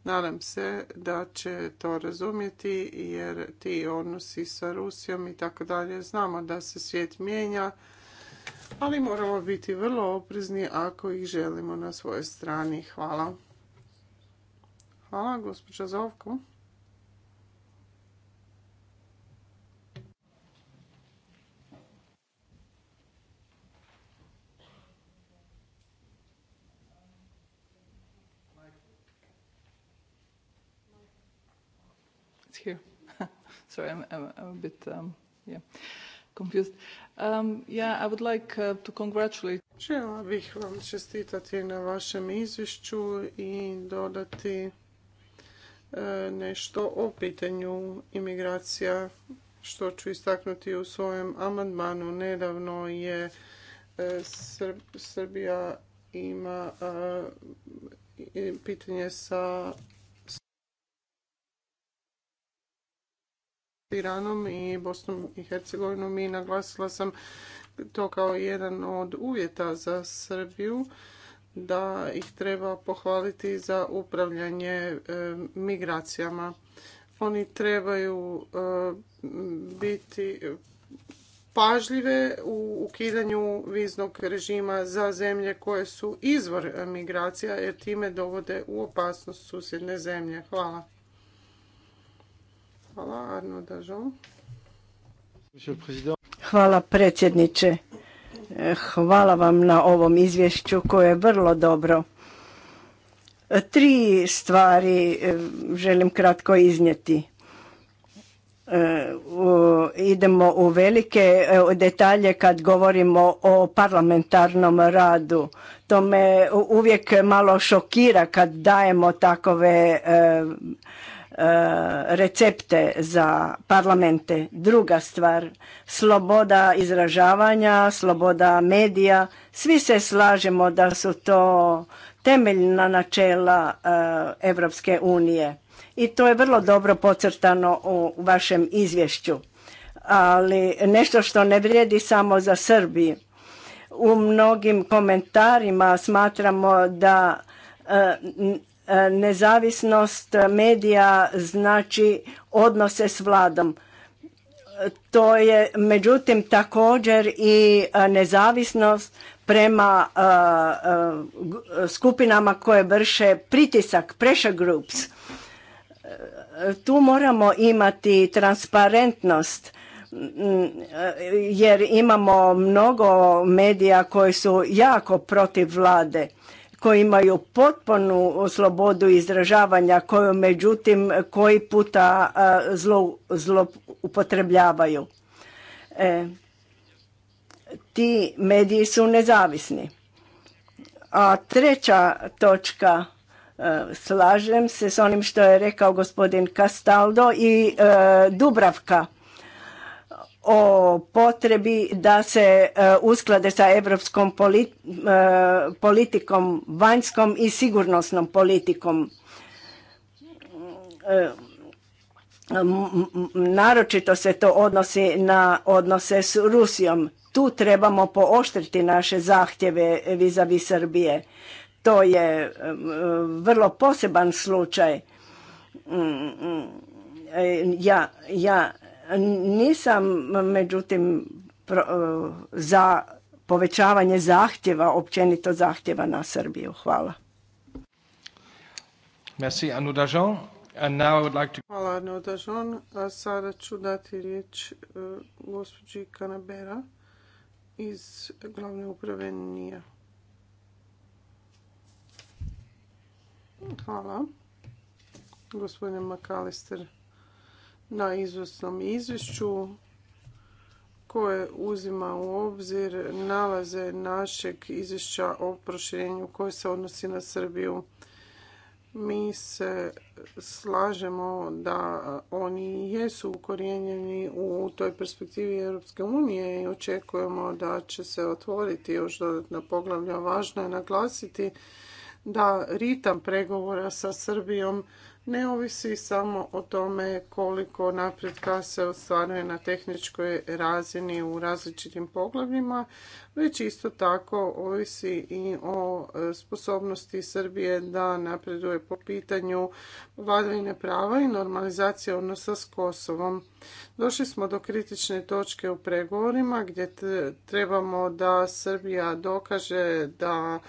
Nadam se da će to razumjeti jer ti odnosi sa Rusijom i tako dalje znamo da se svijet mijenja, ali moramo biti vrlo oprezni ako ih želimo na svojoj strani. Hvala. Hvala, gospođa Zovko. here. [LAUGHS] Sorry, I'm, a bit um, yeah, confused. Um, yeah, I would like uh, to congratulate. Žela bih vam čestitati na vašem izvješću i dodati e, nešto o pitanju imigracija što ću istaknuti u svojem amandmanu. Nedavno je e, Srbija ima e, pitanje sa Iranom i Bosnom i Hercegovinom i naglasila sam to kao jedan od uvjeta za Srbiju da ih treba pohvaliti za upravljanje e, migracijama. Oni trebaju e, biti pažljive u ukidanju viznog režima za zemlje koje su izvor migracija jer time dovode u opasnost susjedne zemlje. Hvala. Hvala, predsjedniče. Hvala vam na ovom izvješću koje je vrlo dobro. Tri stvari e, želim kratko iznijeti. E, idemo u velike e, detalje kad govorimo o parlamentarnom radu. To me uvijek malo šokira kad dajemo takove E, recepte za parlamente. Druga stvar, sloboda izražavanja, sloboda medija, svi se slažemo da su to temeljna načela e, Evropske unije i to je vrlo dobro pocrtano u vašem izvješću. Ali nešto što ne vrijedi samo za Srbiju. U mnogim komentarima smatramo da e, Nezavisnost medija znači odnose s vladom. To je međutim također i e, nezavisnost prema e, e, skupinama koje vrše pritisak, pressure groups. Tu moramo imati transparentnost jer imamo mnogo medija koji su jako protiv vlade koji imaju potpunu slobodu izražavanja koju međutim koji puta zloupotrebljavaju. Zlo e, ti mediji su nezavisni. A treća točka, e, slažem se s onim što je rekao gospodin Castaldo i e, Dubravka o potrebi da se e, usklade sa europskom e, politikom, vanjskom i sigurnosnom politikom. E, naročito se to odnosi na odnose s Rusijom. Tu trebamo pooštriti naše zahtjeve vis-a-vis Srbije. To je vrlo poseban slučaj. Mm, mm, ja, ja nisam međutim e, za povećavanje zahtjeva, općenito zahtjeva na Srbiju. Hvala. Merci, Anu Hvala, Anu A sada ću dati riječ e, gospođi Kanabera iz glavne uprave Hvala. Gospodine McAllister na izvrsnom izvješću koje uzima u obzir nalaze našeg izvješća o proširenju koje se odnosi na Srbiju. Mi se slažemo da oni jesu ukorijenjeni u toj perspektivi Europske unije i očekujemo da će se otvoriti još dodatna poglavlja. Važno je naglasiti da ritam pregovora sa Srbijom ne ovisi samo o tome koliko napredka se ostvaruje na tehničkoj razini u različitim poglavljima, već isto tako ovisi i o e, sposobnosti Srbije da napreduje po pitanju vladavine prava i normalizacije odnosa s Kosovom. Došli smo do kritične točke u pregovorima gdje trebamo da Srbija dokaže da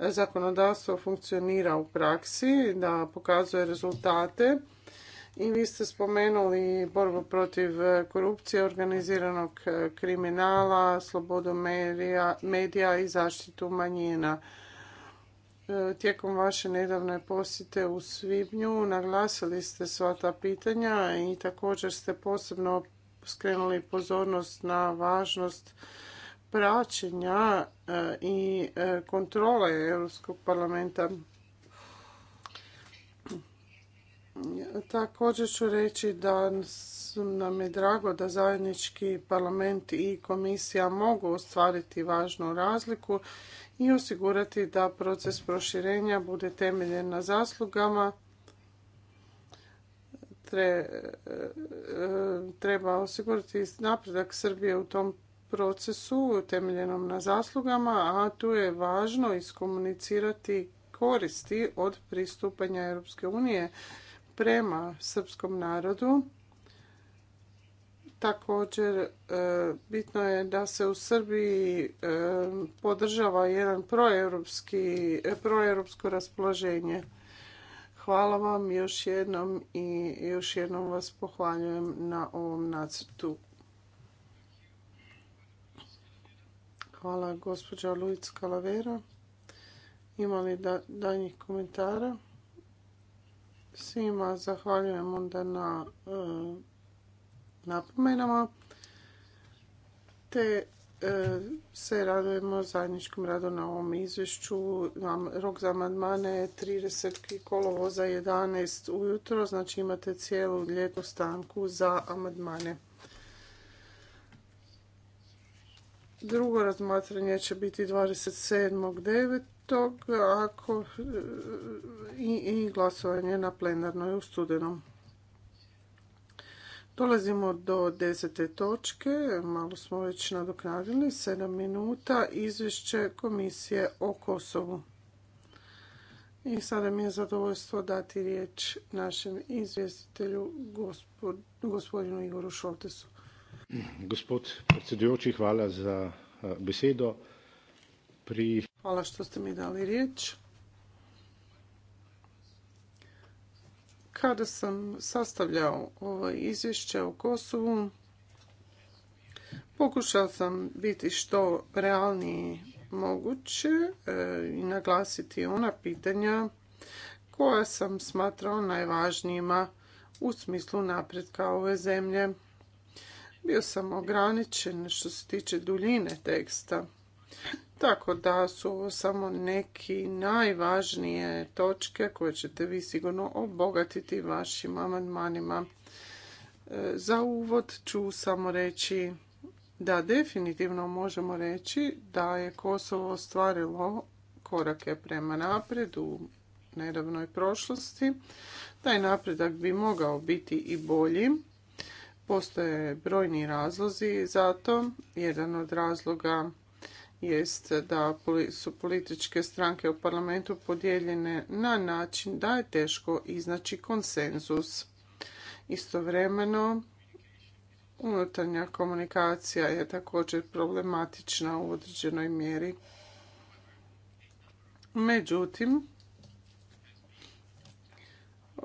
zakonodavstvo funkcionira u praksi, da pokazuje rezultate rezultate. I vi ste spomenuli borbu protiv korupcije, organiziranog kriminala, slobodu medija i zaštitu manjina. E, tijekom vaše nedavne posjete u Svibnju naglasili ste sva ta pitanja i također ste posebno skrenuli pozornost na važnost praćenja e, i e, kontrole Europskog parlamenta Također ću reći da nam je drago da zajednički parlament i komisija mogu ostvariti važnu razliku i osigurati da proces proširenja bude temeljen na zaslugama e, treba osigurati napredak Srbije u tom procesu temeljenom na zaslugama, a tu je važno iskomunicirati koristi od pristupanja Europske unije prema srpskom narodu. Također e, bitno je da se u Srbiji e, podržava jedan e, proeuropsko raspoloženje. Hvala vam još jednom i još jednom vas pohvaljujem na ovom nacrtu. Hvala gospođa Luic Kalavera. Ima li danjih komentara? svima. Zahvaljujem onda na e, napomenama. Te e, se radujemo zajedničkom radu na ovom izvješću. Rok za amandmane je 30. kolovoza 11 ujutro, znači imate cijelu ljetnu stanku za amandmane. Drugo razmatranje će biti 27.9 tog ako i, glasovanje na plenarnoj u studenom. Dolazimo do desete točke, malo smo već nadoknadili, sedam minuta, izvješće komisije o Kosovu. I sada mi je zadovoljstvo dati riječ našem izvjestitelju, gospodinu Igoru Šoltesu. Gospod hvala za eh, besedo. Pri Hvala što ste mi dali riječ. Kada sam sastavljao ovo izvješće o Kosovu, pokušao sam biti što realniji moguće e, i naglasiti ona pitanja koja sam smatrao najvažnijima u smislu napretka ove zemlje. Bio sam ograničen što se tiče duljine teksta. Tako da su ovo samo neki najvažnije točke koje ćete vi sigurno obogatiti vašim amandmanima. E, za uvod ću samo reći da definitivno možemo reći da je Kosovo ostvarilo korake prema napredu u nedavnoj prošlosti. Taj napredak bi mogao biti i bolji. Postoje brojni razlozi za to. Jedan od razloga jest da su političke stranke u parlamentu podijeljene na način da je teško iznaći konsenzus. Istovremeno, unutarnja komunikacija je također problematična u određenoj mjeri. Međutim,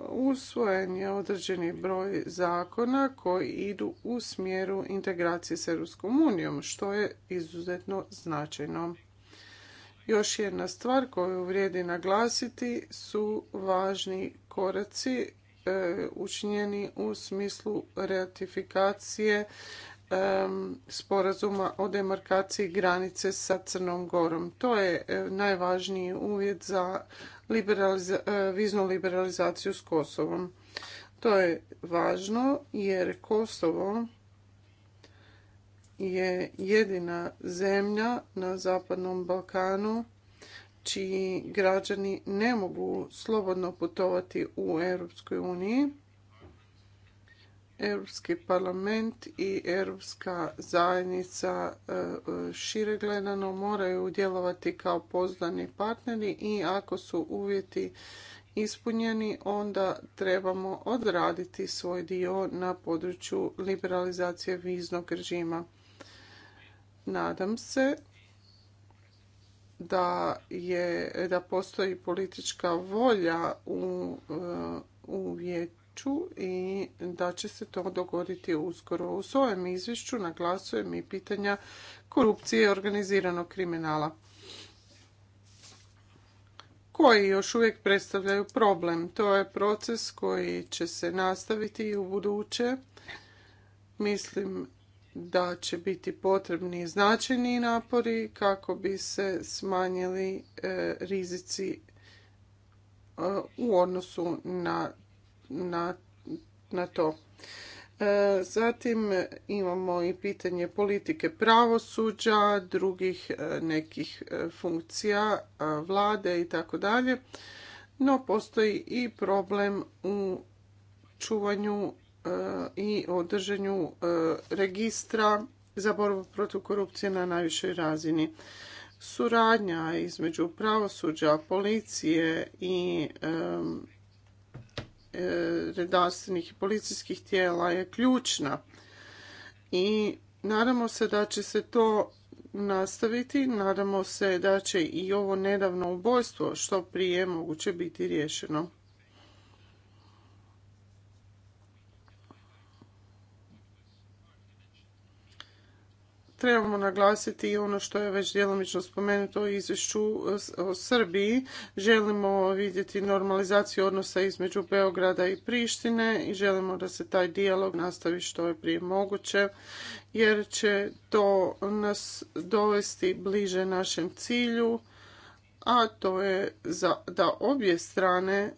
usvojen je određeni broj zakona koji idu u smjeru integracije s Europskom unijom, što je izuzetno značajno. Još jedna stvar koju vrijedi naglasiti su važni koraci e, učinjeni u smislu ratifikacije e, sporazuma o demarkaciji granice sa Crnom Gorom. To je e, najvažniji uvjet za E, viznu liberalizaciju s Kosovom. To je važno jer Kosovo je jedina zemlja na Zapadnom Balkanu čiji građani ne mogu slobodno putovati u Europskoj uniji Europski parlament i Europska zajednica e, e, šire gledano moraju djelovati kao pozdani partneri i ako su uvjeti ispunjeni, onda trebamo odraditi svoj dio na području liberalizacije viznog režima. Nadam se da, je, da postoji politička volja u, e, u ću i da će se to dogoditi uskoro. U svojem izvješću naglasujem i pitanja korupcije i organiziranog kriminala koji još uvijek predstavljaju problem. To je proces koji će se nastaviti i u buduće. Mislim da će biti potrebni značajni napori kako bi se smanjili e, rizici e, u odnosu na na, na to. E, zatim imamo i pitanje politike pravosuđa, drugih e, nekih e, funkcija vlade i tako dalje. No postoji i problem u čuvanju i održanju registra za borbu protiv korupcije na najvišoj razini. Suradnja između pravosuđa, policije i redarstvenih i policijskih tijela je ključna. I nadamo se da će se to nastaviti, nadamo se da će i ovo nedavno ubojstvo što prije moguće biti riješeno. trebamo naglasiti i ono što je već djelomično spomenuto u izvješću o Srbiji. Želimo vidjeti normalizaciju odnosa između Beograda i Prištine i želimo da se taj dijalog nastavi što je prije moguće jer će to nas dovesti bliže našem cilju, a to je da obje strane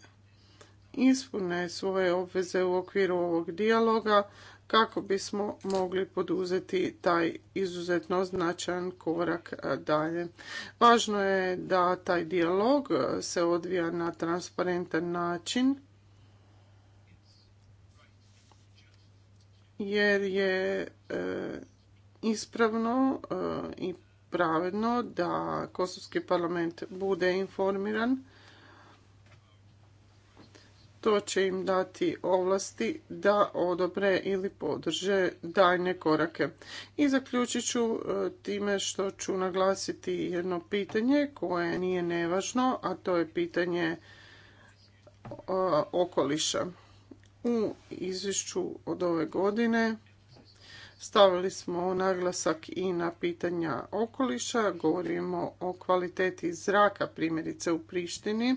ispune svoje obveze u okviru ovog dijaloga, kako bismo mogli poduzeti taj izuzetno značajan korak e, dalje. Važno je da taj dijalog e, se odvija na transparentan način jer je e, ispravno i pravedno da Kosovski parlament bude informiran to će im dati ovlasti da odobre ili podrže daljne korake. I zaključit ću e, time što ću naglasiti jedno pitanje koje nije nevažno, a to je pitanje e, okoliša. U izvješću od ove godine Stavili smo naglasak i na pitanja okoliša, govorimo o kvaliteti zraka primjerice u Prištini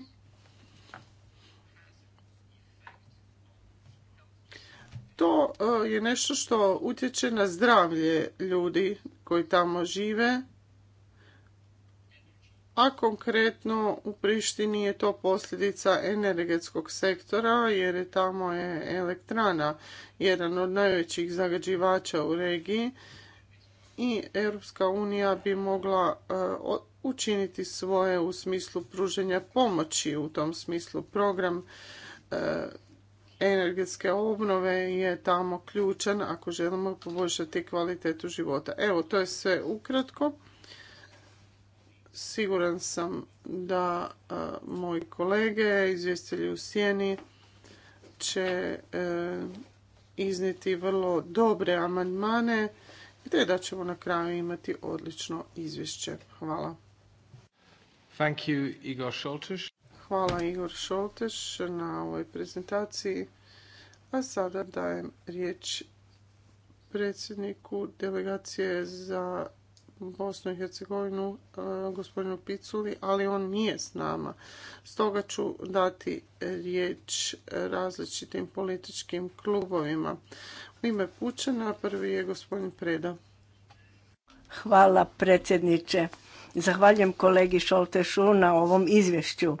to e, je nešto što utječe na zdravlje ljudi koji tamo žive, a konkretno u Prištini je to posljedica energetskog sektora jer je tamo je elektrana jedan od najvećih zagađivača u regiji i Europska unija bi mogla e, učiniti svoje u smislu pruženja pomoći u tom smislu program e, energetske obnove je tamo ključan ako želimo poboljšati kvalitetu života. Evo, to je sve ukratko. Siguran sam da e, moji kolege, izvjestitelji u sjeni, će e, izniti vrlo dobre amandmane i da ćemo na kraju imati odlično izvješće. Hvala. Thank you, Igor Hvala Igor Šolteš na ovoj prezentaciji. A sada dajem riječ predsjedniku delegacije za Bosnu i Hercegovinu, e, gospodinu Piculi, ali on nije s nama. Stoga ću dati riječ različitim političkim klubovima. U ime Pučana prvi je gospodin Preda. Hvala predsjedniče. Zahvaljujem kolegi Šoltešu na ovom izvješću.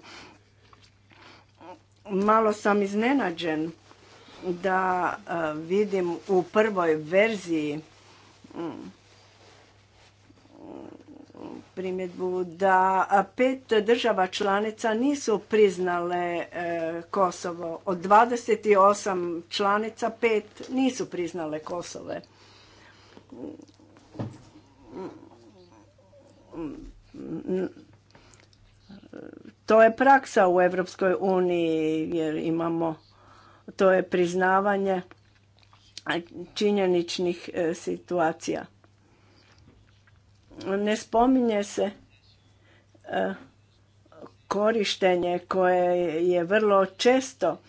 Malo sam iznenađen da e, vidim u prvoj verziji mm, primjedbu da pet država članica nisu priznale e, Kosovo. Od 28 članica pet nisu priznale Kosove. Mm, mm, to je praksa u Europskoj uniji jer imamo to je priznavanje činjeničnih e, situacija. Ne spominje se e, korištenje koje je vrlo često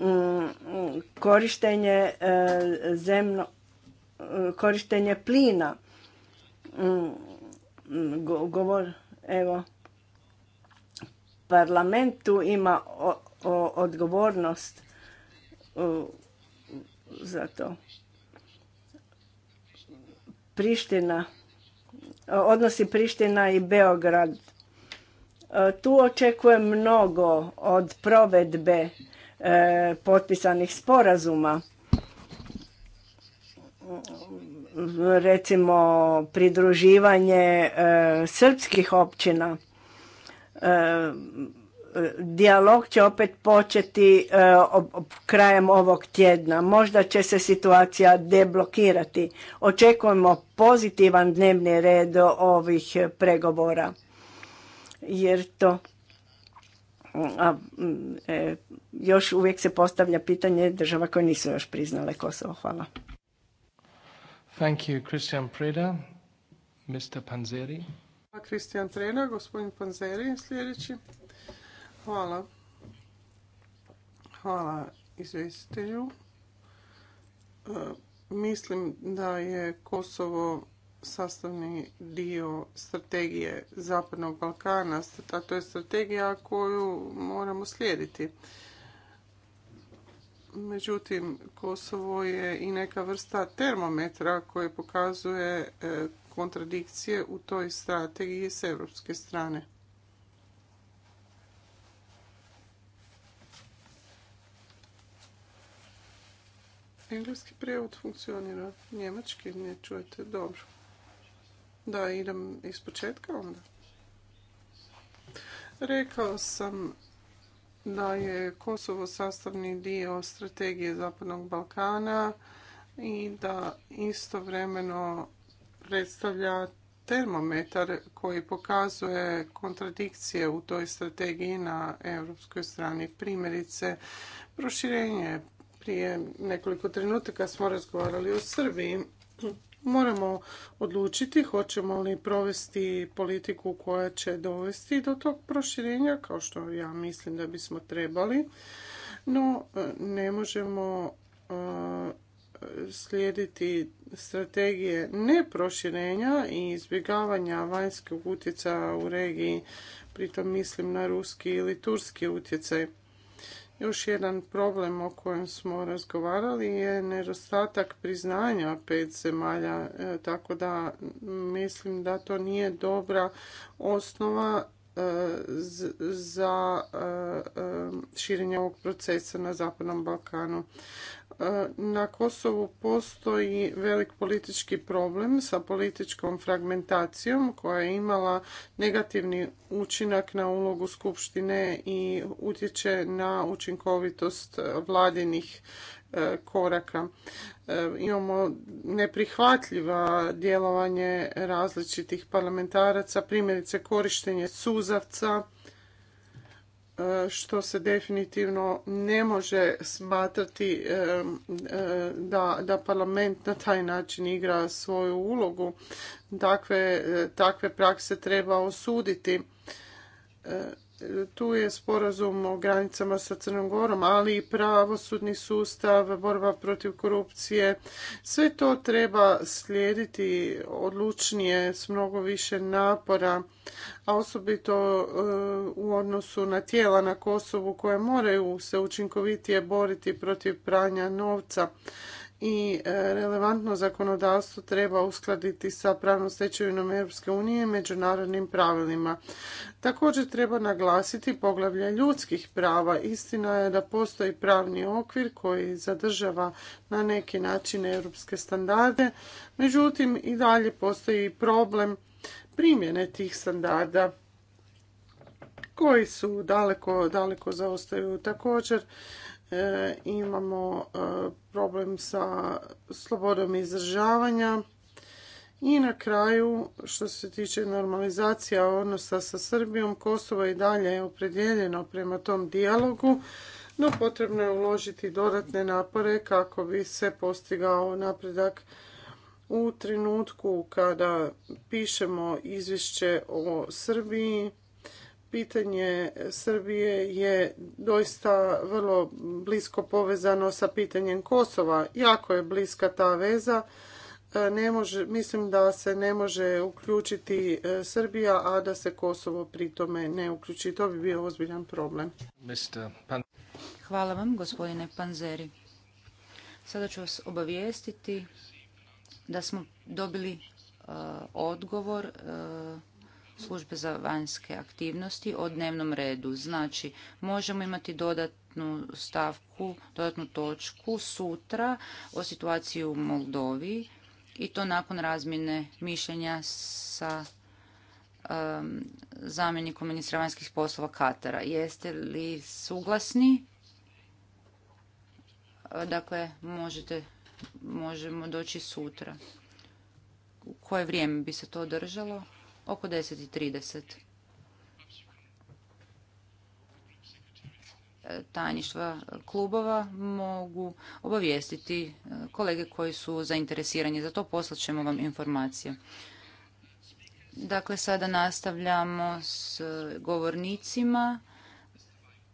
mm, korištenje e, zemno korištenje plina mm, govor evo Parlamentu ima odgovornost za to. Priština, odnosi Priština i Beograd. E, tu očekujem mnogo od provedbe e, potpisanih sporazuma. Recimo, pridruživanje e, srpskih općina Dijalog će opet početi e, krajem ovog tjedna. Možda će se situacija deblokirati. Očekujemo pozitivan dnevni red ovih pregovora. Jer to a, e, još uvijek se postavlja pitanje država koje nisu još priznale Kosovo. Hvala. Thank you, Christian Preda. Mr. Panzeri. Kristijan Trena, gospodin Panzeri sljedeći. Hvala. Hvala izvjestitelju. E, mislim da je Kosovo sastavni dio strategije Zapadnog Balkana, a to je strategija koju moramo slijediti. Međutim, Kosovo je i neka vrsta termometra koje pokazuje e, kontradikcije u toj strategiji s europske strane. Engleski prijevod funkcionira, njemački ne čujete dobro. Da, idem iz početka onda. Rekao sam da je Kosovo sastavni dio strategije Zapadnog Balkana i da istovremeno predstavlja termometar koji pokazuje kontradikcije u toj strategiji na europskoj strani. Primjerice, proširenje. Prije nekoliko trenutaka smo razgovarali o Srbiji. Moramo odlučiti hoćemo li provesti politiku koja će dovesti do tog proširenja, kao što ja mislim da bismo trebali, no ne možemo slijediti strategije neproširenja i izbjegavanja vanjskog utjecaja u regiji, pritom mislim na ruski ili turski utjecaj. Još jedan problem o kojem smo razgovarali je nedostatak priznanja pet zemalja, e, tako da mislim da to nije dobra osnova za eh, širenje ovog procesa na Zapadnom Balkanu. Eh, na Kosovu postoji velik politički problem sa političkom fragmentacijom koja je imala negativni učinak na ulogu Skupštine i utječe na učinkovitost vladinih eh, koraka. E, imamo neprihvatljiva djelovanje različitih parlamentaraca, primjerice korištenje suzavca, e, što se definitivno ne može smatrati e, da, parlament na taj način igra svoju ulogu. takve prakse treba osuditi tu je sporazum o granicama sa Crnom Gorom, ali i pravosudni sustav, borba protiv korupcije. Sve to treba slijediti odlučnije s mnogo više napora, a osobito e, u odnosu na tijela na Kosovu koje moraju se učinkovitije boriti protiv pranja novca i e, relevantno zakonodavstvo treba uskladiti sa pravnom stečevinom Europske unije i međunarodnim pravilima. Također treba naglasiti poglavlje ljudskih prava. Istina je da postoji pravni okvir koji zadržava na neki način europske standarde, međutim i dalje postoji problem primjene tih standarda koji su daleko, daleko zaostaju. Također, E, imamo e, problem sa slobodom izražavanja i na kraju što se tiče normalizacija odnosa sa Srbijom, Kosovo i dalje je opredjeljeno prema tom dijalogu, no potrebno je uložiti dodatne napore kako bi se postigao napredak u trenutku kada pišemo izvješće o Srbiji pitanje Srbije je doista vrlo blisko povezano sa pitanjem Kosova. Jako je bliska ta veza. E, ne može, mislim da se ne može uključiti e, Srbija, a da se Kosovo pri tome ne uključi. To bi bio ozbiljan problem. Hvala vam, gospodine Panzeri. Sada ću vas obavijestiti da smo dobili e, odgovor uh, službe za vanjske aktivnosti o dnevnom redu. Znači, možemo imati dodatnu stavku, dodatnu točku sutra o situaciji u Moldovi i to nakon razmjene mišljenja sa um, zamjenikom ministra vanjskih poslova Katara. Jeste li suglasni? E, dakle, možete, možemo doći sutra. U koje vrijeme bi se to održalo? oko 10.30. E, tajništva klubova mogu obavijestiti e, kolege koji su zainteresirani za to, poslat ćemo vam informacije. Dakle, sada nastavljamo s govornicima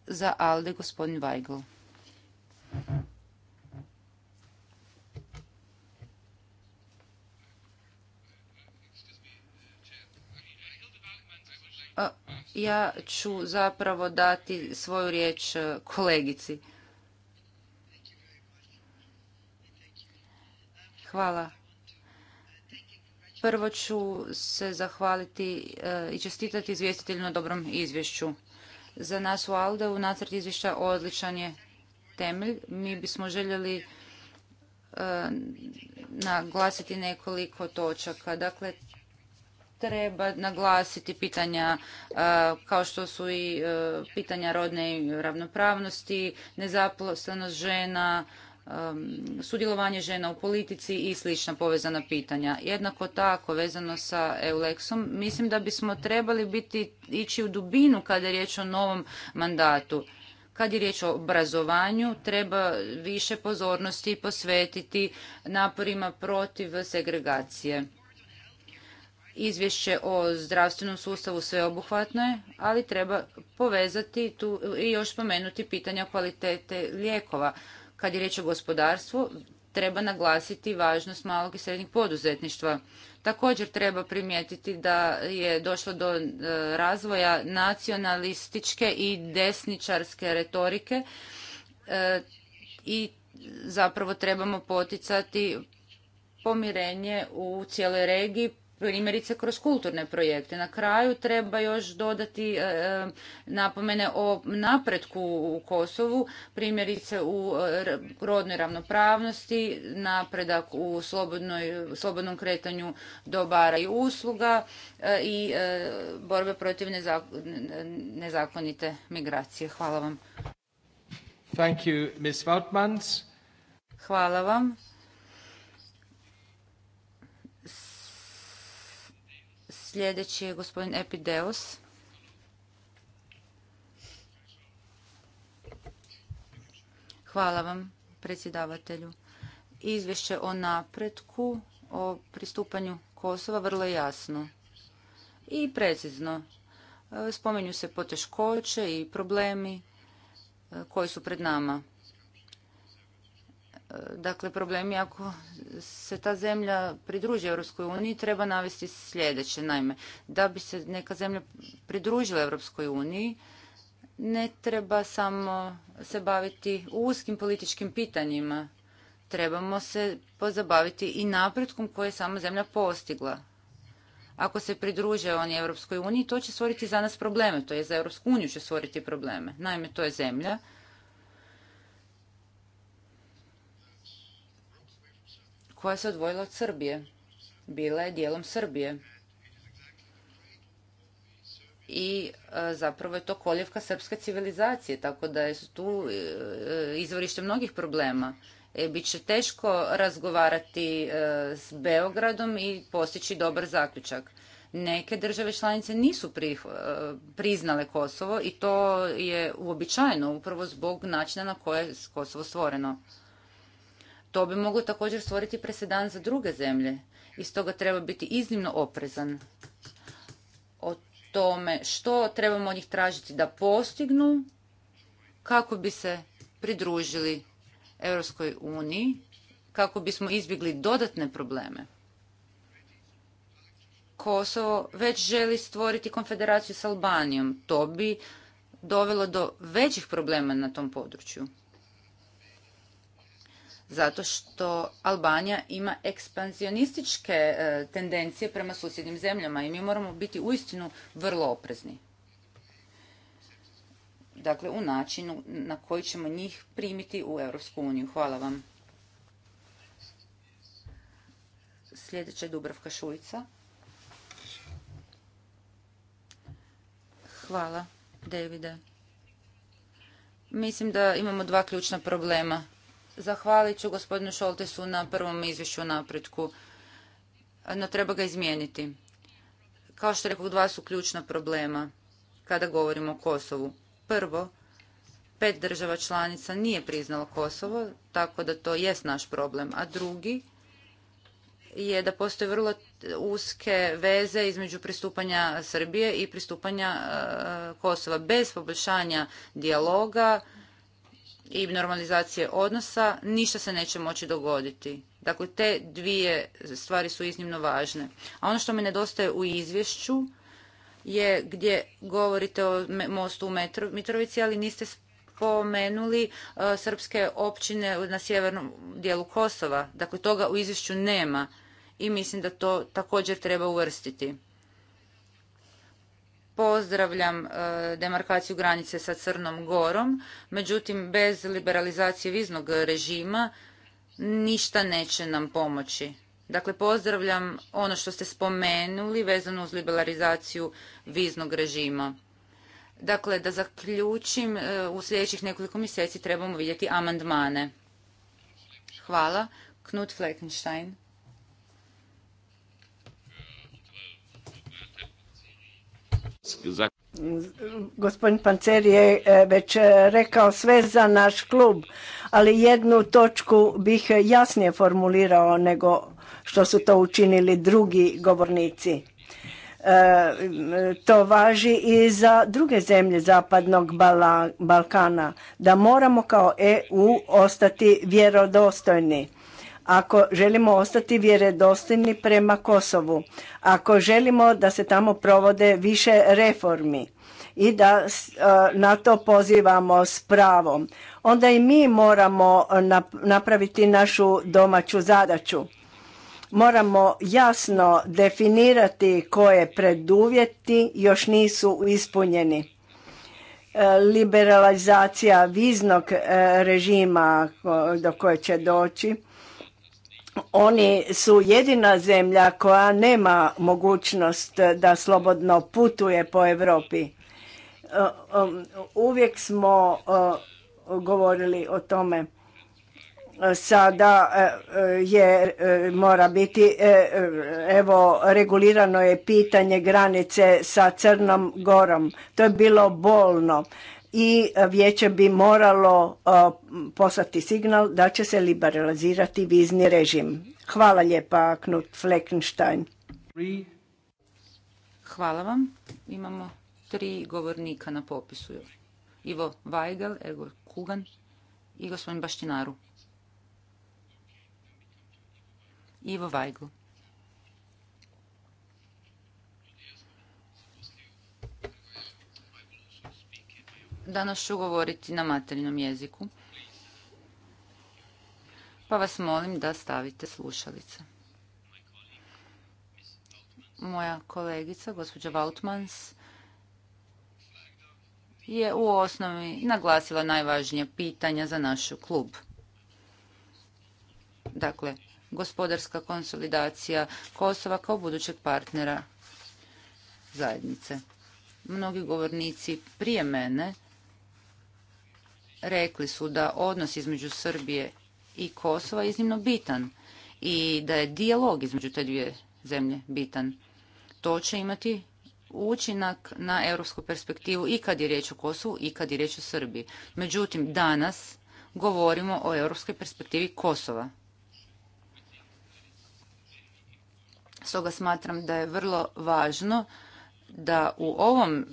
za Alde gospodin Weigl. ja ću zapravo dati svoju riječ e, kolegici. Hvala. Prvo ću se zahvaliti e, i čestitati izvjestitelju na dobrom izvješću. Za nas u ALDE u nacrt izvješća odličan je temelj. Mi bismo željeli e, naglasiti nekoliko točaka. Dakle, treba naglasiti pitanja e, kao što su i e, pitanja rodne ravnopravnosti, nezaposlenost žena, e, sudjelovanje žena u politici i slična povezana pitanja. Jednako tako vezano sa Eulexom, mislim da bismo trebali biti ići u dubinu kada je riječ o novom mandatu. Kad je riječ o obrazovanju, treba više pozornosti posvetiti naporima protiv segregacije izvješće o zdravstvenom sustavu sveobuhvatno je, ali treba povezati tu i još spomenuti pitanja kvalitete lijekova. Kad je riječ o gospodarstvu, treba naglasiti važnost malog i srednjeg poduzetništva. Također treba primijetiti da je došlo do e, razvoja nacionalističke i desničarske retorike e, i zapravo trebamo poticati pomirenje u cijeloj regiji primjerice kroz kulturne projekte. Na kraju treba još dodati e, e, napomene o napretku u Kosovu, primjerice u e, rodnoj ravnopravnosti, napredak u slobodnom kretanju dobara i usluga i borbe protiv nezakonite migracije. Hvala vam. Hvala vam. Sljedeći je gospodin Epideus. Hvala vam, predsjedavatelju. Izvješće o napretku, o pristupanju Kosova vrlo je jasno i precizno. E, spominju se poteškoće i problemi e, koji su pred nama dakle problemi ako se ta zemlja pridruži Europskoj uniji treba navesti sljedeće. Naime, da bi se neka zemlja pridružila Europskoj uniji ne treba samo se baviti uskim političkim pitanjima. Trebamo se pozabaviti i napretkom koje je sama zemlja postigla. Ako se pridruže oni Europskoj uniji, to će stvoriti za nas probleme, to je za Europsku uniju će stvoriti probleme. Naime, to je zemlja koja se odvojila od Srbije. Bila je dijelom Srbije. I e, zapravo je to koljevka srpske civilizacije, tako da je tu e, izvorište mnogih problema. Biće bit će teško razgovarati e, s Beogradom i postići dobar zaključak. Neke države članice nisu priznale Kosovo i to je uobičajeno upravo zbog načina na koje je Kosovo stvoreno. To bi moglo također stvoriti presedan za druge zemlje i stoga treba biti iznimno oprezan o tome što trebamo od njih tražiti da postignu kako bi se pridružili Europskoj uniji, kako bismo izbjegli dodatne probleme. Kosovo već želi stvoriti konfederaciju s Albanijom. To bi dovelo do većih problema na tom području zato što Albanija ima ekspanzionističke e, tendencije prema susjednim zemljama i mi moramo biti uistinu vrlo oprezni. Dakle, u načinu na koji ćemo njih primiti u Europsku uniju. Hvala vam. Sljedeća je Dubravka Šujica. Hvala, Davide. Mislim da imamo dva ključna problema Zahvalit ću gospodinu Šoltesu na prvom izvješću o napretku, no treba ga izmijeniti. Kao što rekao, dva su ključna problema kada govorimo o Kosovu. Prvo, pet država članica nije priznalo Kosovo, tako da to jest naš problem. A drugi je da postoje vrlo uske veze između pristupanja Srbije i pristupanja e, Kosova. Bez poboljšanja dijaloga, i normalizacije odnosa, ništa se neće moći dogoditi. Dakle, te dvije stvari su iznimno važne. A ono što mi nedostaje u izvješću je gdje govorite o mostu u Mitrovici, ali niste spomenuli e, srpske općine na sjevernom dijelu Kosova. Dakle, toga u izvješću nema i mislim da to također treba uvrstiti pozdravljam e, demarkaciju granice sa Crnom Gorom, međutim bez liberalizacije viznog režima ništa neće nam pomoći. Dakle, pozdravljam ono što ste spomenuli vezano uz liberalizaciju viznog režima. Dakle, da zaključim, e, u sljedećih nekoliko mjeseci trebamo vidjeti amandmane. Hvala. Knut Fleckenstein. Gospodin Pancer je e, već rekao sve za naš klub, ali jednu točku bih jasnije formulirao nego što su to učinili drugi govornici. E, to važi i za druge zemlje Zapadnog Balkana, da moramo kao EU ostati vjerodostojni ako želimo ostati vjerodostojni prema Kosovu, ako želimo da se tamo provode više reformi i da e, na to pozivamo s pravom, onda i mi moramo e, napraviti našu domaću zadaću. Moramo jasno definirati koje preduvjeti još nisu ispunjeni e, liberalizacija viznog režima do koje će doći oni su jedina zemlja koja nema mogućnost da slobodno putuje po Europi. E, e, uvijek smo e, govorili o tome. Sada je, mora biti, evo, regulirano je pitanje granice sa Crnom Gorom. To je bilo bolno i e, vijeće bi moralo e, poslati signal da će se liberalizirati vizni režim. Hvala lijepa Knut Fleckenstein. Hvala vam. Imamo tri govornika na popisu. Ivo Weigel, Ergo Kugan i gospodin Baštinaru. Ivo Weigel. Danas ću govoriti na materinom jeziku, pa vas molim da stavite slušalice. Moja kolegica, gospođa Vautmans, je u osnovi naglasila najvažnija pitanja za naš klub. Dakle, gospodarska konsolidacija Kosova kao budućeg partnera zajednice. Mnogi govornici prije mene rekli su da odnos između Srbije i Kosova je iznimno bitan i da je dijalog između te dvije zemlje bitan. To će imati učinak na europsku perspektivu i kad je riječ o Kosovu i kad je riječ o Srbiji. Međutim, danas govorimo o europskoj perspektivi Kosova. Stoga smatram da je vrlo važno da u ovom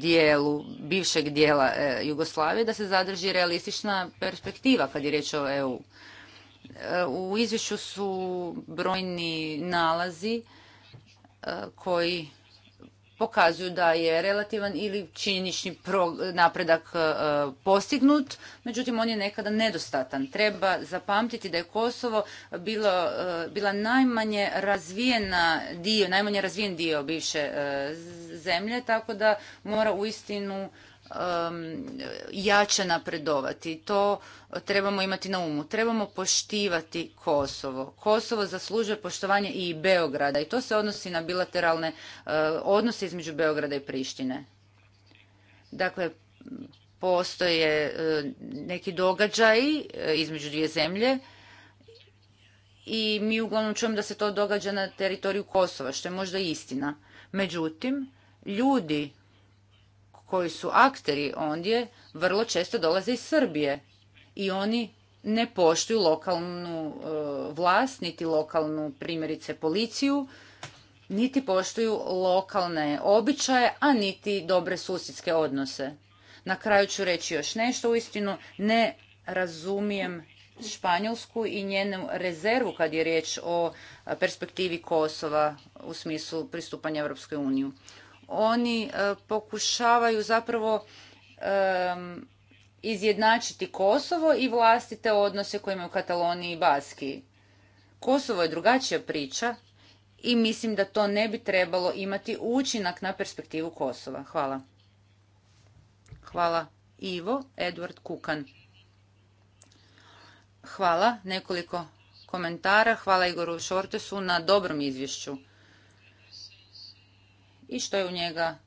dijelu, bivšeg dijela e, Jugoslavije, da se zadrži realistična perspektiva kad je riječ o EU. E, u izvješću su brojni nalazi e, koji pokazuju da je relativan ili činični napredak e, postignut, međutim on je nekada nedostatan. Treba zapamtiti da je Kosovo bilo, e, bila najmanje razvijena dio, najmanje razvijen dio bivše e, zemlje, tako da mora u istinu Um, jače napredovati. To trebamo imati na umu. Trebamo poštivati Kosovo. Kosovo zaslužuje poštovanje i Beograda i to se odnosi na bilateralne uh, odnose između Beograda i Prištine. Dakle, postoje uh, neki događaji uh, između dvije zemlje i mi uglavnom čujemo da se to događa na teritoriju Kosova, što je možda istina. Međutim, ljudi koji su akteri ondje vrlo često dolaze iz Srbije i oni ne poštuju lokalnu e, vlast, niti lokalnu primjerice policiju, niti poštuju lokalne običaje, a niti dobre susjedske odnose. Na kraju ću reći još nešto, istinu ne razumijem Španjolsku i njenu rezervu kad je riječ o perspektivi Kosova u smislu pristupanja Europskoj uniju oni e, pokušavaju zapravo izjednačiti Kosovo i vlastite odnose koje imaju u Kataloniji i Baskiji. Kosovo je drugačija priča i mislim da to ne bi trebalo imati učinak na perspektivu Kosova. Hvala. Hvala Ivo, Edward Kukan. Hvala, nekoliko komentara. Hvala Igoru Šortesu na dobrom izvješću i što je u njega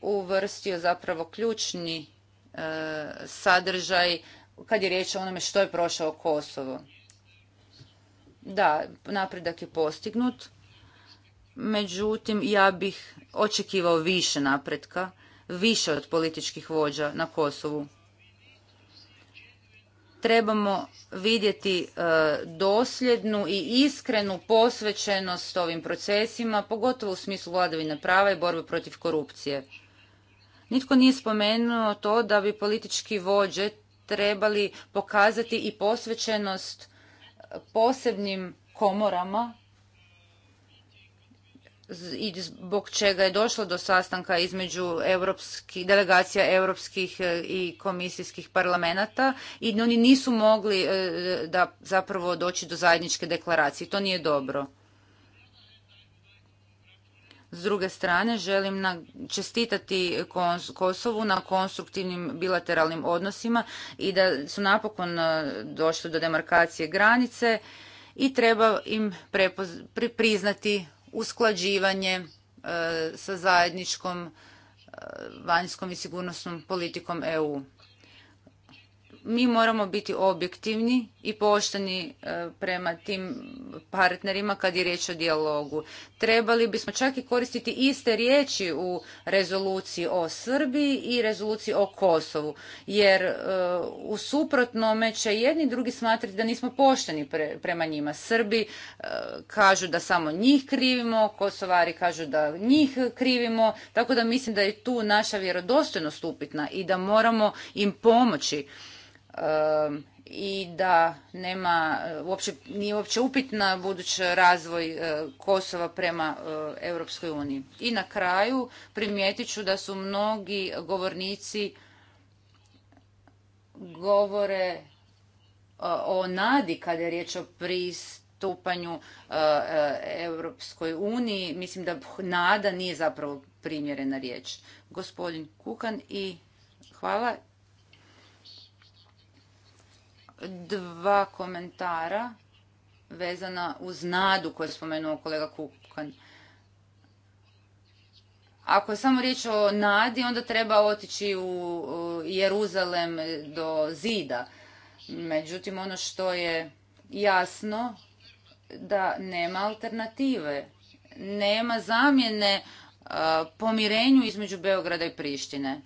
uvrstio zapravo ključni e, sadržaj kad je riječ o onome što je prošao Kosovo. Da, napredak je postignut, međutim ja bih očekivao više napretka, više od političkih vođa na Kosovu trebamo vidjeti e, dosljednu i iskrenu posvećenost ovim procesima, pogotovo u smislu vladavine prava i borbe protiv korupcije. Nitko nije spomenuo to da bi politički vođe trebali pokazati i posvećenost posebnim komorama i zbog čega je došlo do sastanka između delegacija europskih e, i komisijskih parlamenata i oni nisu mogli e, da zapravo doći do zajedničke deklaracije. To nije dobro. S druge strane, želim čestitati Kosovu na konstruktivnim bilateralnim odnosima i da su napokon e, došli do demarkacije granice i treba im priznati usklađivanje e, sa zajedničkom e, vanjskom i sigurnosnom politikom EU mi moramo biti objektivni i pošteni e, prema tim partnerima kad je riječ o dijalogu. Trebali bismo čak i koristiti iste riječi u rezoluciji o Srbiji i rezoluciji o Kosovu, jer e, u suprotnome će jedni i drugi smatrati da nismo pošteni prema njima. Srbi e, kažu da samo njih krivimo, Kosovari kažu da njih krivimo, tako da mislim da je tu naša vjerodostojnost upitna i da moramo im pomoći i da nema, e, uopće, nije uopće upitna budući razvoj e, Kosova prema e, Europskoj uniji. I na kraju primijetit ću da su mnogi govornici govore o nadi kada je riječ o pristupanju Europskoj uniji. Mislim da nada nije zapravo primjerena riječ. Gospodin Kukan i hvala dva komentara vezana uz nadu koju je spomenuo kolega Kukan. Ako je samo riječ o nadi, onda treba otići u Jeruzalem do zida. Međutim, ono što je jasno da nema alternative. Nema zamjene e, pomirenju između Beograda i Prištine.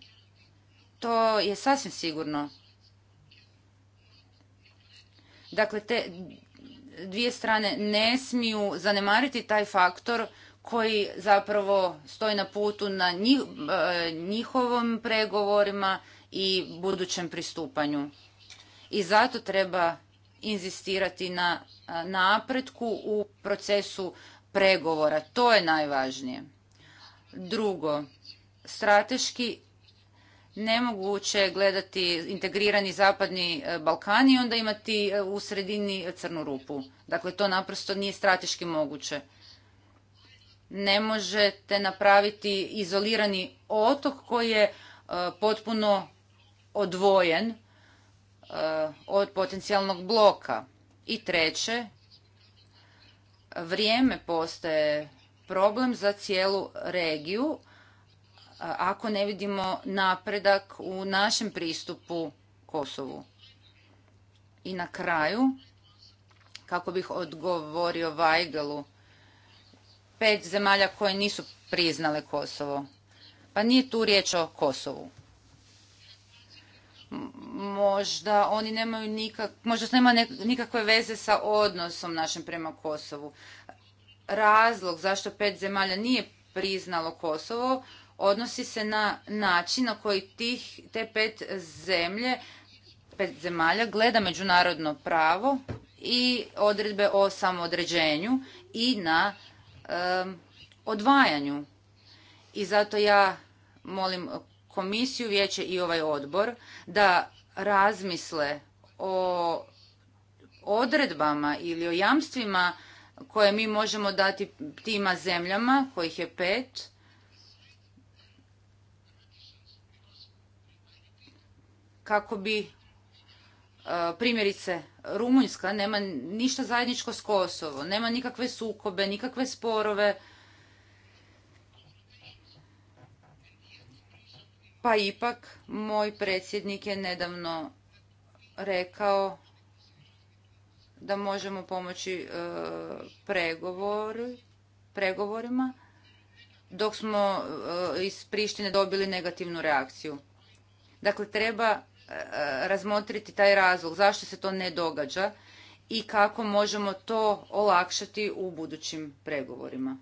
To je sasvim sigurno. Dakle, te dvije strane ne smiju zanemariti taj faktor koji zapravo stoji na putu na e, njihovom pregovorima i budućem pristupanju. I zato treba inzistirati na e, napretku u procesu pregovora. To je najvažnije. Drugo, strateški nemoguće je gledati integrirani zapadni e, Balkan i onda imati e, u sredini crnu rupu. Dakle, to naprosto nije strateški moguće. Ne možete napraviti izolirani otok koji je e, potpuno odvojen od potencijalnog bloka. I treće, vrijeme postaje problem za cijelu regiju ako ne vidimo napredak u našem pristupu Kosovu. I na kraju, kako bih odgovorio Vajgalu, pet zemalja koje nisu priznale Kosovo. Pa nije tu riječ o Kosovu. Možda oni nemaju nikak, možda nema nikakve veze sa odnosom našim prema Kosovu. Razlog zašto pet zemalja nije priznalo Kosovo odnosi se na način na koji tih, te pet zemlje, pet zemalja gleda međunarodno pravo i odredbe o samoodređenju i na odvajanju. I zato ja molim komisiju, vijeće i ovaj odbor da razmisle o odredbama ili o jamstvima koje mi možemo dati tima zemljama, kojih je pet, kako bi e, primjerice Rumunjska nema ništa zajedničko s Kosovo, nema nikakve sukobe, nikakve sporove. Pa ipak moj predsjednik je nedavno rekao da možemo pomoći e, pregovor, pregovorima dok smo e, iz Prištine dobili negativnu reakciju. Dakle, treba E, razmotriti taj razlog, zašto se to ne događa i kako možemo to olakšati u budućim pregovorima.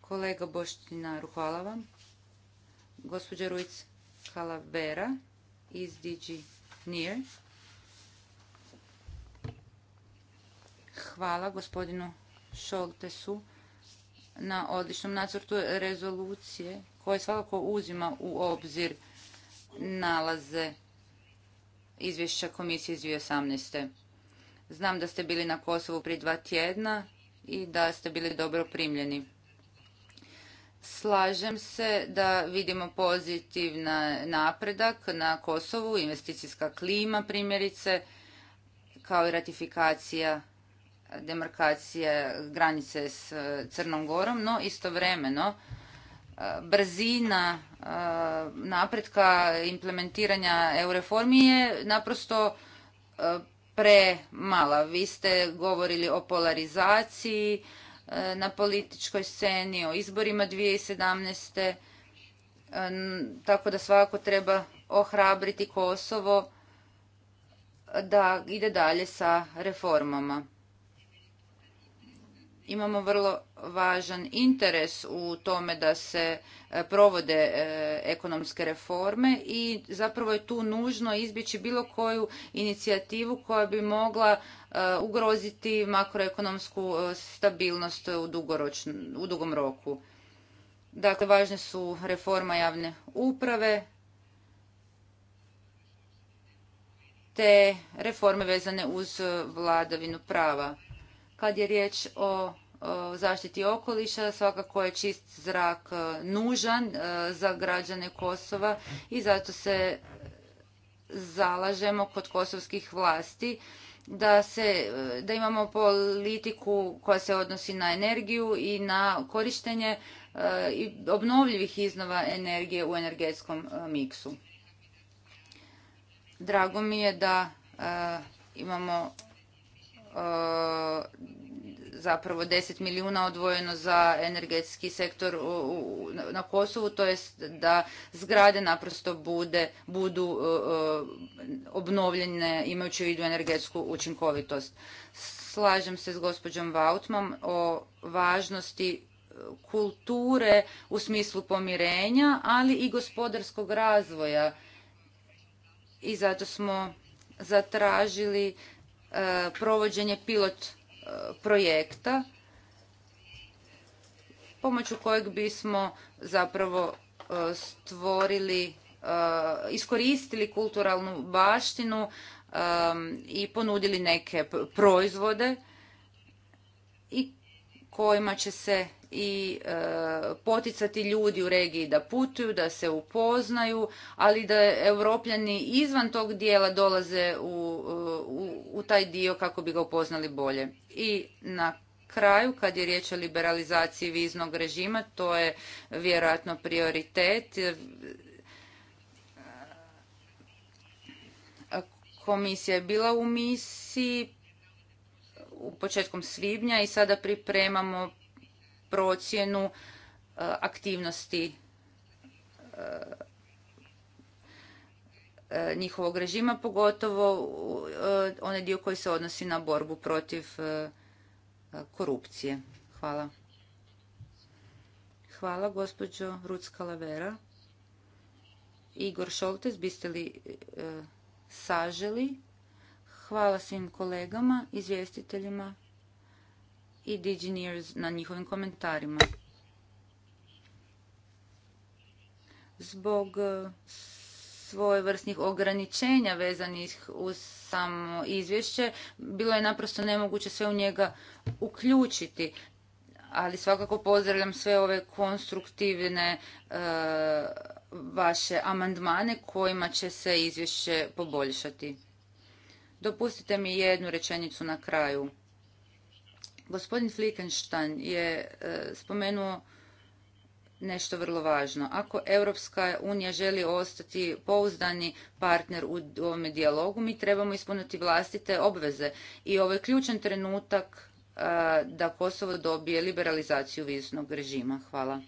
Kolega Boštinaru, hvala vam. Gospođa Ruiz Calavera iz DG Hvala gospodinu Šoltesu na odličnom nacrtu rezolucije koje svakako uzima u obzir nalaze izvješća komisije iz 2018. Znam da ste bili na Kosovu prije dva tjedna i da ste bili dobro primljeni. Slažem se da vidimo pozitivna napredak na Kosovu, investicijska klima primjerice, kao i ratifikacija demarkacije granice s eh, Crnom Gorom, no istovremeno brzina eh, napretka implementiranja EU reformi je naprosto eh, premala. Vi ste govorili o polarizaciji eh, na političkoj sceni, o izborima 2017. Tako da svakako treba ohrabriti Kosovo da ide dalje sa reformama imamo vrlo važan interes u tome da se e, provode e, ekonomske reforme i zapravo je tu nužno izbjeći bilo koju inicijativu koja bi mogla e, ugroziti makroekonomsku stabilnost u, u dugom roku. Dakle, važne su reforma javne uprave, te reforme vezane uz vladavinu prava. Kad je riječ o zaštiti okoliša, svakako je čist zrak e, nužan e, za građane Kosova i zato se zalažemo kod kosovskih vlasti da, se, e, da imamo politiku koja se odnosi na energiju i na korištenje i obnovljivih iznova energije u energetskom miksu. Drago mi je da imamo zapravo 10 milijuna odvojeno za energetski sektor na Kosovu, to jest da zgrade naprosto bude, budu e, e, obnovljene imajući u vidu energetsku učinkovitost. Slažem se s gospođom Vautmom o važnosti e, kulture u smislu pomirenja, ali i gospodarskog razvoja. I zato smo zatražili provođenje pilot projekta pomoću kojeg bismo zapravo e, stvorili, e, iskoristili kulturalnu baštinu e, i ponudili neke proizvode i kojima će se i e, poticati ljudi u regiji da putuju, da se upoznaju, ali da europljani izvan tog dijela dolaze u, e, u, u taj dio kako bi ga upoznali bolje. I na kraju, kad je riječ o liberalizaciji viznog režima, to je vjerojatno prioritet. E, komisija je bila u misiji u početkom svibnja i sada pripremamo procjenu e, aktivnosti e, e, njihovog režima, pogotovo onaj dio koji se odnosi na borbu protiv korupcije. Hvala. Hvala, gospođo Rucka Lavera. Igor Šoltes, biste li saželi? Hvala svim kolegama, izvjestiteljima i Digineers na njihovim komentarima. Zbog eh, svojevrsnih ograničenja vezanih uz samo izvješće, bilo je naprosto nemoguće sve u njega uključiti. Ali svakako pozdravljam sve ove konstruktivne e, vaše amandmane kojima će se izvješće poboljšati. Dopustite mi jednu rečenicu na kraju. Gospodin Flickenstein je e, spomenuo nešto vrlo važno. Ako Europska unija želi ostati pouzdani partner u ovome dijalogu, mi trebamo ispuniti vlastite obveze. I ovo je ključan trenutak e, da Kosovo dobije liberalizaciju viznog režima. Hvala.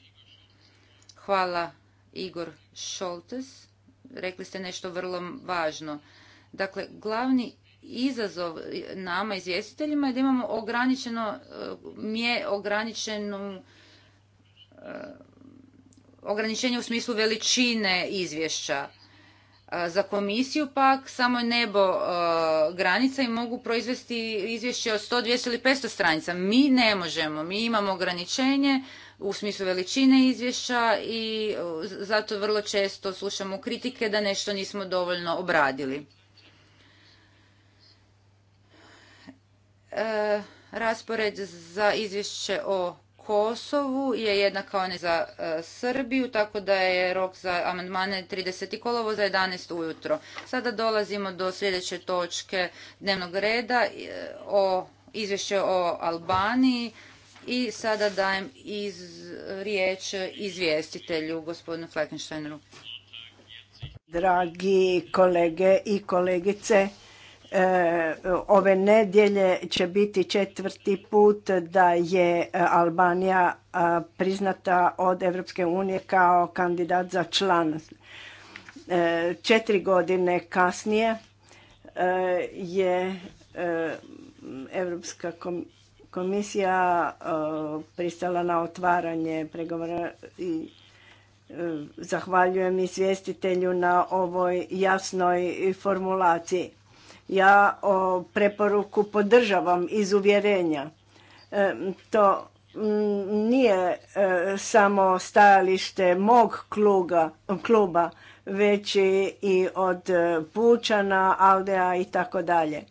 Hvala Igor Šoltes. Rekli ste nešto vrlo važno. Dakle, glavni izazov nama izvjestiteljima je da imamo ograničeno e, mje, ograničenu e, ograničenje u smislu veličine izvješća. E, za komisiju pak samo je nebo granica i mogu proizvesti izvješće od 100, 200 ili 500 stranica. Mi ne možemo, mi imamo ograničenje u smislu veličine izvješća i zato vrlo često slušamo kritike da nešto nismo dovoljno obradili. E, raspored za izvješće o Kosovu je jednak kao ne za e, Srbiju, tako da je rok za amandmane 30. kolovo za 11. ujutro. Sada dolazimo do sljedeće točke dnevnog reda e, o izvješće o Albaniji i sada dajem iz, riječ izvjestitelju, gospodinu Fleckensteineru. Dragi kolege i kolegice, Ove nedjelje će biti četvrti put da je Albanija priznata od Europske unije kao kandidat za član. E, četiri godine kasnije e, je Europska komisija e, pristala na otvaranje pregovora i zahvaljujem izvjestitelju na ovoj jasnoj formulaciji ja o preporuku podržavam iz uvjerenja. E, to nije e, samo stajalište mog kluba, već i od e, Pučana, Aldea i tako dalje.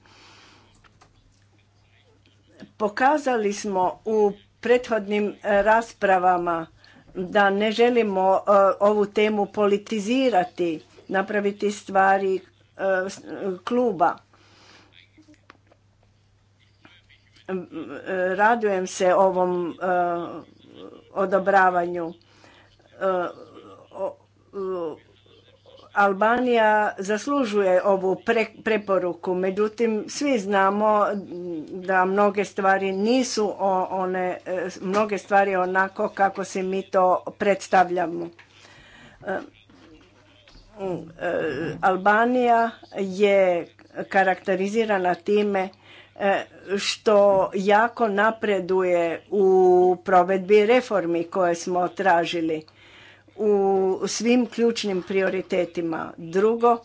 Pokazali smo u prethodnim raspravama da ne želimo ovu temu politizirati, napraviti stvari kluba. radujem se ovom e, odobravanju. E, Albanija zaslužuje ovu preporuku, međutim svi znamo da mnoge stvari nisu one, e, mnoge stvari onako kako se mi to predstavljamo. Albanija je karakterizirana time E, što jako napreduje u provedbi reformi koje smo tražili u svim ključnim prioritetima. Drugo,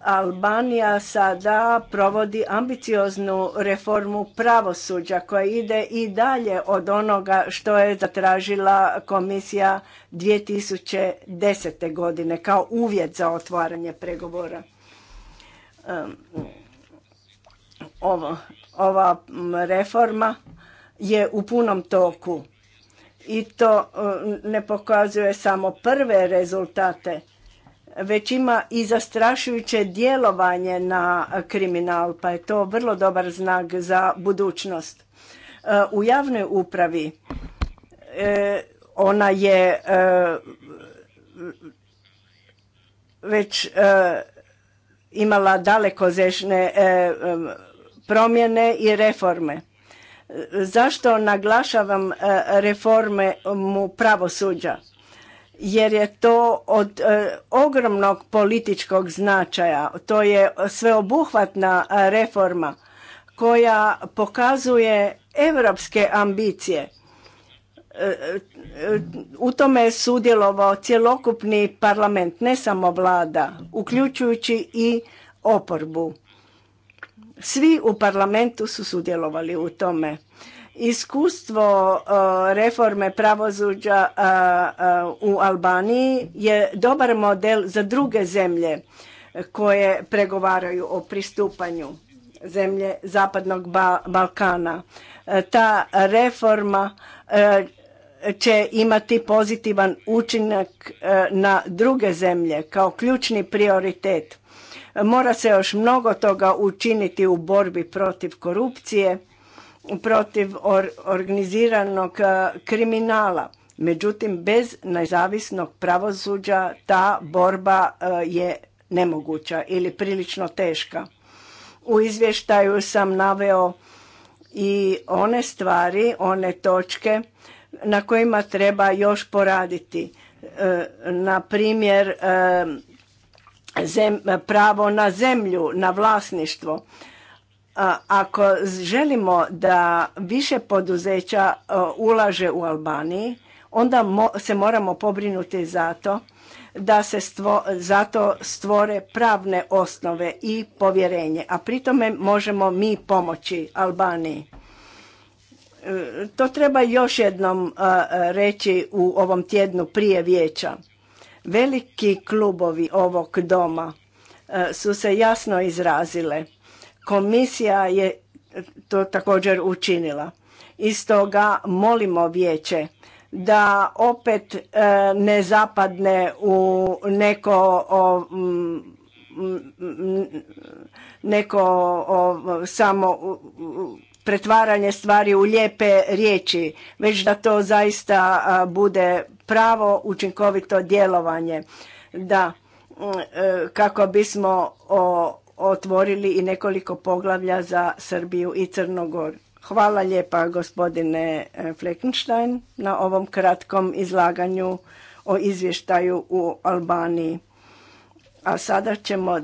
Albanija sada provodi ambicioznu reformu pravosuđa koja ide i dalje od onoga što je zatražila komisija 2010. godine kao uvjet za otvaranje pregovora. E, ovo, ova reforma je u punom toku i to e, ne pokazuje samo prve rezultate, već ima i zastrašujuće djelovanje na kriminal, pa je to vrlo dobar znak za budućnost. E, u javnoj upravi e, ona je već imala daleko promjene i reforme. Zašto naglašavam e, reforme mu pravosuđa? Jer je to od e, ogromnog političkog značaja. To je sveobuhvatna e, reforma koja pokazuje europske ambicije. U tome je sudjelovao cjelokupni parlament, ne samo vlada, uključujući i oporbu svi u parlamentu su sudjelovali u tome. Iskustvo e, reforme pravosuđa e, e, u Albaniji je dobar model za druge zemlje koje pregovaraju o pristupanju zemlje Zapadnog Balkana. Ta reforma će imati pozitivan učinak na druge zemlje kao ključni prioritet. Mora se još mnogo toga učiniti u borbi protiv korupcije, protiv organiziranog e, kriminala. Međutim, bez nezavisnog pravosuđa ta borba e, je nemoguća ili prilično teška. U izvještaju sam naveo i one stvari, one točke na kojima treba još poraditi. E, na primjer, zem, pravo na zemlju, na vlasništvo. Ako želimo da više poduzeća e, ulaže u Albaniji, onda se moramo pobrinuti za to da se zato stvore pravne osnove i povjerenje. A pritome možemo mi pomoći Albaniji. E, to treba još jednom e, reći u ovom tjednu prije vijeća. Veliki klubovi ovog doma e, su se jasno izrazile. Komisija je to također učinila. I stoga molimo vijeće da opet e, ne zapadne u neko neko samo pretvaranje stvari u lijepe riječi, već da to zaista bude pravo učinkovito djelovanje. Da, e, kako bismo otvorili i nekoliko poglavlja za Srbiju i Crnogor. Hvala lijepa gospodine e, Fleckenstein na ovom kratkom izlaganju o izvještaju u Albaniji. A sada ćemo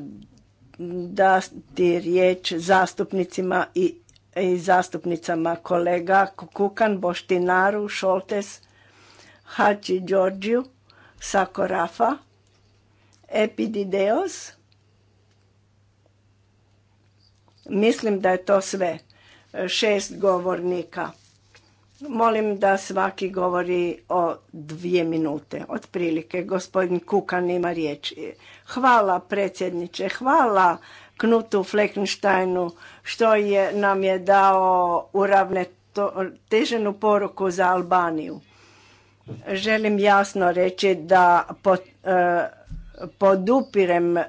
dati riječ zastupnicima i i zastupnicama kolega Kukan, Boštinaru, Šoltes, Hači Đorđiju, Sakorafa, Epidideos. Mislim da je to sve. Šest govornika. Molim da svaki govori o dvije minute, otprilike. Gospodin Kukan ima riječ. Hvala predsjedniče, hvala Knutu Fleckensteinu, što je nam je dao uravnoteženu poruku za Albaniju. Želim jasno reći da e, podupirem e,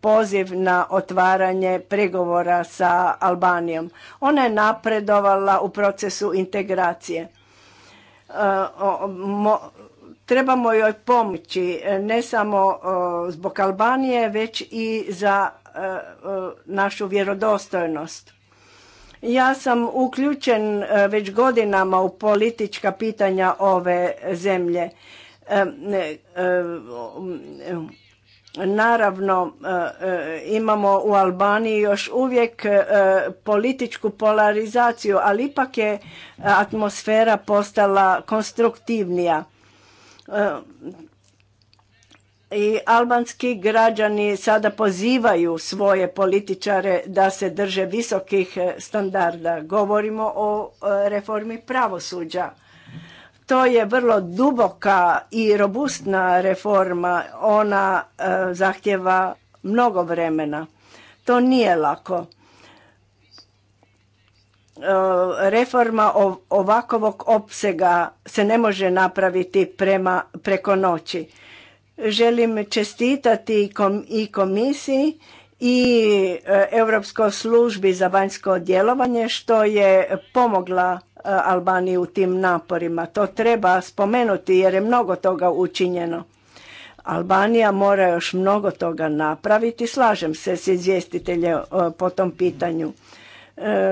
poziv na otvaranje pregovora sa Albanijom. Ona je napredovala u procesu integracije. E, trebamo joj pomoći ne samo zbog Albanije, već i za E, e, našu vjerodostojnost. Ja sam uključen e, već godinama u politička pitanja ove zemlje. Naravno, imamo u Albaniji još uvijek političku polarizaciju, ali ipak je atmosfera postala konstruktivnija i albanski građani sada pozivaju svoje političare da se drže visokih e, standarda. Govorimo o e, reformi pravosuđa. To je vrlo duboka i robustna reforma. Ona e, zahtjeva mnogo vremena. To nije lako. Reforma ovakvog opsega se ne može napraviti prema, preko noći Želim čestitati i komisiji i e, Europskoj službi za vanjsko djelovanje što je pomogla e, Albaniji u tim naporima. To treba spomenuti jer je mnogo toga učinjeno. Albanija mora još mnogo toga napraviti. Slažem se s izvjestitelje e, po tom pitanju.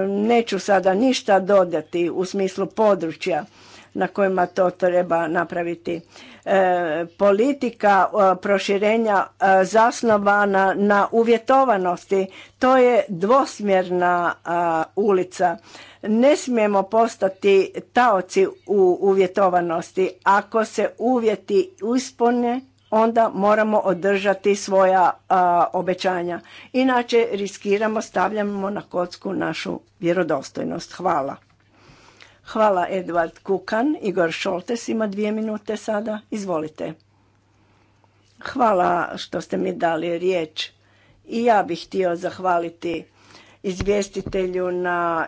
Neću sada ništa dodati u smislu područja na kojima to treba napraviti. E, politika e, proširenja e, zasnovana na uvjetovanosti, to je dvosmjerna ulica. Ne smijemo postati taoci u uvjetovanosti. Ako se uvjeti ispune, onda moramo održati svoja obećanja. Inače riskiramo, stavljamo na kocku našu vjerodostojnost. Hvala. Hvala Edward Kukan. Igor Šoltes ima dvije minute sada. Izvolite. Hvala što ste mi dali riječ. I ja bih htio zahvaliti izvjestitelju na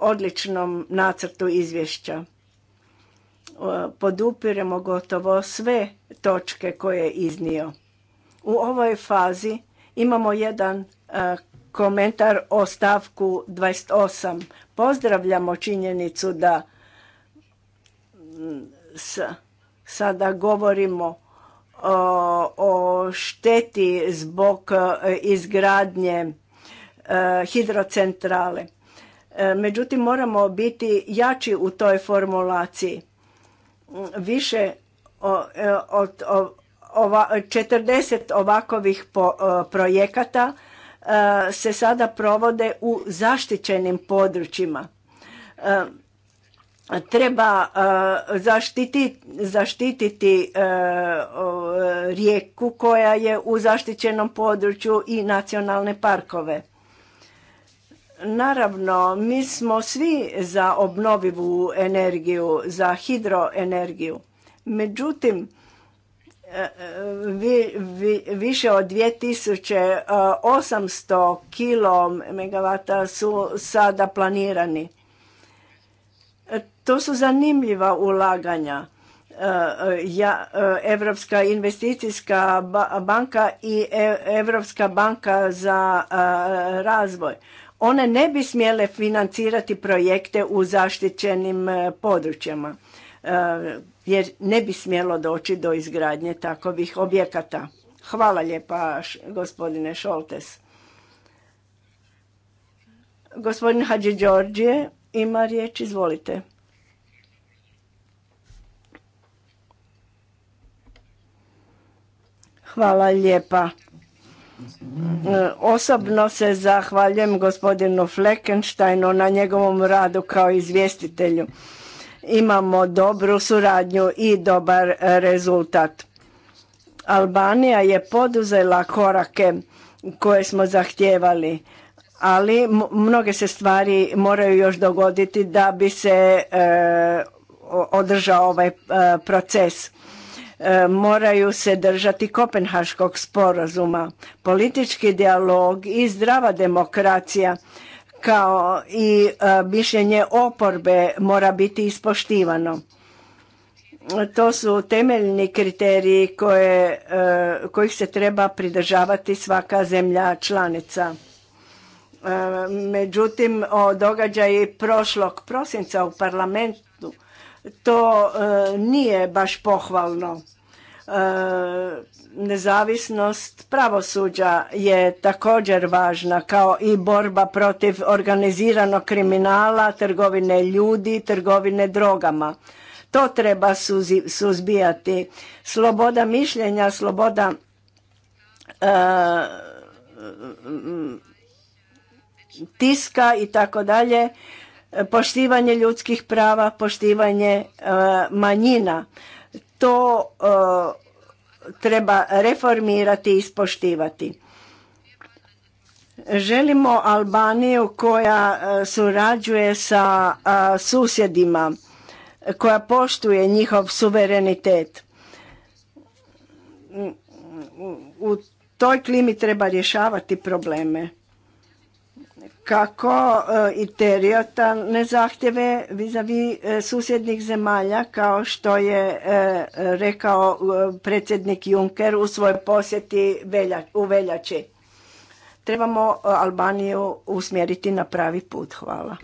odličnom nacrtu izvješća. E, podupiremo gotovo sve točke koje je iznio. U ovoj fazi imamo jedan e, komentar o stavku 28. Pozdravljamo činjenicu da mm, sada govorimo o šteti zbog e, izgradnje e, hidrocentrale. E, međutim, moramo biti jači u toj formulaciji. Mm, više od 40 ovakovih projekata E, se sada provode u zaštićenim područjima. E, treba e, zaštiti, zaštititi rijeku koja je u zaštićenom području i nacionalne parkove. Naravno, mi smo svi za obnovivu energiju, za hidroenergiju. Međutim, vi, više od 2800 kilo megavata su sada planirani. To su zanimljiva ulaganja. Ja, Evropska investicijska banka i e, Evropska banka za razvoj. One ne bi smjele financirati projekte u zaštićenim područjama jer ne bi smjelo doći do izgradnje takovih objekata. Hvala lijepa gospodine Šoltes. Gospodin Hadži Đorđije ima riječ, izvolite. Hvala lijepa. Osobno se zahvaljujem gospodinu Fleckensteinu na njegovom radu kao izvjestitelju imamo dobru suradnju i dobar rezultat. Albanija je poduzela korake koje smo zahtijevali, ali mnoge se stvari moraju još dogoditi da bi se e, održao ovaj e, proces. E, moraju se držati Kopenhaškog sporazuma. Politički dijalog i zdrava demokracija kao i e, mišljenje oporbe mora biti ispoštivano. To su temeljni kriteriji koje, e, kojih se treba pridržavati svaka zemlja članica. E, međutim, o događaji prošlog prosinca u parlamentu to nije baš pohvalno nezavisnost pravosuđa je također važna kao i borba protiv organiziranog kriminala, trgovine ljudi, trgovine drogama. To treba suzbijati. Sloboda mišljenja, sloboda e, tiska i tako dalje, poštivanje ljudskih prava, poštivanje e, manjina. To e, treba reformirati i ispoštivati. Želimo Albaniju koja e, surađuje sa e, susjedima, koja poštuje njihov suverenitet. U toj klimi treba rješavati probleme kako eh, i ne zahtjeve vizavi eh, susjednih zemalja kao što je eh, rekao predsjednik Juncker u svojoj posjeti u veljači. Trebamo Albaniju usmjeriti na pravi put. Hvala.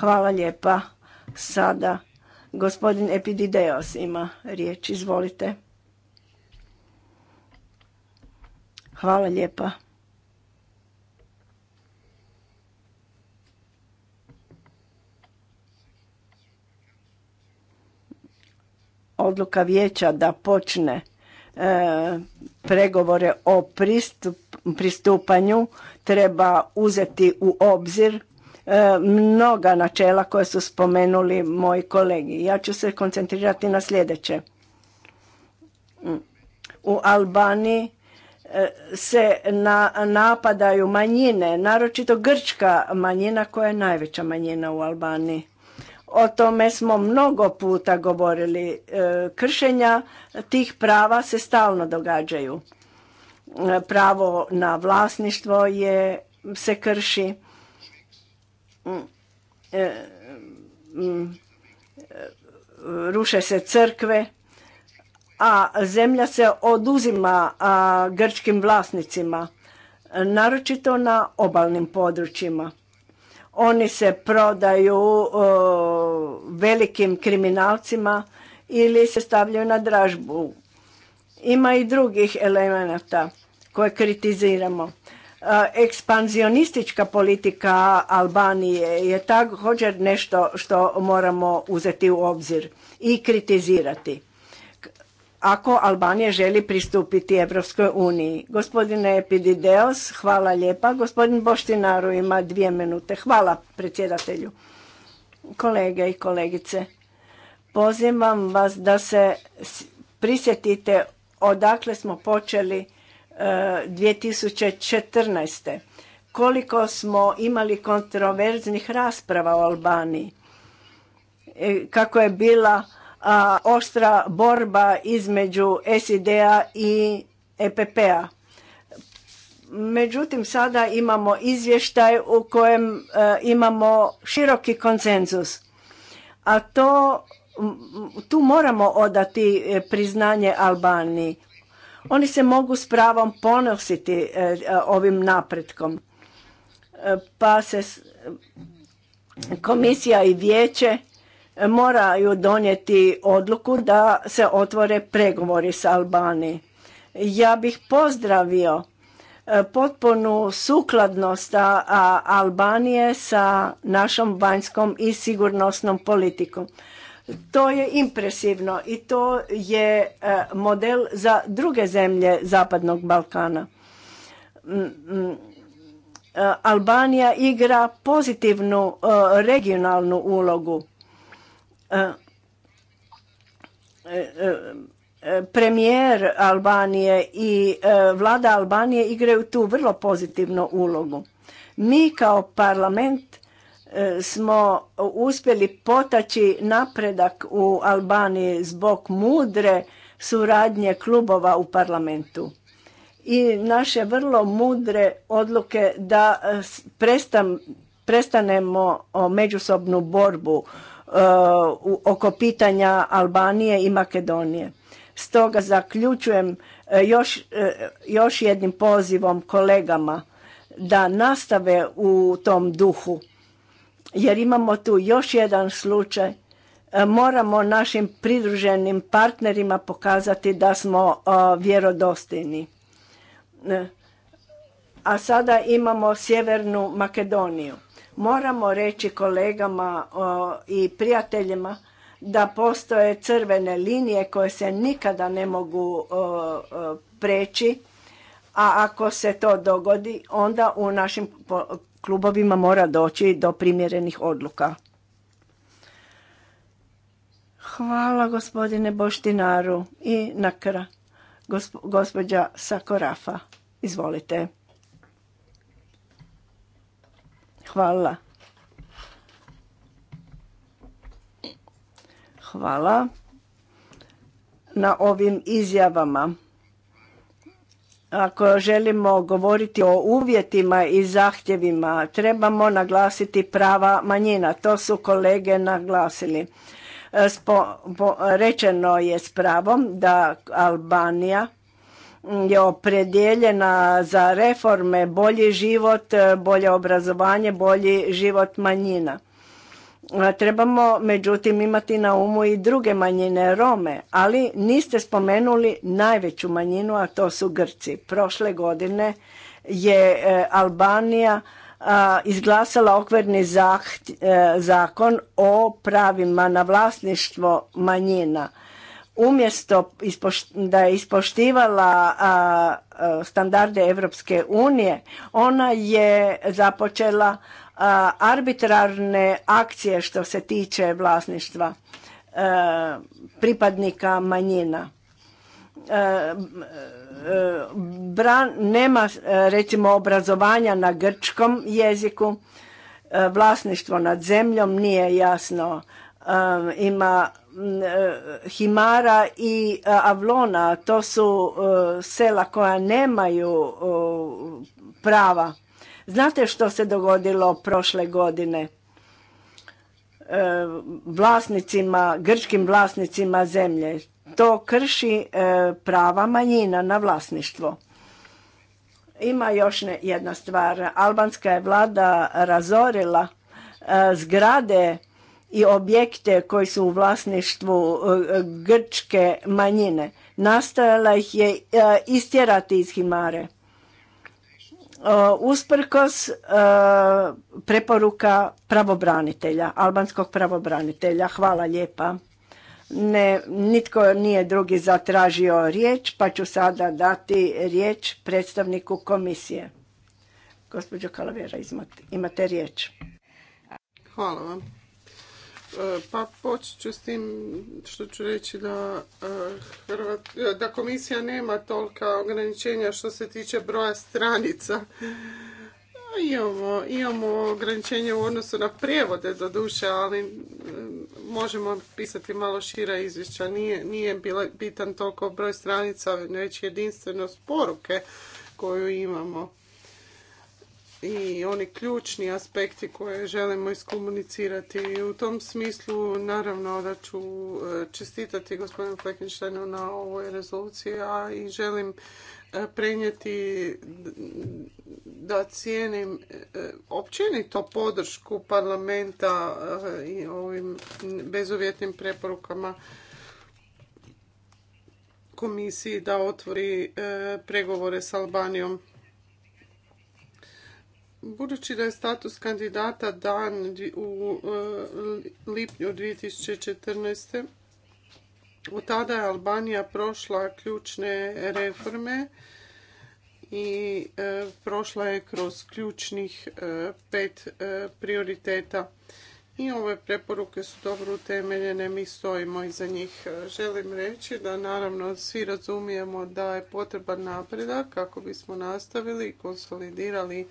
Hvala lijepa. Sada gospodin Epidideos ima riječ. Izvolite. Hvala lijepa. odluka vijeća da počne e, pregovore o pristup, pristupanju treba uzeti u obzir e, mnoga načela koje su spomenuli moji kolegi. Ja ću se koncentrirati na sljedeće. U Albaniji e, se na, napadaju manjine, naročito grčka manjina koja je najveća manjina u Albaniji. O tome smo mnogo puta govorili. E, kršenja tih prava se stalno događaju. E, pravo na vlasništvo je, se krši. Mm, e, mm, ruše se crkve, a zemlja se oduzima grčkim vlasnicima, naročito na obalnim područjima oni se prodaju velikim kriminalcima ili se stavljaju na dražbu. Ima i drugih elemenata koje kritiziramo. E, ekspanzionistička politika Albanije je također nešto što moramo uzeti u obzir i kritizirati ako Albanija želi pristupiti Evropskoj uniji. Gospodine Epidideos, hvala lijepa. Gospodin Boštinaru ima dvije minute. Hvala predsjedatelju. Kolege i kolegice, pozivam vas da se prisjetite odakle smo počeli 2014. E, Koliko smo imali kontroverznih rasprava u Albaniji. E, kako je bila a, oštra borba između SID-a i EPP-a. Međutim, sada imamo izvještaj u kojem e, imamo široki konsenzus. A to, tu moramo odati e, priznanje Albaniji. Oni se mogu s pravom ponositi e, ovim napretkom. pa se komisija i vijeće moraju donijeti odluku da se otvore pregovori s Albanijom. Ja bih pozdravio e, potpunu sukladnost Albanije sa našom vanjskom i sigurnosnom politikom. To je impresivno i to je e, model za druge zemlje Zapadnog Balkana. Mm, mm. E, Albanija igra pozitivnu regionalnu ulogu E, e, e, premijer Albanije i vlada Albanije igraju tu vrlo pozitivnu ulogu. Mi kao parlament smo uspjeli potaći napredak u Albaniji zbog mudre suradnje klubova u parlamentu i naše vrlo mudre odluke da prestanemo međusobnu borbu oko pitanja Albanije i Makedonije. Stoga zaključujem e, još, e, još jednim pozivom kolegama da nastave u tom duhu jer imamo tu još jedan slučaj e, moramo našim pridruženim partnerima pokazati da smo vjerodostojni. A sada imamo Sjevernu Makedoniju. Moramo reći kolegama i prijateljima da postoje crvene linije koje se nikada ne mogu preći, a ako se to dogodi, onda u našim klubovima mora doći do primjerenih odluka. Hvala gospodine Boštinaru i nakra gospođa Sakorafa. Izvolite. Hvala. Hvala na ovim izjavama. Ako želimo govoriti o uvjetima i zahtjevima, trebamo naglasiti prava manjina. To su kolege naglasili. E, rečeno je s pravom da Albanija je opredjeljena za reforme, bolji život, bolje obrazovanje, bolji život manjina. Trebamo međutim imati na umu i druge manjine Rome, ali niste spomenuli najveću manjinu, a to su Grci. Prošle godine je e, Albanija izglasala okvirni e, zakon o pravima na vlasništvo manjina umjesto da je ispoštivala standarde Europske unije, ona je započela arbitrarne akcije što se tiče vlasništva e, pripadnika manjina. E, e, nema recimo obrazovanja na grčkom jeziku, vlasništvo nad zemljom nije jasno, ima E, Himara i e, Avlona, to su e, sela koja nemaju prava. Znate što se dogodilo prošle godine? Vlasnicima, grčkim vlasnicima zemlje. To krši prava manjina na vlasništvo. Ima još jedna stvar. Albanska je vlada razorila zgrade i objekte koji su u vlasništvu e, grčke manjine. Nastojala ih je e, istjerati iz Himare. E, usprkos preporuka pravobranitelja, albanskog pravobranitelja. Hvala lijepa. Ne, nitko nije drugi zatražio riječ, pa ću sada dati riječ predstavniku komisije. Gospođo Kalavera, imate riječ. Hvala vam. E, pa počet ću s tim što ću reći da, e, e, da komisija nema tolika ograničenja što se tiče broja stranica. Imamo, imamo ograničenje u odnosu na prijevode do duše, ali možemo pisati malo šira izvješća. Nije, nije bitan toliko broj stranica, već jedinstvenost poruke koju imamo i oni ključni aspekti koje želimo iskomunicirati. I u tom smislu naravno da ću e, čestitati gospodinu Fleckensteinu na ovoj rezoluciji, a i želim e, prenijeti da cijenim e, općenito podršku parlamenta i ovim bezuvjetnim preporukama komisiji da otvori pregovore s Albanijom. Budući da je status kandidata dan u e, lipnju 2014. Od tada je Albanija prošla ključne reforme i e, prošla je kroz ključnih e, pet prioriteta. I ove preporuke su dobro utemeljene, mi stojimo iza njih. Želim reći da naravno svi razumijemo da je potreban napredak kako bismo nastavili i konsolidirali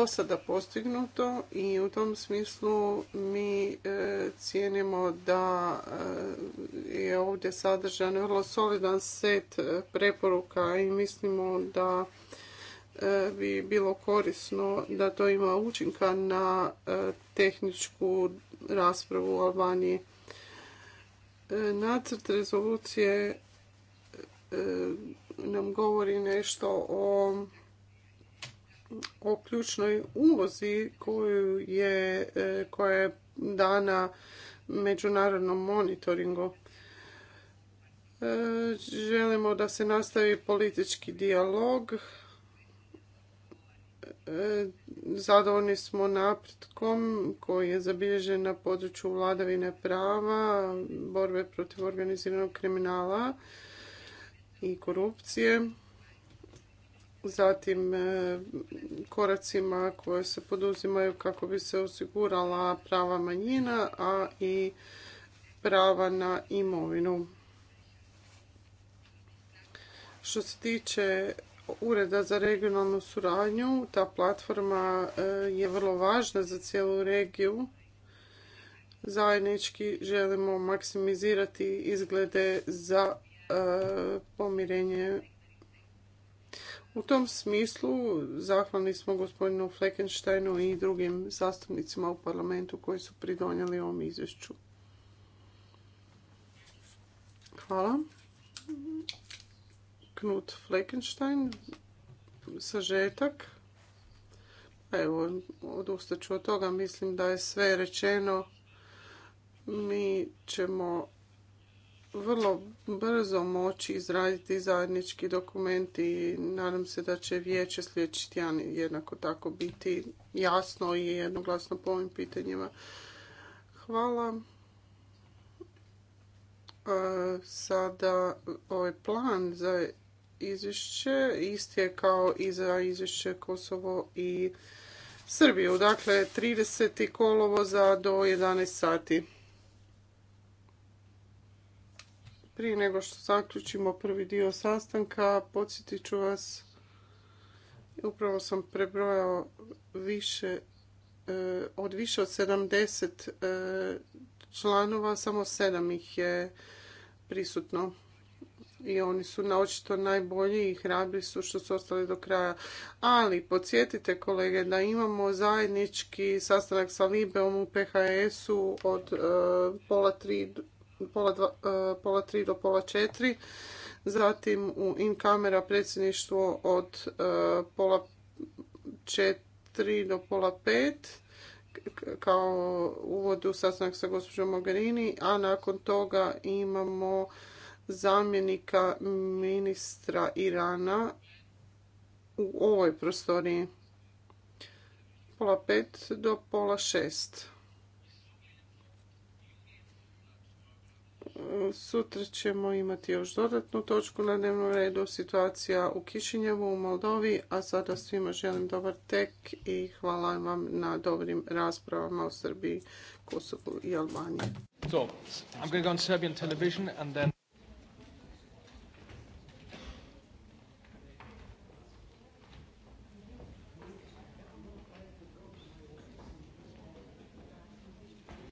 do sada postignuto i u tom smislu mi e, cijenimo da e, je ovdje sadržan vrlo solidan set e, preporuka i mislimo da bi bilo korisno da to ima učinka na tehničku raspravu u Albaniji. Nacrt rezolucije nam govori nešto o o ključnoj ulozi koju je, e, koja je dana međunarodnom monitoringu. E, želimo da se nastavi politički dijalog. E, zadovoljni smo napretkom koji je zabilježen na području vladavine prava, borbe protiv organiziranog kriminala i korupcije zatim e, koracima koje se poduzimaju kako bi se osigurala prava manjina, a i prava na imovinu. Što se tiče Ureda za regionalnu suradnju, ta platforma e, je vrlo važna za cijelu regiju. Zajednički želimo maksimizirati izglede za e, pomirenje u tom smislu zahvalni smo gospodinu Fleckensteinu i drugim zastupnicima u parlamentu koji su pridonijeli ovom izvješću. Hvala. Knut Fleckenstein, sažetak. Evo, odustat ću od toga, mislim da je sve rečeno. Mi ćemo vrlo brzo moći izraditi zajednički dokument i nadam se da će vijeće sljedeći tjedan jednako tako biti jasno i jednoglasno po ovim pitanjima. Hvala. E, sada ovaj plan za izvješće isti je kao i za izvješće Kosovo i Srbiju. Dakle, 30. kolovoza do 11 sati. Prije nego što zaključimo prvi dio sastanka, podsjetit ću vas, upravo sam prebrojao više, e, od više od 70 e, članova, samo 7 ih je prisutno i oni su naočito najbolji i hrabri su što su ostali do kraja. Ali podsjetite kolege da imamo zajednički sastanak sa Libeom u PHS-u e od pola tri pola, dva, e, pola do pola četiri, zatim u in kamera predsjedništvo od e, pola četiri do pola pet, kao uvod u sastanak sa gospođom Mogherini, a nakon toga imamo zamjenika ministra Irana u ovoj prostoriji. Pola pet do pola šest. Sutra ćemo imati još dodatnu točku na dnevnom redu, situacija u Kišinjevu, u Moldovi, a sada svima želim dobar tek i hvala vam na dobrim raspravama u Srbiji, Kosovu i Albaniji.